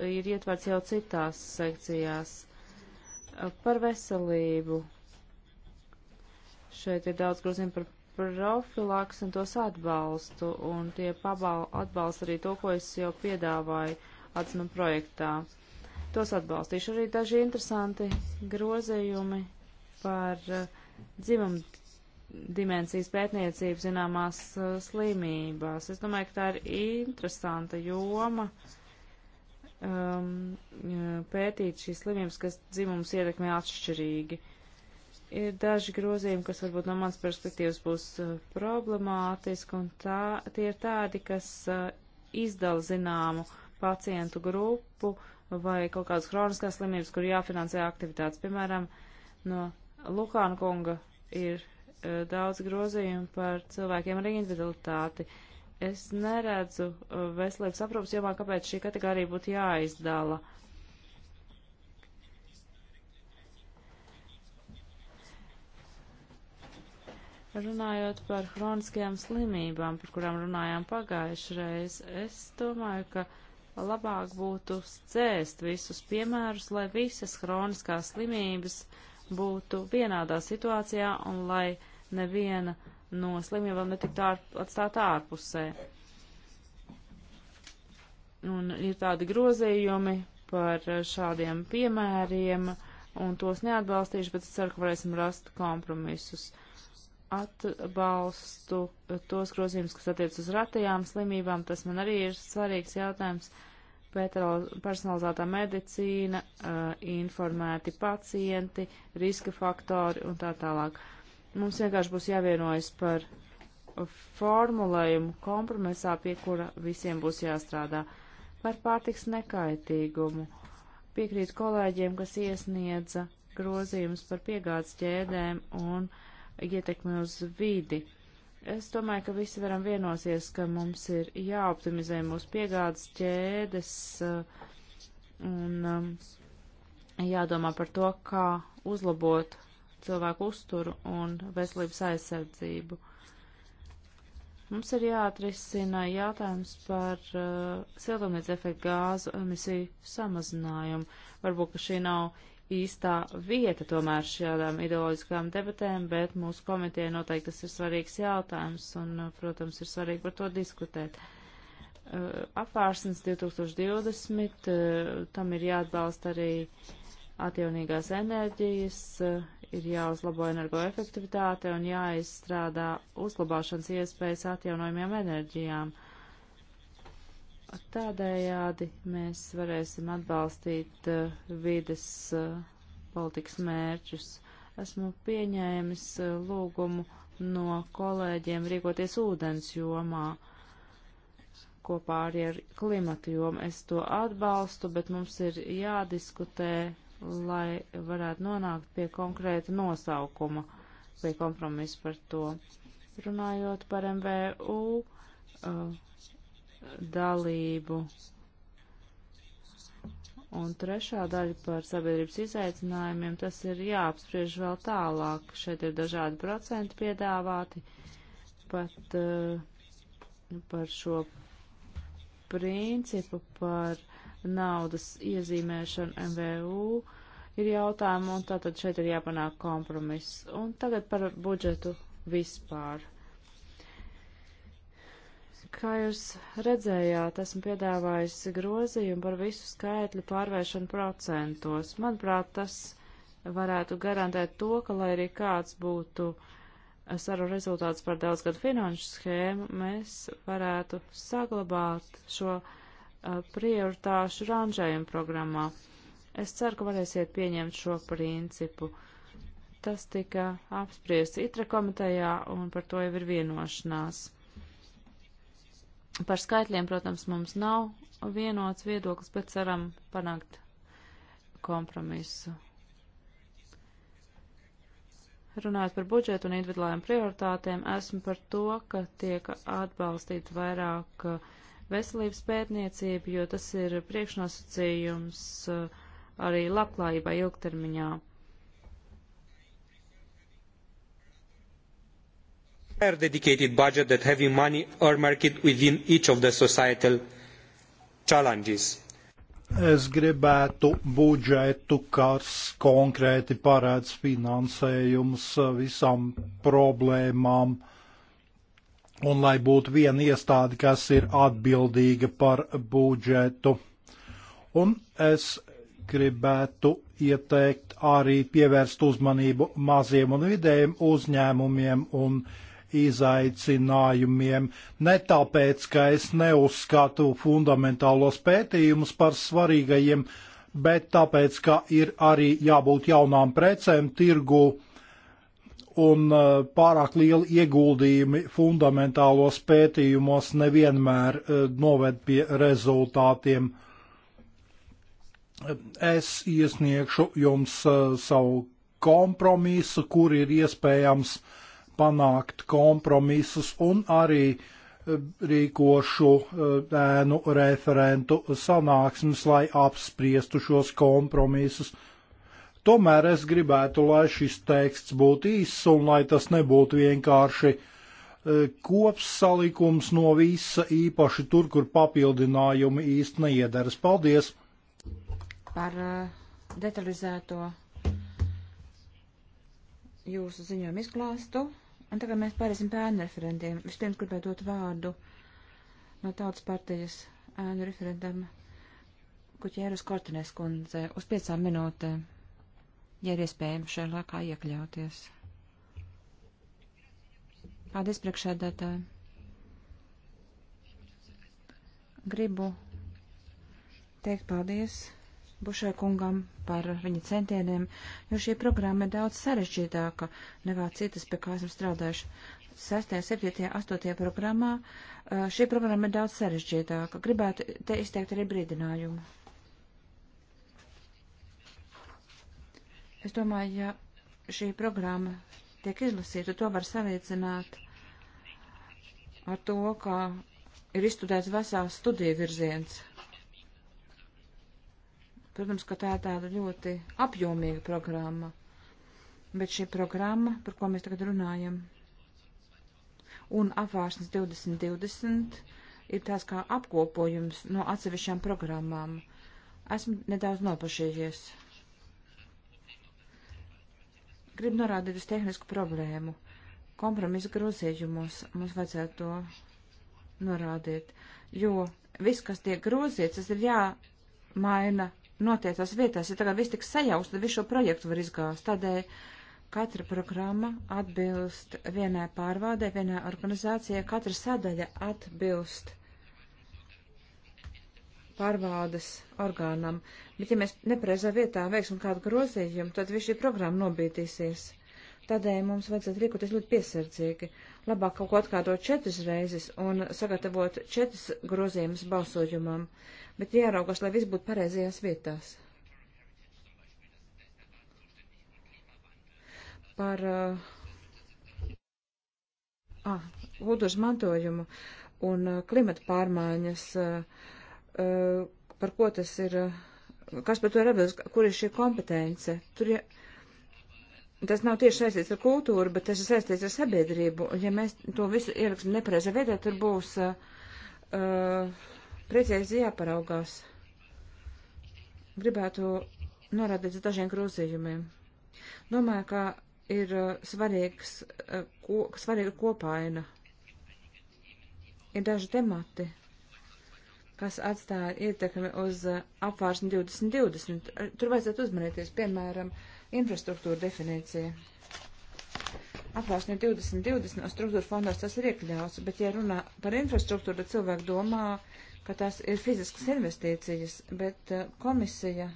eh, ir ietverts jau citās sekcijās. Eh, par veselību. Šeit ir daudz grozījumu par profilaks un tos atbalstu, un tie pabal, atbalsta arī to, ko es jau piedāvāju atzinu projektā. Tos atbalstīšu arī daži interesanti grozījumi par eh, dzimumu dimensijas pētniecību zināmās slimībās. Es domāju, ka tā ir interesanta joma. Uh, um, pētīt šīs slimības, kas dzimums ietekmē atšķirīgi. Ir daži grozījumi, kas varbūt no manas perspektīvas būs uh, problemātiski, un tā, tie ir tādi, kas uh, izdala zināmu pacientu grupu vai kaut kādas kroniskās slimības, kur jāfinansē aktivitātes. Piemēram, no Lukāna kunga ir uh, daudz grozījumu par cilvēkiem ar invaliditāti. Uh, Es neredzu uh, veselības aprūpas jomā, kāpēc šī kategorija būtu jāizdala. Runājot par hroniskajām slimībām, par kurām runājām pagājušreiz, es domāju, ka labāk būtu cēst visus piemērus, lai visas hroniskās slimības būtu vienādā situācijā un lai neviena uh, no slimībām netiktu ār, atstāt ārpusē. Un ir tādi grozījumi par šādiem piemēriem, un tos neatbalstīšu, bet es ceru, ka varēsim rast kompromisus. Atbalstu tos grozījumus, kas attiec uz ratajām slimībām, tas man arī ir svarīgs jautājums. Personalizētā medicīna, eh, informēti pacienti, riska faktori un tā tālāk. Uh, Mums vienkārši būs jāvienojas par formulējumu kompromisā, pie kura visiem būs jāstrādā par pārtiks nekaitīgumu. Piekrīt kolēģiem, kas iesniedza grozījumus par piegādes ķēdēm un ietekmi uz vidi. Es domāju, ka visi varam vienosies, ka mums ir jāoptimizē mūsu piegādes ķēdes uh, un um, jādomā par to, kā uzlabot cilvēku uzturu un veselības aizsardzību. Mums ir jāatrisina jautājums par uh, siltumnīca efektu gāzu emisiju samazinājumu. Varbūt, ka šī nav īstā vieta tomēr šādām ideoloģiskām debatēm, bet mūsu komitē noteikti tas ir svarīgs jautājums un, uh, protams, ir svarīgi par to diskutēt. Uh, apvārsnes 2020, uh, tam ir jāatbalsta arī atjaunīgās enerģijas, uh, ir jāuzlabo energoefektivitāte un jāizstrādā uzglabāšanas iespējas atjaunojumiem enerģijām. Tādējādi mēs varēsim atbalstīt uh, vides uh, politikas mērķus. Esmu pieņēmis uh, lūgumu no kolēģiem rīkoties ūdens jomā kopā arī ar klimatu jomu. Es to atbalstu, bet mums ir jādiskutē lai varētu nonākt pie konkrēta nosaukuma, pie kompromisa par to. Runājot par MVU uh, dalību. Un trešā daļa par sabiedrības izaicinājumiem, tas ir jāapspriež vēl tālāk. Šeit ir dažādi procenti piedāvāti pat uh, par šo principu, par naudas iezīmēšana MVU ir jautājumi, un tātad šeit ir jāpanāk kompromiss. Un tagad par budžetu vispār. Kā jūs redzējāt, esmu piedāvājis grozījumu par visu skaitļu pārvēršanu procentos. Manuprāt, tas varētu garantēt to, ka, lai arī kāds būtu saru rezultāts par daudzgadu finanšu schēmu, mēs varētu saglabāt šo uh, Uh, prioritāšu ranžējuma programmā. Es ceru, ka varēsiet pieņemt šo principu. Tas tika apspriests ITRA komitejā un par to jau ir vienošanās. Par skaitļiem, protams, mums nav vienots viedoklis, bet ceram panākt kompromisu. Runājot par budžetu un individuālajām prioritātēm, esmu par to, ka tiek atbalstīt vairāk uh, veselības pētniecību, jo tas ir priekšnosacījums uh, arī labklājībai ilgtermiņā. entire dedicated budget that having money earmarked within each of the societal challenges. Es gribētu budžetu, kas konkrēti parāds finansējums visām problēmām, un lai būtu viena iestāde, kas ir atbildīga par budžetu. Un es gribētu ieteikt arī pievērst uzmanību maziem un vidējiem uzņēmumiem un izaicinājumiem, ne tāpēc, ka es neuzskatu fundamentālos pētījumus par svarīgajiem, bet tāpēc, ka ir arī jābūt jaunām precēm tirgu, uh, un uh, pārāk lieli ieguldījumi fundamentālos pētījumos nevienmēr uh, noved pie rezultātiem. Es iesniegšu jums uh, savu kompromisu, kur ir iespējams panākt kompromisus un arī rīkošu ēnu referentu sanāksmes, lai apspriestu šos kompromisus. Tomēr es gribētu, lai šis teksts būtu īss un lai tas nebūtu vienkārši e, kopsalikums no visa, īpaši tur, kur papildinājumi īsti neiederas. Paldies! Par e, detalizēto jūsu ziņojumu izklāstu. Un tagad mēs pārēsim pie ēnu referentiem. Vispirms gribētu dot vārdu no tautas partijas ēnu referentam Kuķēras Kortines kundze uz piecām minūtēm ja ir iespējams šajā laikā iekļauties. Paldies priekšēdētāji. Gribu teikt paldies Bušai kungam par viņa centieniem, jo šī programma ir daudz sarežģītāka nekā citas, pie kā esam strādājuši. 6., 7., 8. programmā uh, šī programma ir daudz sarežģītāka. Gribētu te izteikt arī brīdinājumu. Es domāju, ja šī programma tiek izlasīta, to var saviecināt ar to, ka ir izstudēts vesels studiju virziens. Protams, ka tā ir tāda ļoti apjomīga programma, bet šī programma, par ko mēs tagad runājam, un apvārsnes 2020 ir tās kā apkopojums no atsevišķām programmām. Esmu nedaudz nopašījies. Gribu norādīt uz tehnisku problēmu. Kompromisa grozījumos mums vajadzētu to norādīt, jo viss, kas tiek grozīts, tas ir jāmaina noteiktās vietās. Ja tagad viss tiks sajausts, tad visu šo projektu var izgāzt. Tādēļ katra programma atbilst vienai pārvaldē, vienai organizācijai, katra sadaļa atbilst pārvaldes orgānam, bet ja mēs neprezā vietā veiksim kādu grozījumu, tad viss šī programma nobīdīsies. Tādēļ mums vajadzētu rīkoties ļoti piesardzīgi, labāk kaut ko atkārtot četras reizes un sagatavot četras grozījumus balsojumam, bet jāraugās, lai viss būtu pareizajās vietās. Par uh, ah, ūdens mantojumu un uh, klimata pārmaiņas. Uh, par ko tas ir, kas par to ir atbildīgs, kur ir šī kompetence. Tur, ja, tas nav tieši saistīts ar kultūru, bet tas ir saistīts ar sabiedrību. Ja mēs to visu ieraksim nepareizā veidā, tur būs uh, precīzi jāparaugās. Gribētu norādīt uz dažiem grozījumiem. Domāju, ka ir uh, svarīgs, uh, ko, svarīga kopaina. Ir daži temati, kas atstāja ietekmi uz eh, apvārsni 2020. Tur vajadzētu uzmanīties, piemēram, infrastruktūra definīcija. Apvārsni 2020 un struktūra fondās tas ir iekļauts, bet ja runā par infrastruktūru, tad cilvēki domā, ka tās ir fiziskas investīcijas, bet eh, komisija,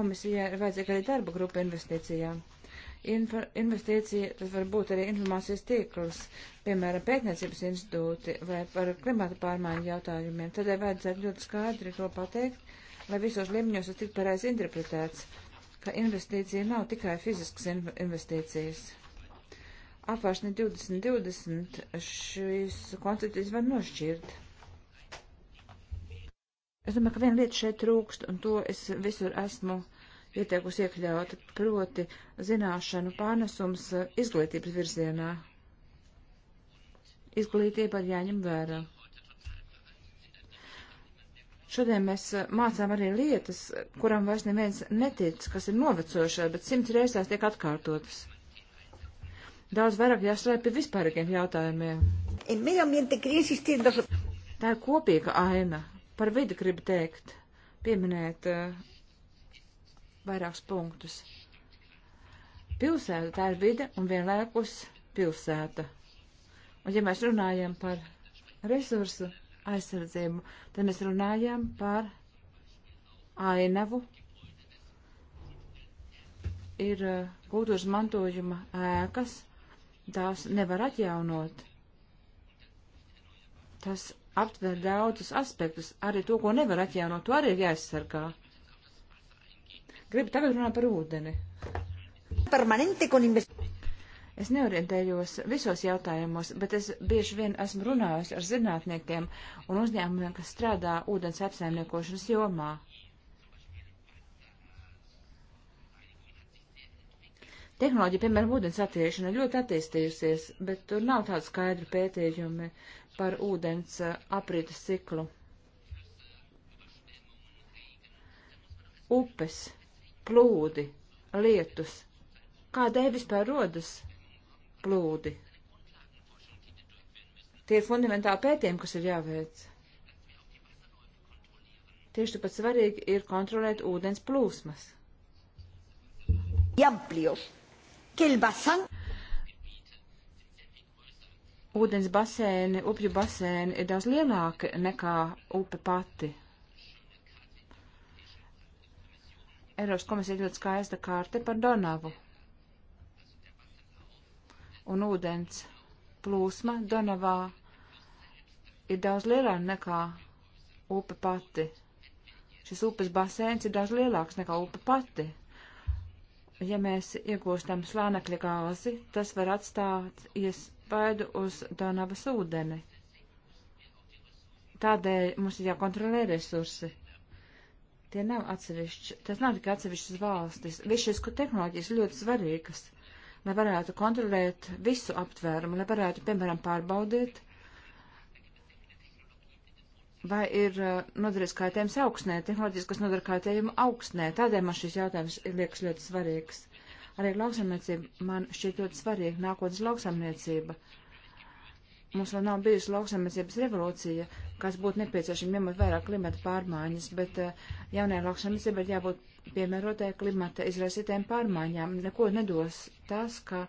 komisijai ir vajadzīga arī darba grupa investīcijām investīcija, tas var būt arī informācijas tīkls, piemēram, pētniecības institūti vai par klimata pārmaiņu jautājumiem. Tādēļ vajadzētu ļoti skaidri to pateikt, lai visos līmeņos tas tik pareizi interpretēts, ka investīcija nav tikai fiziskas investīcijas. Apvāršana 2020 šīs koncepcijas var nošķirt. Es domāju, ka viena lieta šeit trūkst, un to es visur esmu ieteikusi iekļaut, proti zināšanu pārnesums eh, izglītības virzienā. Izglītība ir jāņem vērā. Šodien mēs eh, mācām arī lietas, kuram vairs neviens netic, kas ir novecojušās, bet simts reizēs tiek atkārtotas. Daudz vairāk jāstrādā pie vispārīgiem jautājumiem. Tā ir kopīga aina. Par vidi gribu teikt, pieminēt uh, vairākus punktus. Pilsēta tā ir vide un vienlaikus pilsēta. Un ja mēs runājam par resursu aizsardzību, tad mēs runājam par ainavu. Ir uh, kultūras mantojuma ēkas, tās nevar atjaunot. Tas aptver daudzus aspektus, arī to, ko nevar atjaunot, to arī ir jāaizsargā. Gribu tagad runāt par ūdeni. Permanente con Es neorientējos visos jautājumos, bet es bieži vien esmu runājusi ar zinātniekiem un uzņēmumiem, kas strādā ūdens apsaimniekošanas jomā. Tehnoloģija, piemēram, ūdens attīrīšana ļoti attīstījusies, bet tur nav tādu skaidru pētījumu par ūdens eh, aprītas ciklu. Upes plūdi, lietus. Kādēļ vispār rodas plūdi? Tie ir fundamentāli pētījumi, kas ir jāveic. Tieši tāpēc svarīgi ir kontrolēt ūdens plūsmas. Ūdens basēni, upju basēni ir daudz lielāki nekā upe pati. Eiropas komisija ļoti skaista kārte par Donavu. Un ūdens plūsma Donavā ir daudz lielāka nekā upe pati. Šis upes basēns ir daudz lielāks nekā upe pati. Ja mēs iegūstam slānekļa gāzi, tas var atstāt iespaidu uz Donavas ūdeni. Tādēļ mums ir jākontrolē resursi Tie nav atsevišķi, tas nav tikai atsevišķas valstis. Viss šis tehnoloģijas ļoti svarīgas, lai varētu kontrolēt visu aptvērumu, lai varētu, piemēram, pārbaudīt, vai ir eh, nodarīts kaitējums augsnē, tehnoloģijas, kas nodara kaitējumu augsnē. Tādēļ man šis jautājums liekas ļoti svarīgs. Arī lauksamniecība man šķiet ļoti svarīga, nākotnes lauksamniecība. Uh, Mums vēl nav bijusi lauksaimniecības revolūcija, kas būtu nepieciešama, ņemot vairāk klimata pārmaiņas, bet eh, jaunajā lauksaimniecībā ir jābūt piemērotai klimata izraisītēm pārmaiņām. Neko nedos tas, ka,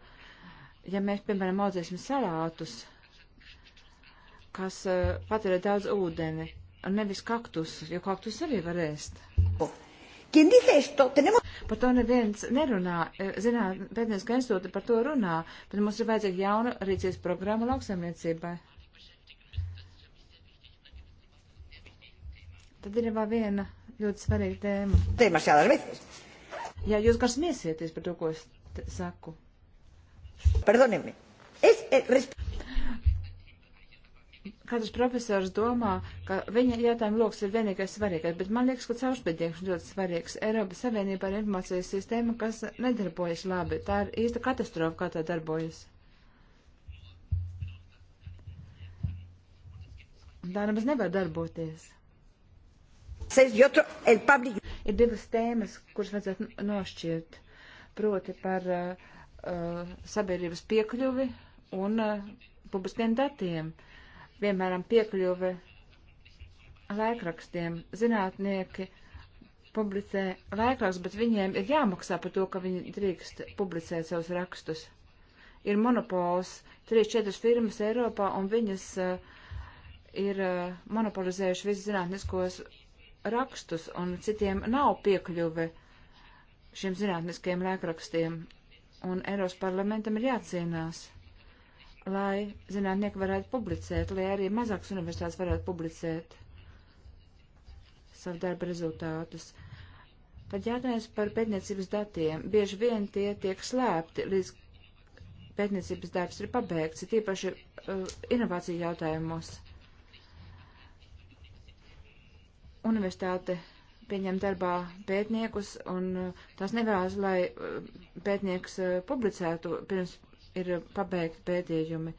ja mēs, piemēram, audzēsim salātus, kas uh, patērē daudz ūdeni, un nevis kaktus, jo kaktus arī var ēst. Oh. Par to neviens nerunā. E, Zināt, pētniecka institūta par to runā, bet mums ir vajadzīga jauna rīcības programma lauksaimniecībai. Tad ir vēl viena ļoti svarīga tēma. Tēma šādā veidā. Jā, jūs gan smiesieties par to, ko es saku. Pardonimi. Es, eh, es, katrs profesors domā, ka viņa jautājuma lokus ir vienīgais svarīgais, bet man liekas, ka caurspēdīgums ļoti svarīgs. Eiropas Savienībā ir informācijas sistēma, kas nedarbojas labi. Tā ir īsta katastrofa, kā tā darbojas. Tā nemaz nevar darboties. Ir divas tēmas, kuras vajadzētu nošķirt. Proti par uh, uh, sabiedrības piekļuvi un uh, publiskiem datiem. Uh, piemēram, piekļuve laikrakstiem. Zinātnieki publicē laikrakstus, bet viņiem ir jāmaksā par to, ka viņi drīkst publicēt savus rakstus. Ir monopols, 3-4 firmas Eiropā, un viņas uh, ir uh, monopolizējuši visus zinātniskos rakstus, un citiem nav piekļuve šiem zinātniskiem laikrakstiem, un Eiropas parlamentam ir jācīnās lai zinātnieki varētu publicēt, lai arī mazākas universitātes varētu publicēt savu darbu rezultātus. Tad jautājums par pētniecības datiem. Bieži vien tie tiek slēpti, līdz pētniecības darbs ir pabeigts, ir tīpaši uh, inovāciju jautājumos. Universitāte pieņem darbā pētniekus, un uh, tās nevēlas, lai uh, pētnieks uh, publicētu pirms ir pabeigti pētījumi.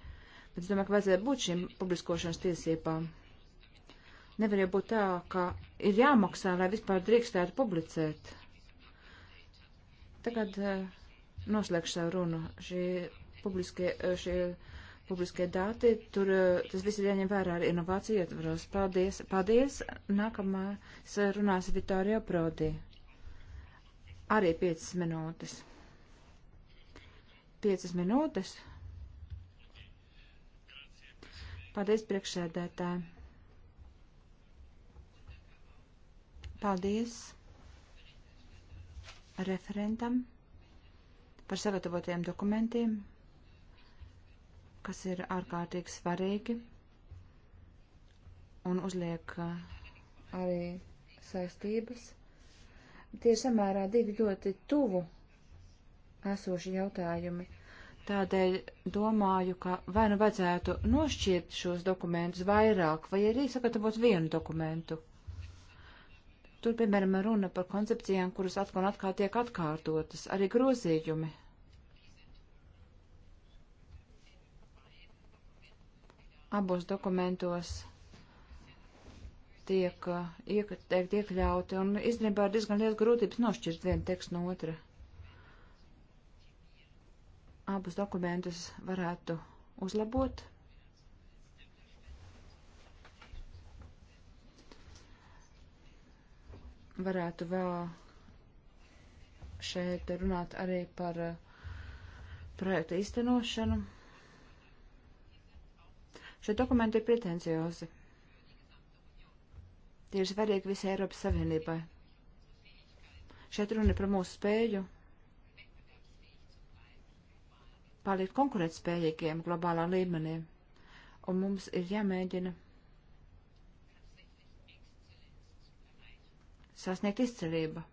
Bet es domāju, ka vajadzētu būt šīm publiskošanas tiesībām. Nevar jau būt tā, ka ir jāmaksā, lai vispār drīkstētu publicēt. Tagad eh, noslēgšu savu runu. Šie publiskie, eh, šie publiskie dati, tur eh, tas viss ir jāņem vērā arī inovācija ietvaros. Paldies, paldies. Nākamā runās Vitorija Prodi. Arī 5 minūtes piecas minūtes. Paldies priekšsēdētājiem. Paldies referentam par sagatavotajiem dokumentiem, kas ir ārkārtīgi svarīgi un uzliek uh, arī saistības. Tie ir samērā divi ļoti tuvu esoši jautājumi. Tādēļ domāju, ka vai nu vajadzētu nošķirt šos dokumentus vairāk, vai arī sagatavot vienu dokumentu. Tur, piemēram, runa par koncepcijām, kuras atkal un atkal tiek atkārtotas, arī grozījumi. Abos dokumentos tiek, uh, iek, tiek iekļauti, un īstenībā ir diezgan liels grūtības nošķirt vienu tekstu no otra abus dokumentus varētu uzlabot. Varētu vēl šeit runāt arī par uh, projektu īstenošanu. Šie dokumenti ir pretenciozi. Tie ir svarīgi visai Eiropas Savienībai. Šeit runa ir par mūsu spēju palikt konkurētspējīgiem globālā līmenī. Un mums ir jāmēģina sasniegt izcelību.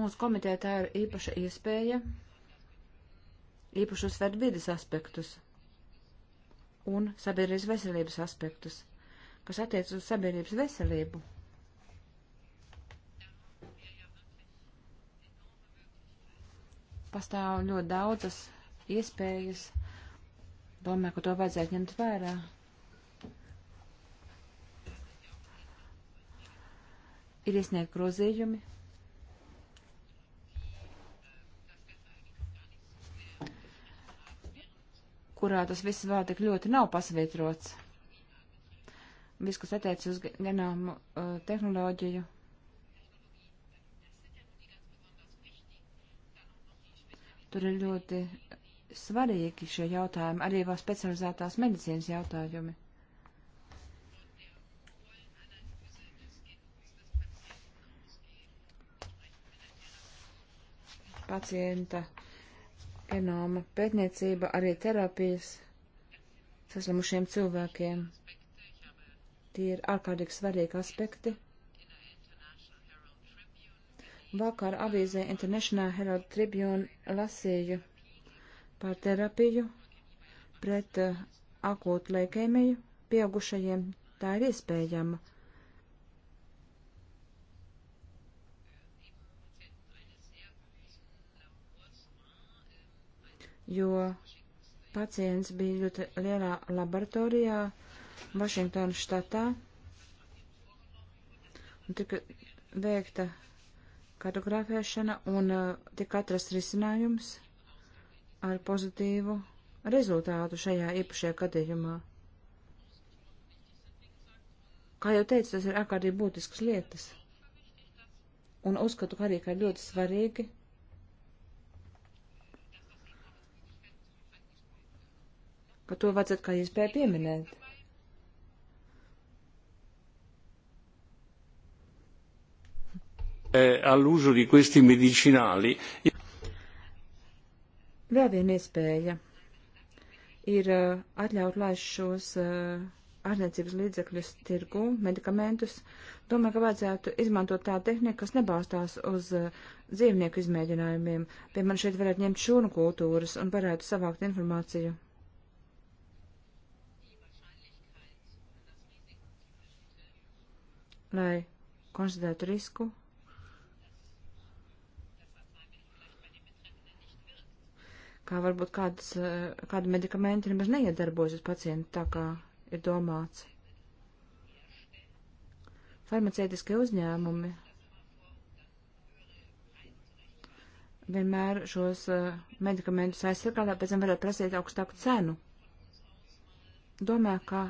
Mūsu komitē tā ir īpaša iespēja īpaši uzsvērt vidas aspektus un sabiedrības veselības aspektus kas attiec uz sabiedrības veselību. Pastāv ļoti daudzas iespējas. Domāju, ka to vajadzētu ņemt vērā. Ir iesniegt grozījumi. kurā tas viss vēl tik ļoti nav pasvietrots viss, kas attiecas uz genāmu uh, tehnoloģiju. Tur ir ļoti svarīgi šie jautājumi, arī vēl specializētās medicīnas jautājumi. Pacienta genoma pētniecība, arī terapijas saslimušiem cilvēkiem. Tie ir ārkārtīgi svarīgi aspekti. Vakar avīzē International Herald Tribune lasīju par terapiju pret uh, akūtu leikēmiju pieaugušajiem. Tā ir iespējama. Jo pacients bija ļoti lielā laboratorijā, uh, Vašingtonas štatā un tika veikta kartografēšana un uh, tika atrasts risinājums ar pozitīvu rezultātu šajā īpašajā gadījumā. Kā jau teicu, tas ir ārkārtīgi būtisks lietas. Un uzskatu, ka arī ka ir ļoti svarīgi ka to vajadzētu kā iespēju pieminēt. Eh, all'uso di questi medicinali. Vēl viena iespēja ir eh, atļaut laist šos ārniecības eh, līdzekļus tirgu, medikamentus. Domāju, ka vajadzētu izmantot tādu tehniku, kas nebalstās uz dzīvnieku izmēģinājumiem. Piemēram, šeit varētu ņemt šūnu kultūras un varētu savākt informāciju. Lai konstatētu risku kā varbūt kāds, eh, kādu medikamentu nemaz neiedarbojas uz pacientu tā, kā ir domāts. Farmacētiskie uzņēmumi vienmēr šos eh, medikamentus aizsargāt, pēc tam varētu prasīt augstāku cenu. Domāju, ka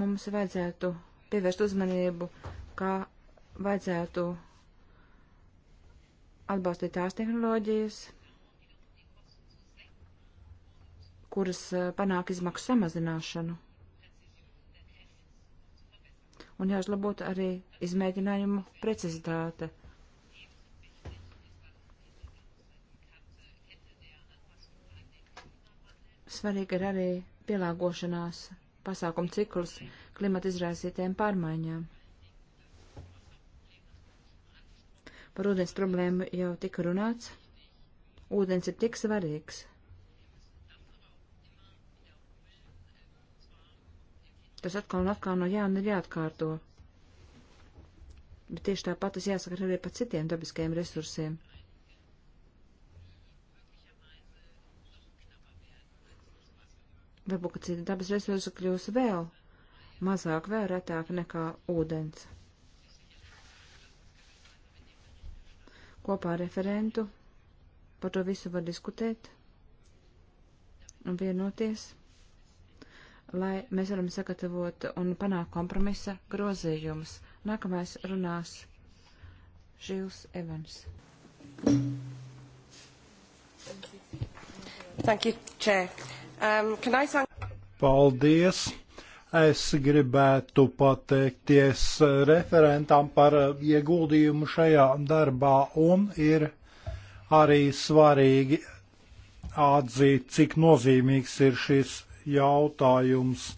mums vajadzētu pievērst uzmanību, kā vajadzētu atbalstīt tās tehnoloģijas, kuras eh, panāk izmaksu samazināšanu. Un jāuzlabot arī izmēģinājumu precizitāte. Svarīgi ir arī pielāgošanās pasākumu cikls klimata izraisītiem pārmaiņām. Par ūdens problēmu jau tika runāts. Ūdens ir tik svarīgs. Tas atkal un atkal no jauna ir jāatkārto. Bet tieši tāpat tas jāsaka arī par citiem dabiskajiem resursiem. Varbūt, ka citi dabas resursi kļūs vēl mazāk, vēl retāk nekā ūdens. kopā ar referentu. Par to visu var diskutēt un vienoties, lai mēs varam sagatavot un panākt kompromisa grozījumus. Nākamais runās Žils Evans. Thank you, Chair. Um, can I thank... Paldies! Es gribētu pateikties referentam par ieguldījumu šajā darbā un ir arī svarīgi atzīt, cik nozīmīgs ir šis jautājums.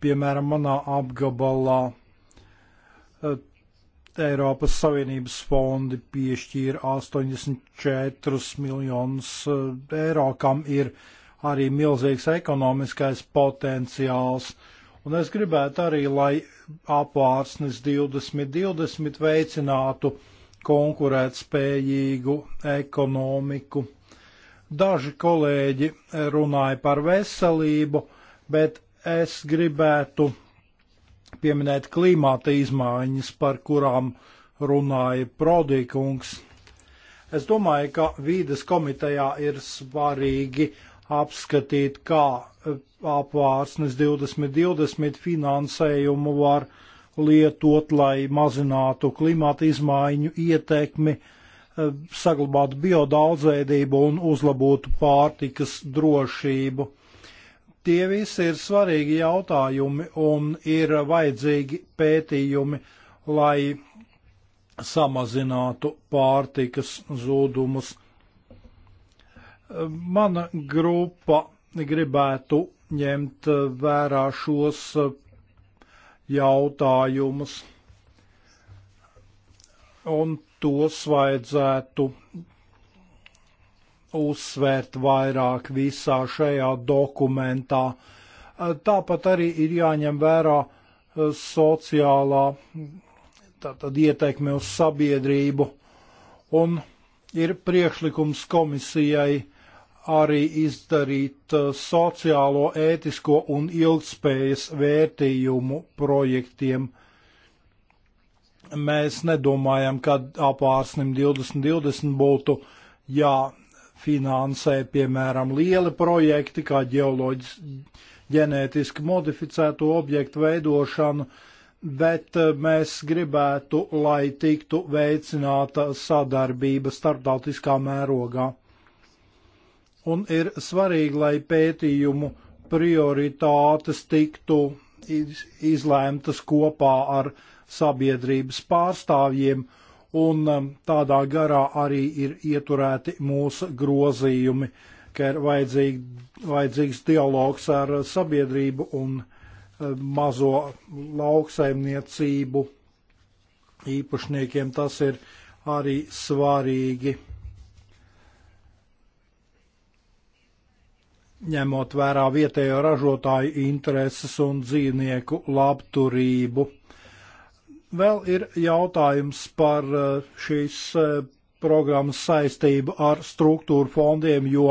Piemēram, manā apgabalā e, Eiropas Savienības fondi piešķīra 84 miljonus e, eiro, kam ir uh, arī milzīgs ekonomiskais potenciāls. Un es gribētu arī, lai apvārsnes 2020 veicinātu konkurētspējīgu ekonomiku. Daži kolēģi runāja par veselību, bet es gribētu pieminēt klimata izmaiņas, par kurām runāja Prodīkungs. Es domāju, ka vīdes komitejā ir svarīgi apskatīt, kā eh, apvārsnes 2020 finansējumu var lietot, lai mazinātu klimata izmaiņu ietekmi, eh, saglabātu biodaudzveidību un uzlabotu pārtikas drošību. Tie visi ir svarīgi jautājumi un ir vajadzīgi pētījumi, lai samazinātu pārtikas zudumus. Mana grupa gribētu ņemt vērā šos jautājumus, un tos vajadzētu uzsvērt vairāk visā šajā dokumentā. Tāpat arī ir jāņem vērā sociālā tātad, ietekme uz sabiedrību, un ir priekšlikums komisijai arī izdarīt uh, sociālo, ētisko un ilgspējas vērtījumu projektiem. Mēs nedomājam, ka apārsnim 2020 būtu jāfinansē, piemēram, lieli projekti, kā ģeoloģis, ģenētiski modificētu objektu veidošanu, bet uh, mēs gribētu, lai tiktu veicināta sadarbība starptautiskā mērogā un ir svarīgi, lai pētījumu prioritātes tiktu izlēmtas kopā ar sabiedrības pārstāvjiem, un um, tādā garā arī ir ieturēti mūsu grozījumi, ka ir vajadzīgi, vajadzīgs dialogs ar sabiedrību un um, mazo lauksaimniecību īpašniekiem. Tas ir arī svarīgi ņemot vērā vietējo ražotāju intereses un dzīvnieku labturību. Vēl ir jautājums par uh, šīs uh, programmas saistību ar struktūru fondiem, jo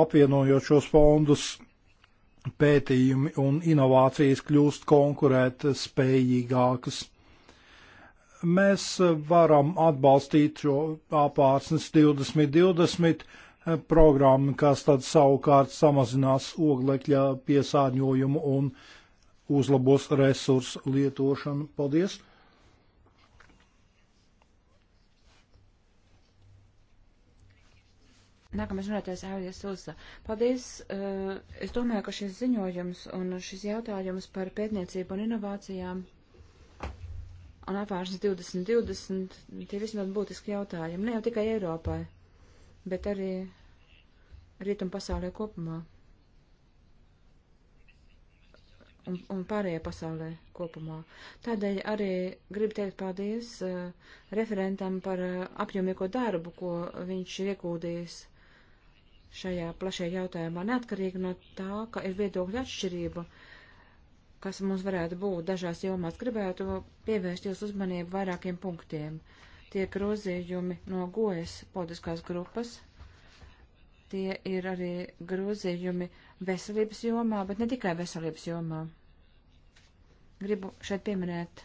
apvienojot šos fondus pētījumi un inovācijas kļūst konkurēt spējīgākas. Mēs varam atbalstīt šo apārsnes 2020 programma, kas tad savukārt samazinās oglekļa piesārņojumu un uzlabos resursu lietošanu. Paldies! Nākamais runātājs Ārijas Ilsa. Paldies! Eh, es domāju, ka šis ziņojums un šis jautājums par pētniecību un inovācijām un apvāršanas 2020, tie visi ļoti būtiski jautājumi, ne jau tikai Eiropai, bet arī rietumu pasaulē kopumā un, un pārējā pasaulē kopumā. Tādēļ arī gribu teikt paldies uh, referentam par uh, apjomīgo darbu, ko viņš ir iegūdījis šajā plašajā jautājumā, neatkarīgi no tā, ka ir viedokļa atšķirība, kas mums varētu būt dažās jomās. Gribētu pievērst jūs uzmanību vairākiem punktiem. Tie grozījumi no gojas politiskās grupas Tie ir arī grozījumi veselības jomā, bet ne tikai veselības jomā. Gribu šeit pieminēt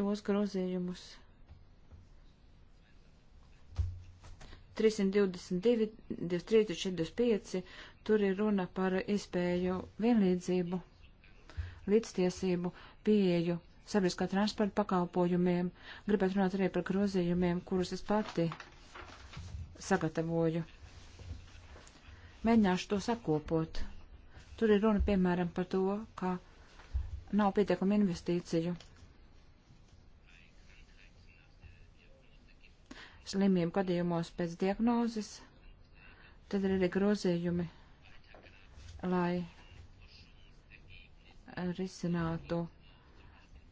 tos grozījumus. 322, 23, 25, tur ir runa par iespēju vienlīdzību, līdztiesību, pieeju sabiedriskā transporta pakalpojumiem. Gribētu runāt arī par grozījumiem, kurus es pati sagatavoju. Mēģināšu to sakopot. Tur ir runa, piemēram, par to, ka nav pietiekama investīciju slimību gadījumos pēc diagnozes. Tad ir arī grozījumi, lai risinātu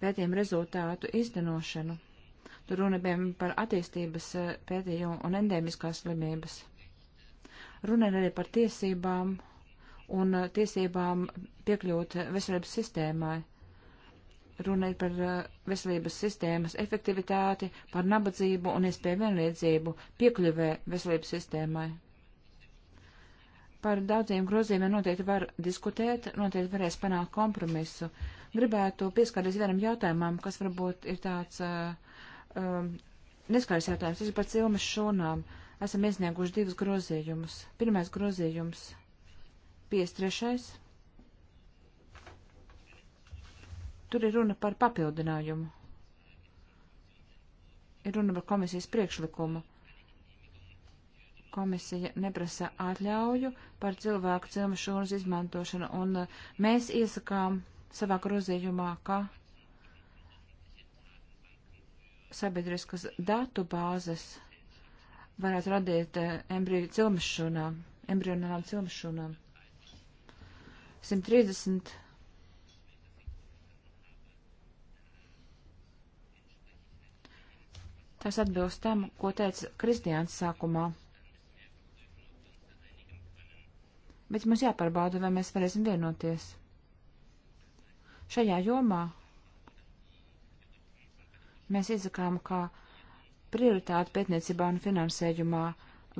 pētījumu rezultātu izdenošanu. Tur runa bija par attīstības eh, pētījumu un endēmiskās slimības. Runa ir arī par tiesībām un eh, tiesībām piekļūt veselības sistēmai. Runa ir par eh, veselības sistēmas efektivitāti, par nabadzību un iespēju vienlīdzību piekļuvē veselības sistēmai. Par daudziem grozījumiem noteikti var diskutēt, noteikti varēs panākt kompromisu. Uh, Gribētu pieskarties vienam jautājumam, kas varbūt ir tāds eh, um, neskaidrs jautājums. Tas ir par cilmes šonām. Esam iesnieguši divus grozījumus. Pirmais grozījums - 53. Tur ir runa par papildinājumu. Ir runa par komisijas priekšlikumu. Komisija neprasa atļauju par cilvēku cilvēšūnas izmantošanu, un eh, mēs iesakām savā grozījumā, ka sabiedriskas datu bāzes varētu radīt eh, embriju cilmešonām, embrionālām cilmešonām. 130. Tas atbilst tam, ko teica Kristiāns sākumā. Bet mums jāpārbauda, vai mēs varēsim vienoties. Šajā jomā mēs izsakām kā prioritāti pētniecībā un finansējumā,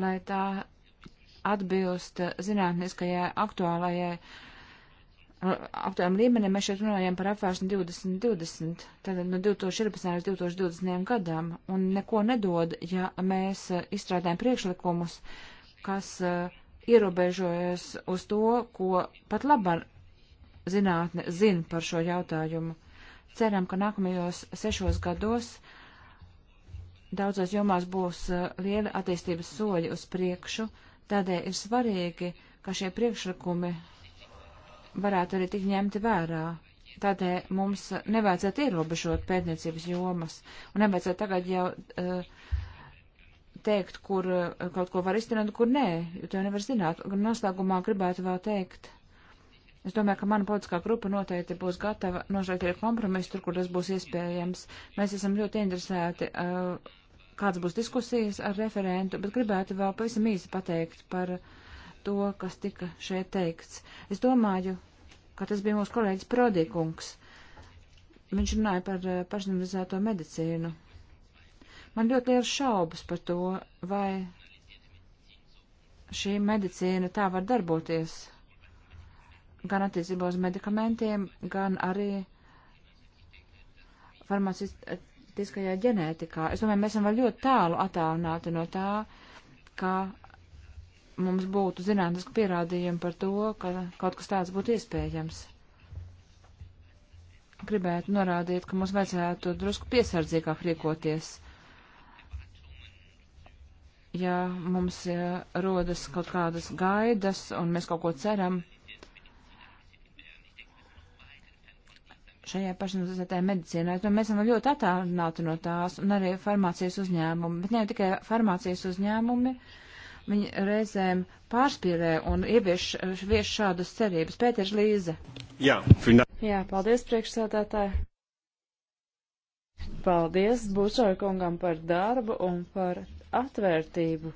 lai tā atbilst zinātniskajai aktuālajai aptuveni līmenī mēs šeit runājam par apvēršanu 2020, tātad no 2014. līdz 2020. gadam, un neko nedod, ja mēs izstrādājam priekšlikumus, kas uh, ierobežojas uz to, ko pat labāk zinātne zina par šo jautājumu. Ceram, ka nākamajos sešos gados daudzās jomās būs uh, liela attīstības soļi uz priekšu, tādēļ ir svarīgi, ka šie priekšlikumi varētu arī tik ņemti vērā. Tādēļ mums nevajadzētu ierobežot pētniecības jomas un nevajadzētu tagad jau uh, teikt, kur uh, kaut ko var izdarīt un kur nē, jo to nevar zināt. Un noslēgumā gribētu vēl teikt, Es domāju, ka mana politiskā grupa noteikti būs gatava nožēlot arī kompromisu tur, kur tas būs iespējams. Mēs esam ļoti interesēti, uh, kāds būs diskusijas ar referentu, bet gribētu vēl pavisam īsi pateikt par to, kas tika šeit teikts. Es domāju, ka tas bija mūsu kolēģis Prodīkungs. Viņš runāja par uh, personalizēto medicīnu. Man ļoti liels šaubas par to, vai šī medicīna tā var darboties gan attiecībā uz medikamentiem, gan arī farmacistiskajā ģenētikā. Es domāju, mēs esam vēl ļoti tālu attālināti no tā, ka mums būtu zinātniski pierādījumi par to, ka kaut kas tāds būtu iespējams. Gribētu norādīt, ka mums vajadzētu drusku piesardzīgāk rīkoties. Ja mums ja, rodas kaut kādas gaidas un mēs kaut ko ceram, šajai pašnodarbinātai medicīnai. Nu, mēs esam ļoti attālināti no tās, un arī farmācijas uzņēmumi, bet ne tikai farmācijas uzņēmumi. Viņi reizēm pārspīlē un ievieš vieš šādas cerības. Pēters Līze. Jā, finā. Jā, paldies priekšsēdētāji. Paldies Bušoja kungam par darbu un par atvērtību,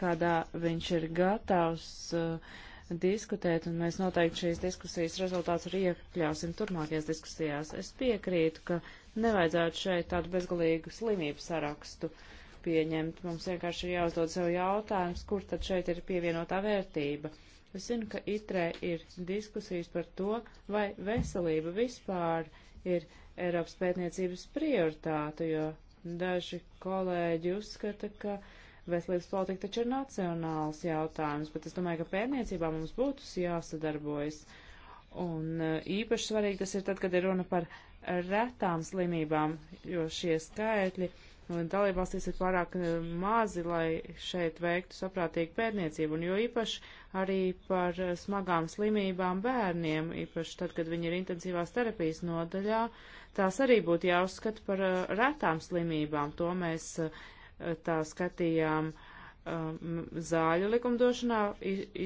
kādā viņš ir gatavs uh, diskutēt, un mēs noteikti šīs diskusijas rezultātus arī iekļausim turpmākajās diskusijās. Es piekrītu, ka nevajadzētu šeit tādu bezgalīgu slimību sarakstu pieņemt. Mums vienkārši ir jāuzdod sev jautājums, kur tad šeit ir pievienotā vērtība. Es zinu, ka itrē ir diskusijas par to, vai veselība vispār ir Eiropas pētniecības prioritāte, jo daži kolēģi uzskata, ka uh, Veselības politika taču ir nacionāls jautājums, bet es domāju, ka pērniecībā mums būtu jāsadarbojas. Un e, īpaši svarīgi tas ir tad, kad ir runa par retām slimībām, jo šie skaitļi dalībvalstīs ir pārāk e, mazi, lai šeit veiktu saprātīgu pērniecību. Un jo īpaši arī par smagām slimībām bērniem, īpaši tad, kad viņi ir intensīvās terapijas nodaļā, tās arī būtu jāuzskata par e, retām slimībām. To mēs tā skatījām um, zāļu likumdošanā,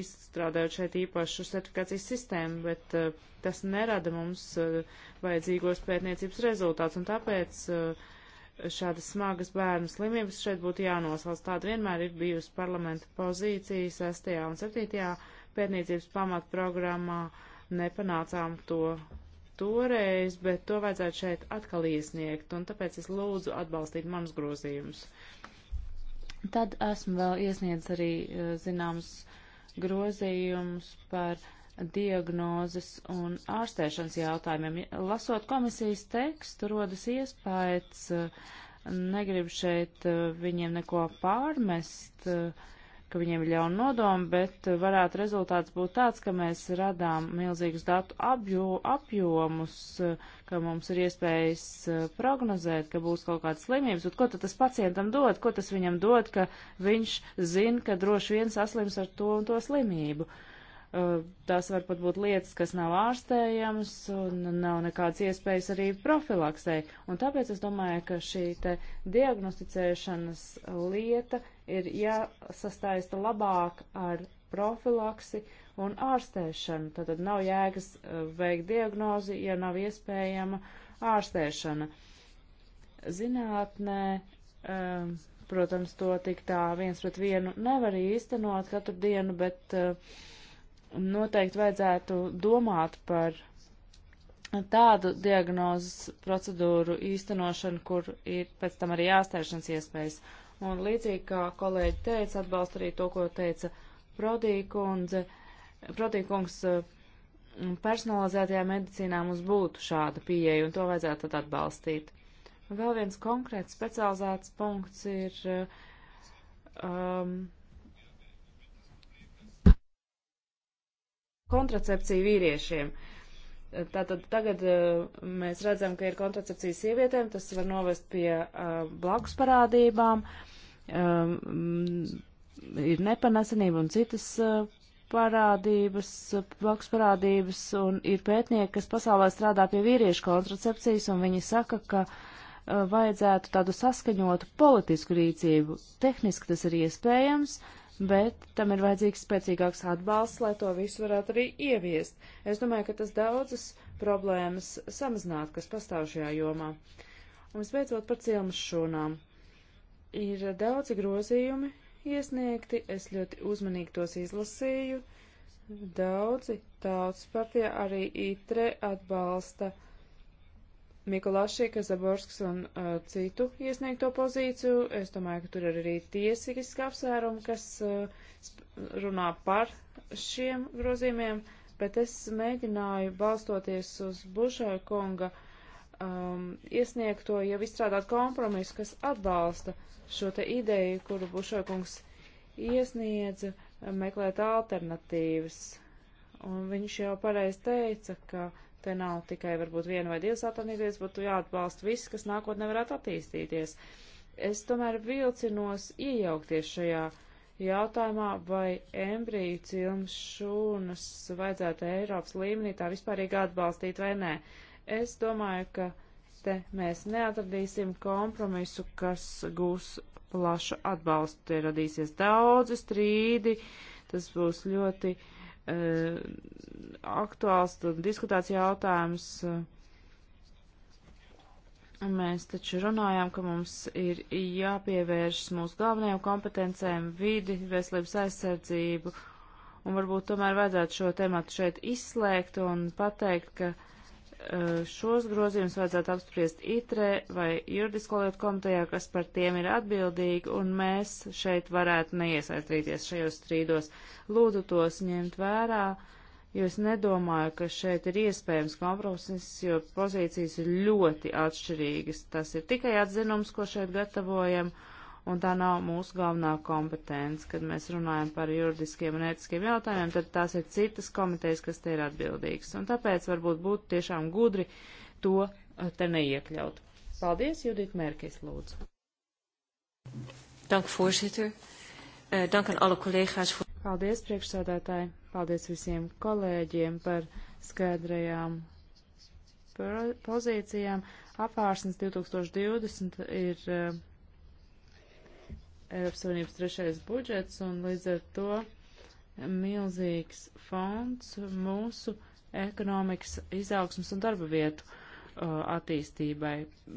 izstrādājot šeit īpašu certifikācijas sistēmu, bet uh, tas nerada mums uh, vajadzīgos pētniecības rezultāts, un tāpēc uh, šādas smagas bērnu slimības šeit būtu jānosauc. Tāda vienmēr ir bijusi parlamenta pozīcija 6. un 7. pētniecības pamatprogrammā, nepanācām to toreiz, bet to vajadzētu šeit atkal iesniegt, un tāpēc es lūdzu atbalstīt manus grozījumus. Tad esmu vēl iesniedz arī eh, zināms grozījumus par diagnozes un ārstēšanas jautājumiem. Lasot komisijas tekstu, rodas iespējas, eh, negribu šeit eh, viņiem neko pārmest, uh, ka viņiem ir ļauna nodoma, bet varētu rezultāts būt tāds, ka mēs radām milzīgus datu apjo, apjomus, ka mums ir iespējas e, prognozēt, ka būs kaut kādas slimības, bet ko tad tas pacientam dod, ko tas viņam dod, ka viņš zina, ka droši vien saslims ar to un to slimību. Uh, Eh, tās var pat būt lietas, kas nav ārstējamas un nav nekādas iespējas arī profilaksē. Un tāpēc es domāju, ka šī te diagnosticēšanas lieta ir jāsastaista labāk ar profilaksi un ārstēšanu. Tātad nav jēgas eh, veikt diagnozi, ja nav iespējama ārstēšana. Zinātnē, um, protams, to tik tā viens pret vienu nevar īstenot katru dienu, bet uh, noteikti vajadzētu domāt par tādu diagnozes procedūru īstenošanu, kur ir pēc tam arī ārstēšanas iespējas. Un līdzīgi kā kolēģi teica, atbalsta arī to, ko teica Prodīkundze. Prodīkungs personalizētajā medicīnā mums būtu šāda pieeja, un to vajadzētu tad atbalstīt. Vēl viens konkrēts specializēts punkts ir um, kontracepciju vīriešiem. Tātad tagad eh, mēs redzam, ka ir kontracepcija sievietēm, tas var novest pie eh, blakus parādībām, eh, mm, ir nepanesenība un citas parādības, blakus parādības, un ir pētnieki, kas pasaulē strādā pie vīriešu kontracepcijas, un viņi saka, ka uh, vajadzētu tādu saskaņotu politisku rīcību. Tehniski tas ir iespējams, bet tam ir vajadzīgs spēcīgāks atbalsts, lai to visu varētu arī ieviest. Es domāju, ka tas daudzas problēmas samazināt, kas pastāv šajā jomā. Un visbeidzot par cilmas šūnām. Ir daudzi grozījumi iesniegti, es ļoti uzmanīgi tos izlasīju. Daudzi tautas partija arī itre atbalsta uh, Mikulāšika, Zaborskas un uh, citu iesniegto pozīciju. Es domāju, ka tur ir arī tiesiski apsvērumi, kas uh, runā par šiem grozījumiem, bet es mēģināju balstoties uz Bušai kunga um, iesniegto jau izstrādāt kompromisu, kas atbalsta šo te ideju, kuru Bušai kungs iesniedza, meklēt alternatīvas. Un viņš jau pareiz teica, ka Te nav tikai varbūt viena vai divas attīstīties, bet tu jāatbalsta viss, kas nākotnē varētu attīstīties. Es tomēr vilcinos iejaukties šajā jautājumā, vai embriju cilmas šūnas vajadzētu Eiropas līmenī tā vispārīgi atbalstīt vai nē. Es domāju, ka te mēs neatradīsim kompromisu, kas gūs plašu atbalstu. Te radīsies daudzi strīdi, tas būs ļoti uh, E, aktuāls diskutēts jautājums. E, mēs taču runājām, ka mums ir jāpievēršas mūsu galvenajām kompetencēm - vidi, veselības aizsardzību, un varbūt tomēr vajadzētu šo tematu šeit izslēgt un pateikt, ka Eh, šos grozījumus vajadzētu apspriest ITRE vai juridisko lietu komitejā, kas par tiem ir atbildīgi, un mēs šeit varētu neiesaistīties šajos strīdos. Lūdzu tos ņemt vērā, jo es nedomāju, ka šeit ir iespējams kompromiss, jo pozīcijas ir ļoti atšķirīgas. Tas ir tikai atzinums, ko šeit gatavojam, uh, un tā nav mūsu galvenā kompetence. Kad mēs runājam par juridiskiem un ētiskiem jautājumiem, tad tās ir citas komitejas, kas te ir atbildīgas. Un tāpēc varbūt būtu tiešām gudri to eh, te neiekļaut. Paldies, Judita Merkis, lūdzu. Dank, voorzitter. Eh, dank aan alle collega's. Paldies, priekšsādātāji. Paldies visiem kolēģiem par skaidrajām pozīcijām. Apvārsnes 2020 ir eh, Eiropas Savienības trešais budžets, un līdz ar to milzīgs fonds mūsu ekonomikas izaugsmas un darba vietu uh, attīstībai.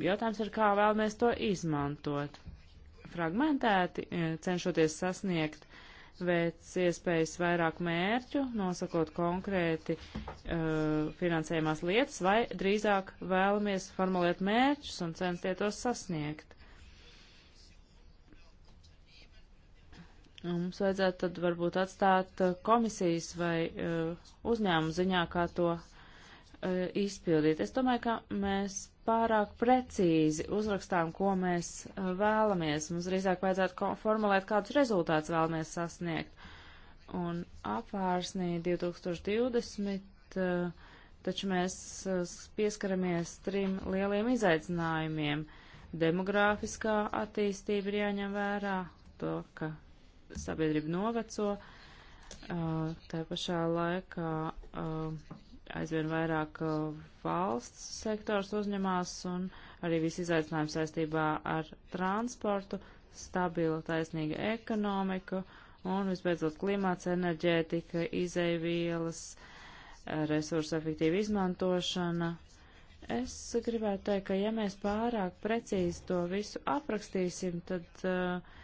Jautājums ir, kā vēlamies to izmantot. Fragmentēti, uh, cenšoties sasniegt vēc iespējas vairāk mērķu, nosakot konkrēti uh, finansējumās lietas, vai drīzāk vēlamies formulēt mērķus un censties tos sasniegt. Mums vajadzētu tad varbūt atstāt uh, komisijas vai uh, uzņēmumu ziņā, kā to uh, izpildīt. Es domāju, ka mēs pārāk precīzi uzrakstām, ko mēs uh, vēlamies. Mums drīzāk vajadzētu formulēt, kādus rezultātus vēlamies sasniegt. Un apvārsnī 2020 uh, taču mēs uh, pieskaramies trim lieliem izaicinājumiem. Demogrāfiskā attīstība ir jāņem vērā, to, ka sabiedrība noveco, tā pašā laikā aizvien vairāk valsts sektors uzņemās un arī visi izaicinājumi saistībā ar transportu, stabila taisnīga ekonomika un visbeidzot klimāts, enerģētika, izeivielas, resursu efektīva izmantošana. Es gribētu teikt, ka ja mēs pārāk precīzi to visu aprakstīsim, tad uh,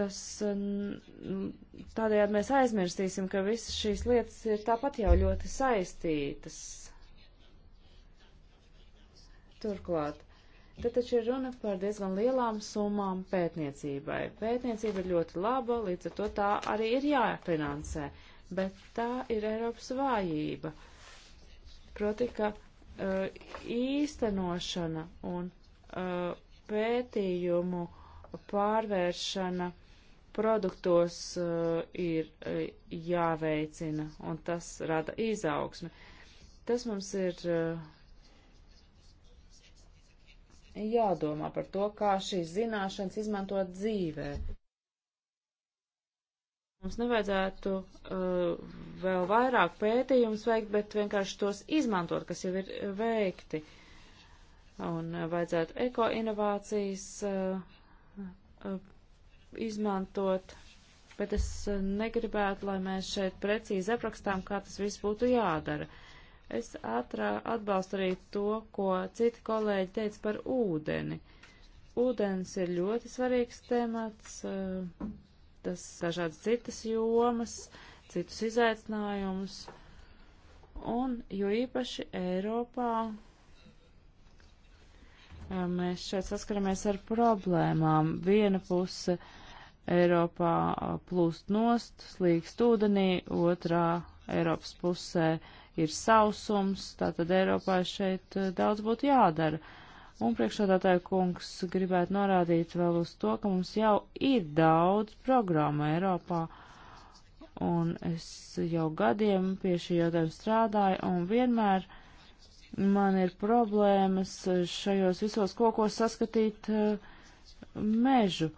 tas tādējādi mēs aizmirstīsim, ka visas šīs lietas ir tāpat jau ļoti saistītas. Turklāt, te taču ir runa par diezgan lielām summām pētniecībai. Pētniecība ir ļoti laba, līdz ar to tā arī ir jāfinansē, bet tā ir Eiropas vājība. Proti, ka uh, īstenošana un uh, pētījumu pārvēršana uh, produktos eh, ir eh, jāveicina, un tas rada izaugsmi. Tas mums ir eh, jādomā par to, kā šīs zināšanas izmantot dzīvē. Mums nevajadzētu uh, vēl vairāk pētījumus veikt, bet vienkārši tos izmantot, kas jau ir veikti. Un uh, vajadzētu ekoinovācijas uh, uh, izmantot, bet es eh, negribētu, lai mēs šeit precīzi aprakstām, kā tas viss būtu jādara. Es atrā, atbalstu arī to, ko citi kolēģi teica par ūdeni. Ūdens ir ļoti svarīgs temats, eh, tas dažādas citas jomas, citus izaicinājumus, un jo īpaši Eiropā mēs šeit saskaramies ar problēmām. Viena puse Eiropā plūst nost, slīkst ūdenī, otrā Eiropas pusē ir sausums, tātad Eiropā šeit eh, daudz būtu jādara. Un priekšādātāja kungs gribētu norādīt vēl uz to, ka mums jau ir daudz programmu Eiropā, un es jau gadiem pie šī jautājuma strādāju, un vienmēr uh, man ir problēmas eh, šajos visos kokos saskatīt eh, mežu.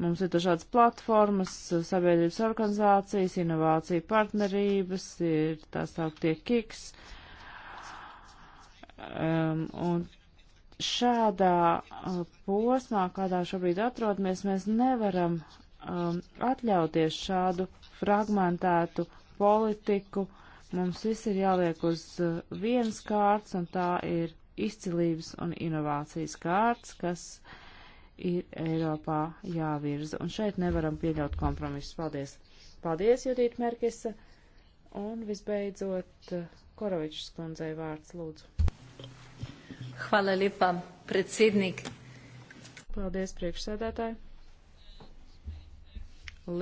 Mums ir dažādas platformas, eh, sabiedrības organizācijas, inovācija partnerības, ir tā sauktie kiks. Um, un šādā posmā, kādā šobrīd atrodamies, mēs nevaram um, atļauties šādu fragmentētu politiku Mums viss ir jāliek uz eh, vienas kārtas, un tā ir izcilības un inovācijas kārtas, kas ir Eiropā jāvirza. Un šeit nevaram pieļaut kompromisus. Paldies! Paldies, Judīt Merkisa! Un visbeidzot, eh, Korovičs kundzei vārds lūdzu. Hvala lepa, predsednik. Paldies, priekšsēdētāji.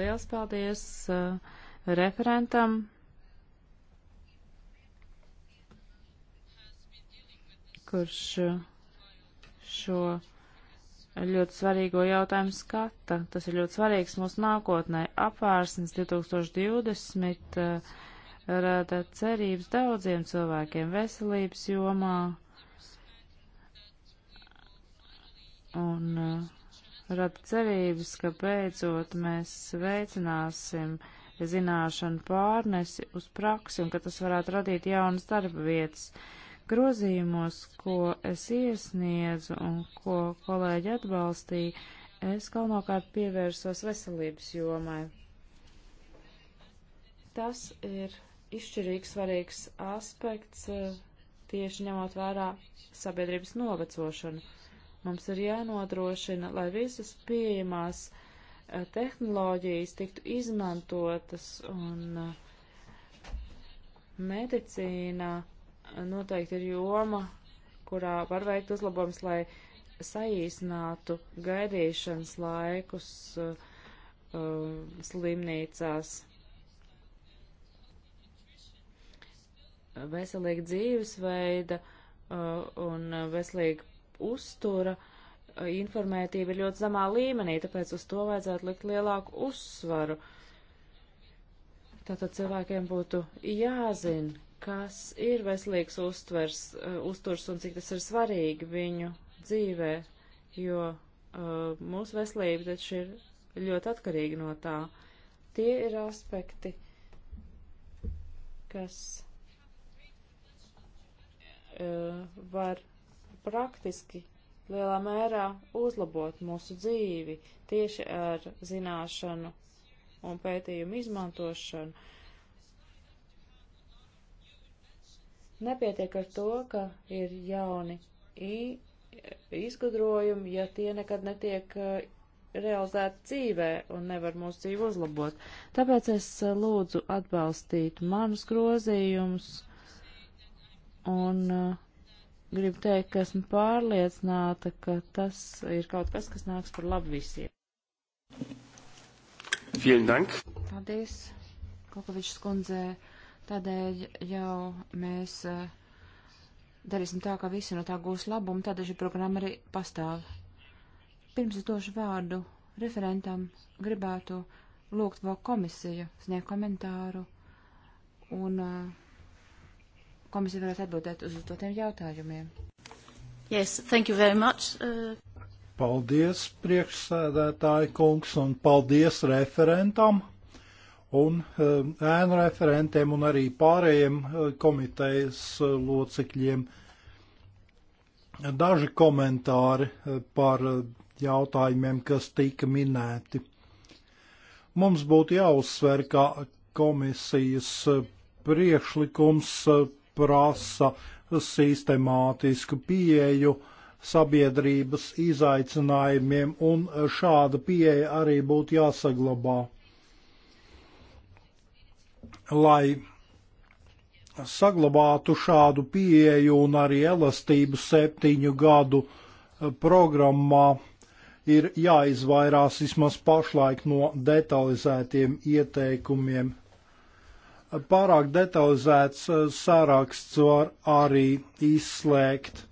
Liels paldies uh, referentam kurš eh, šo ļoti svarīgo jautājumu skata. Tas ir ļoti svarīgs mūsu nākotnē. Apvērsnes 2020 eh, rada cerības daudziem cilvēkiem veselības jomā un eh, rada cerības, ka beidzot mēs veicināsim zināšanu pārnesi uz praksi un ka tas varētu radīt jaunas darba vietas. Uh, Grozījumos, ko es iesniedzu un ko kolēģi atbalstīja, es galvenokārt pievērsos veselības jomai. Tas ir izšķirīgs svarīgs aspekts, eh, tieši ņemot vērā sabiedrības novecošanu. Mums ir jānodrošina, lai visas pieejamās eh, tehnoloģijas tiktu izmantotas un eh, medicīnā noteikti ir joma, kurā var veikt uzlabojums, lai saīsinātu gaidīšanas laikus uh, uh, slimnīcās. Veselīga dzīvesveida uh, un veselīga uztura uh, informētība ir ļoti zemā līmenī, tāpēc uz to vajadzētu likt lielāku uzsvaru. Tātad cilvēkiem būtu jāzina, kas ir veselīgs uztvers, uh, uzturs un cik tas ir svarīgi viņu dzīvē, jo uh, mūsu veselība taču ir ļoti atkarīga no tā. Tie ir aspekti, kas uh, var praktiski lielā mērā uzlabot mūsu dzīvi tieši ar zināšanu un pētījumu izmantošanu. Nepietiek ar to, ka ir jauni izgudrojumi, ja tie nekad netiek e, realizēti dzīvē un nevar mūsu dzīvi uzlabot. Tāpēc es e, lūdzu atbalstīt manus grozījumus un e, gribu teikt, ka esmu pārliecināta, ka tas ir kaut kas, kas nāks par labu visiem. Vielen Dank. Paldies, Kokovičs kundzei. Tādēļ jau mēs eh, darīsim tā, ka visi no tā gūs labumu, tādēļ šī programma arī pastāv. Pirms es došu vārdu referentam, gribētu lūgt vēl komisiju sniegt komentāru, un eh, komisija varētu atbildēt uz uzdotiem jautājumiem. Yes, thank you very much. Uh... Paldies, priekšsēdētāji kungs, un paldies referentam un um, ēnu referentiem un arī pārējiem uh, komitejas uh, locekļiem. Daži komentāri uh, par jautājumiem, kas tika minēti. Mums būtu jāuzsver, ka komisijas priekšlikums prasa sistemātisku pieeju sabiedrības izaicinājumiem, un šāda pieeja arī būtu jāsaglabā lai saglabātu šādu pieeju un arī elastību septiņu gadu eh, programmā, ir jāizvairās vismaz pašlaik no detalizētiem ieteikumiem. Pārāk detalizēts eh, saraksts var arī izslēgt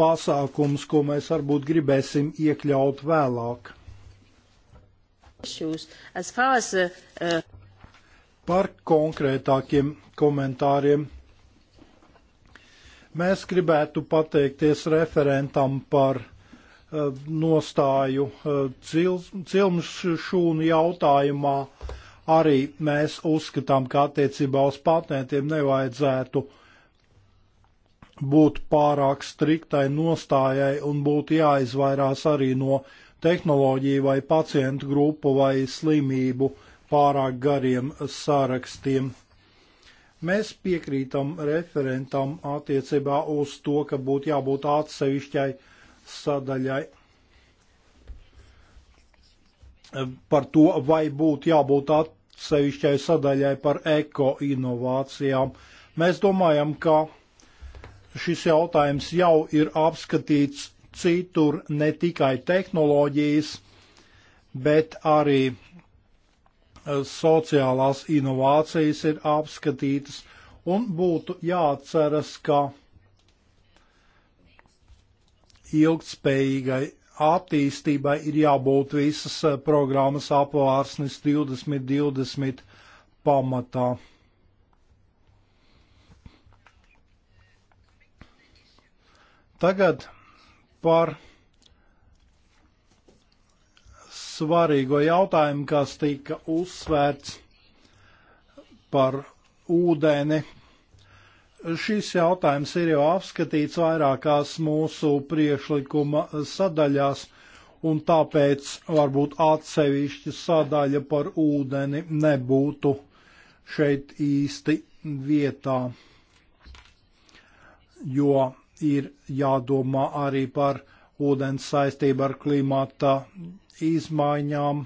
pasākums, ko mēs varbūt gribēsim iekļaut vēlāk. As as, uh, uh... Par konkrētākiem komentāriem mēs gribētu pateikties referentam par eh, nostāju eh, cilmšu šūnu jautājumā. Arī mēs uzskatām, ka attiecībā uz patentiem nevajadzētu būt pārāk striktai nostājai un būtu jāizvairās arī no tehnoloģiju vai pacientu grupu vai slimību uh, pārāk gariem sārakstiem. Mēs piekrītam referentam attiecībā uz to, ka būtu jābūt atsevišķai sadaļai par to, vai būtu jābūt atsevišķai sadaļai par ekoinovācijām. Mēs domājam, ka šis jautājums jau ir apskatīts citur, ne tikai tehnoloģijas, bet arī Eh, sociālās inovācijas ir apskatītas un būtu jāatceras, ka ilgtspējīgai attīstībai ir jābūt visas eh, programmas apvārsnes 2020 pamatā. Tagad par svarīgo jautājumu, kas tika uzsvērts par ūdeni. Šis jautājums ir jau apskatīts vairākās mūsu priekšlikuma sadaļās, un tāpēc varbūt atsevišķa sadaļa par ūdeni nebūtu šeit īsti vietā, jo ir jādomā arī par ūdens saistību ar klimata izmaiņām,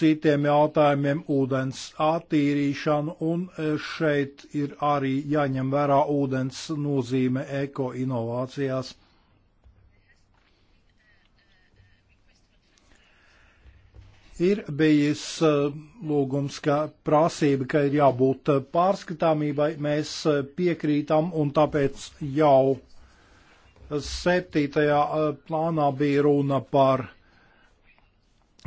citiem jautājumiem, ūdens attīrīšanu, un šeit ir arī jāņem vērā ūdens nozīme ekoinovācijās. ir bijis eh, lūgums, ka prasība, ka ir jābūt eh, pārskatāmībai, mēs eh, piekrītam un tāpēc jau Septītajā eh, plānā bija runa par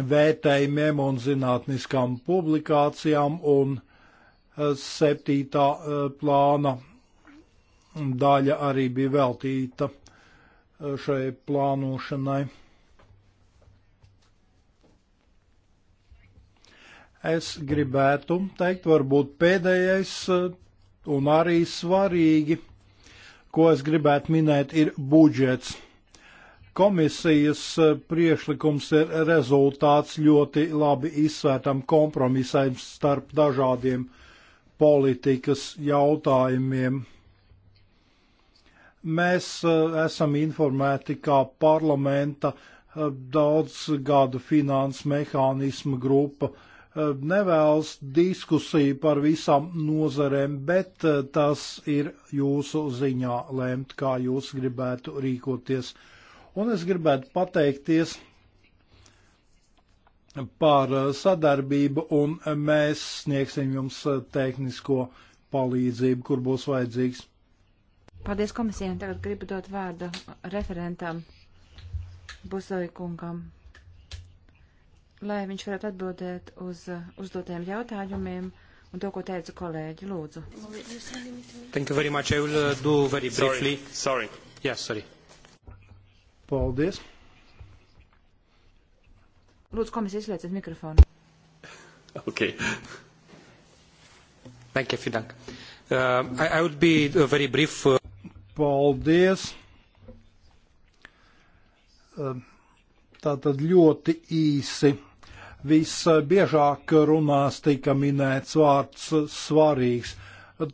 vērtējumiem un zinātniskām publikācijām, un eh, septītā eh, plāna daļa arī bija veltīta šai plānošanai. Es gribētu teikt, varbūt pēdējais un arī svarīgi ko es gribētu minēt, ir budžets. Komisijas eh, priešlikums ir rezultāts ļoti labi izsvērtam kompromisam starp dažādiem politikas jautājumiem. Mēs eh, esam informēti kā parlamenta eh, daudz gadu finanses mehānismu grupa nevēlas diskusiju par visām nozarēm, bet eh, tas ir jūsu ziņā lēmt, kā jūs gribētu rīkoties. Un es gribētu pateikties par eh, sadarbību, un mēs sniegsim jums eh, tehnisko palīdzību, kur būs vajadzīgs. Paldies komisijai, un tagad gribu dot vārdu referentam Buzoju kungam lai viņš varētu atbildēt uz uh, uzdotiem jautājumiem un to, ko teica kolēģi. Lūdzu. Thank you very much. I will uh, do very briefly. Sorry. sorry. Yes, sorry. Paldies. Lūdzu, komisija izslēdziet mikrofonu. Okay. Thank you, Fidank. Uh, I, I would be uh, very brief. Paldies. Uh, Tātad ļoti īsi. Visbiežāk runās tika minēts vārds svarīgs.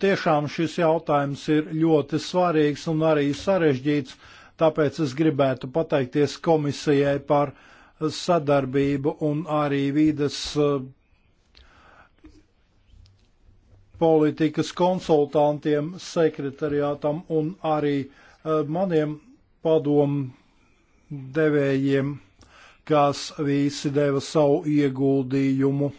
Tiešām šis jautājums ir ļoti svarīgs un arī sarežģīts, tāpēc es gribētu pateikties komisijai par sadarbību un arī vīdes eh, politikas konsultantiem, sekretariātam un arī eh, maniem padomu devējiem kas visi deva savu ieguldījumu.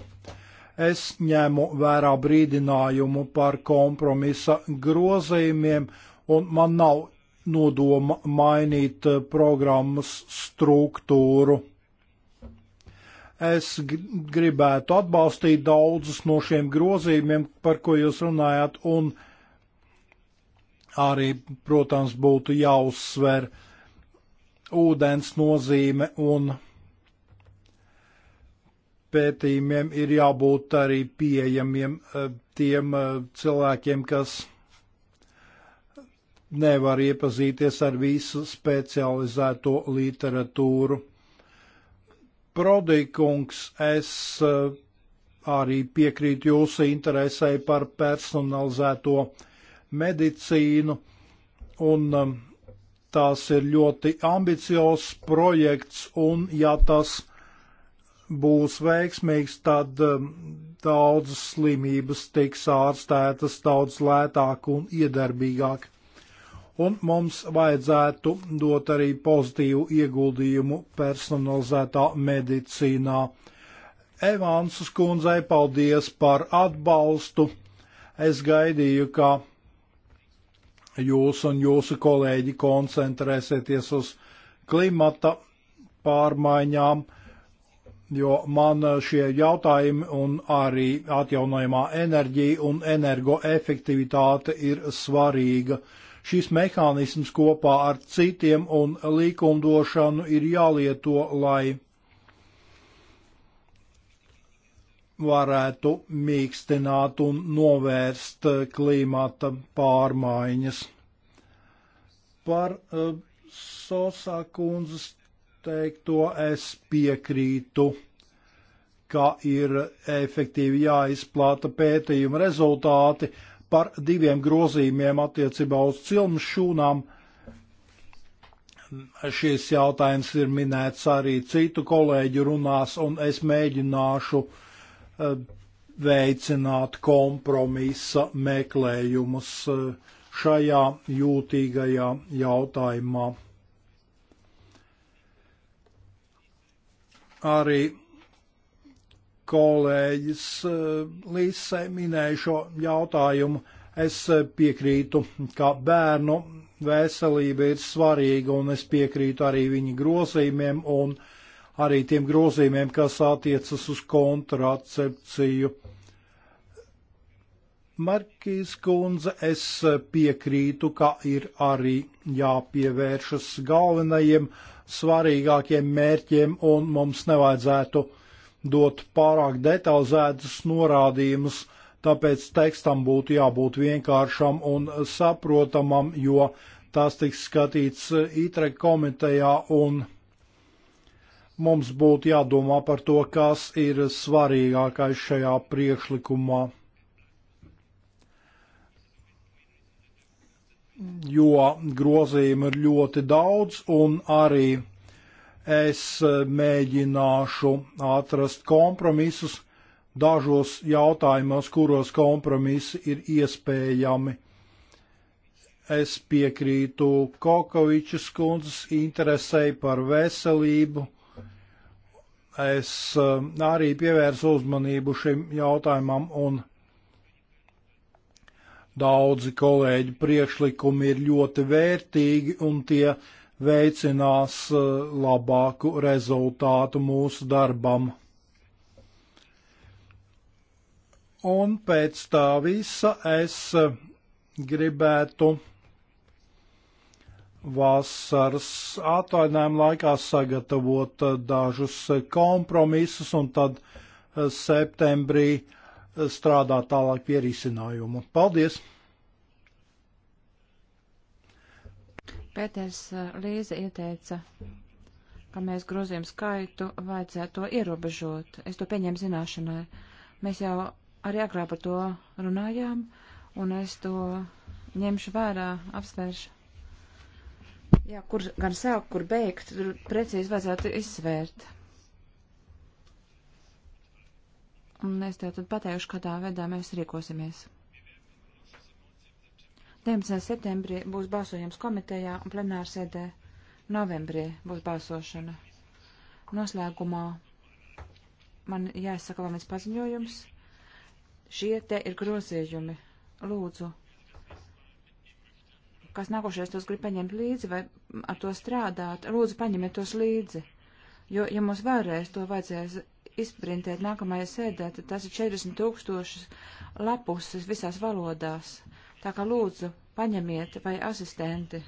Es ņēmu vērā brīdinājumu par kompromisa grozījumiem, un man nav nodoma mainīt programmas struktūru. Es gribētu atbalstīt daudzus no šiem grozījumiem, par ko jūs runājat, un arī, protams, būtu jāuzsver ūdens nozīme un pētījumiem ir jābūt arī pieejamiem eh, tiem eh, cilvēkiem, kas nevar iepazīties ar visu specializēto literatūru. Prodikungs, es eh, arī piekrītu jūsu interesē par personalizēto medicīnu, un tās ir ļoti ambiciozs projekts, un ja tas būs veiksmīgs, tad um, daudzas slimības tiks ārstētas daudz lētāk un iedarbīgāk. Un mums vajadzētu dot arī pozitīvu ieguldījumu personalizētā medicīnā. Evānsas kundzei paldies par atbalstu. Es gaidīju, ka jūs un jūsu kolēģi koncentrēsieties uz klimata pārmaiņām jo man eh, šie jautājumi un arī atjaunojamā enerģija un energoefektivitāte ir svarīga. Šis mehānisms kopā ar citiem un likumdošanu ir jālieto, lai varētu mīkstināt un novērst eh, klimata pārmaiņas. Par uh, eh, Sosā kundzes teikto es piekrītu, ka ir efektīvi jāizplāta pētījuma rezultāti par diviem grozījumiem attiecībā uz cilnu šūnām. Šis jautājums ir minēts arī citu kolēģu runās, un es mēģināšu eh, veicināt kompromisa meklējumus eh, šajā jūtīgajā jautājumā. arī kolēģis eh, Līsē minēja šo jautājumu. Es eh, piekrītu, ka bērnu veselība ir svarīga, un es piekrītu arī viņa grozījumiem un arī tiem grozījumiem, kas attiecas uz kontracepciju. Markīs kundze, es eh, piekrītu, ka ir arī jāpievēršas galvenajiem svarīgākiem mērķiem, un mums nevajadzētu dot pārāk detalizētus norādījumus, tāpēc tekstam būtu jābūt vienkāršam un saprotamam, jo tas tiks skatīts ITRE komitejā, un mums būtu jādomā par to, kas ir svarīgākais šajā priekšlikumā. jo grozījumu ir ļoti daudz, un arī es eh, mēģināšu atrast kompromisus dažos jautājumos, kuros kompromisi ir iespējami. Es piekrītu Kokovičas kundzes interesei par veselību. Es eh, arī pievērsu uzmanību šim jautājumam un Daudzi kolēģi priekšlikumi ir ļoti vērtīgi un tie veicinās eh, labāku rezultātu mūsu darbam. Un pēc tā visa es eh, gribētu vasaras atvaļinājuma laikā sagatavot eh, dažus kompromisus un tad septembrī strādāt tālāk pie risinājumu. Paldies! Pēters eh, Līze ieteica, ka mēs grozījumu skaitu vajadzētu to ierobežot. Es to pieņēmu zināšanai. Mēs jau arī agrāk par to runājām, un es to ņemšu vērā, apsvēršu. Jā, kur gan sākt, kur beigt, tur precīzi vajadzētu izsvērt. Un es tev tad pateikšu, kādā veidā mēs rīkosimies. 19. septembrī būs balsojums komitejā un plenārsēdē. Novembrī būs balsošana. Noslēgumā man jāizsaka vēl viens paziņojums. Šie te ir grozījumi. Lūdzu, kas nākošais tos grib paņemt līdzi vai ar to strādāt, lūdzu paņemiet tos līdzi. Jo, ja mums vēlreiz to vajadzēs izprintēt nākamajā sēdē, tad tas ir 40 tūkstošas lapuses visās valodās. Tā kā lūdzu, paņemiet vai asistenti,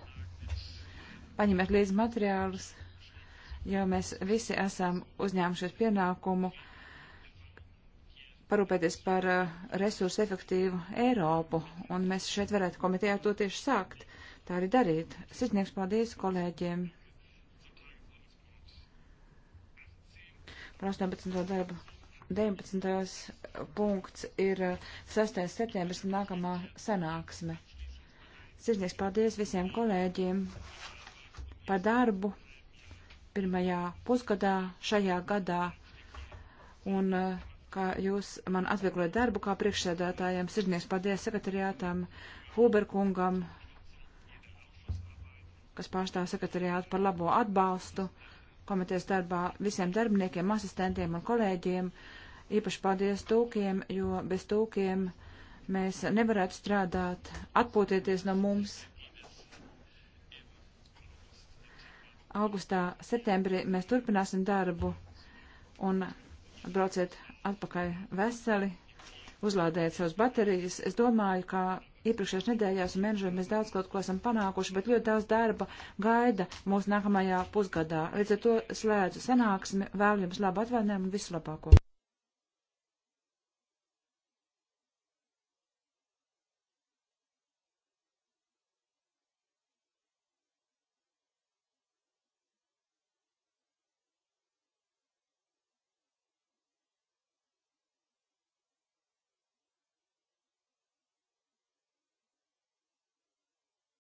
paņemiet līdzi materiālus, jo mēs visi esam uzņēmušies pienākumu parūpēties par uh, resursu efektīvu Eiropu, un mēs šeit varētu komitejā to tieši sākt. Tā arī darīt. Sirdnieks paldies kolēģiem! par 18. darbu. 19. punkts ir 6. Eh, septembris nākamā sanāksme. Sirdnieks paldies visiem kolēģiem par darbu pirmajā pusgadā šajā gadā. Un eh, kā jūs man atvieglojat darbu kā priekšsēdētājiem, sirdnieks paldies sekretariātam Huberkungam, kas pārstāv sekretariātu par labo atbalstu komitejas darbā visiem darbiniekiem, asistentiem un kolēģiem. Īpaši paldies tūkiem, jo bez tūkiem mēs nevarētu strādāt. Atpūtieties no mums. Augustā, septembrī mēs turpināsim darbu un brauciet atpakaļ veseli, uzlādējiet savas baterijas. Es domāju, ka iepriekšējās nedēļās un mēnešos mēs daudz kaut ko esam panākuši, bet ļoti daudz darba gaida mūsu nākamajā pusgadā. Līdz ar to slēdzu sanāksmi, vēlu jums labu atvainājumu un visu labāko!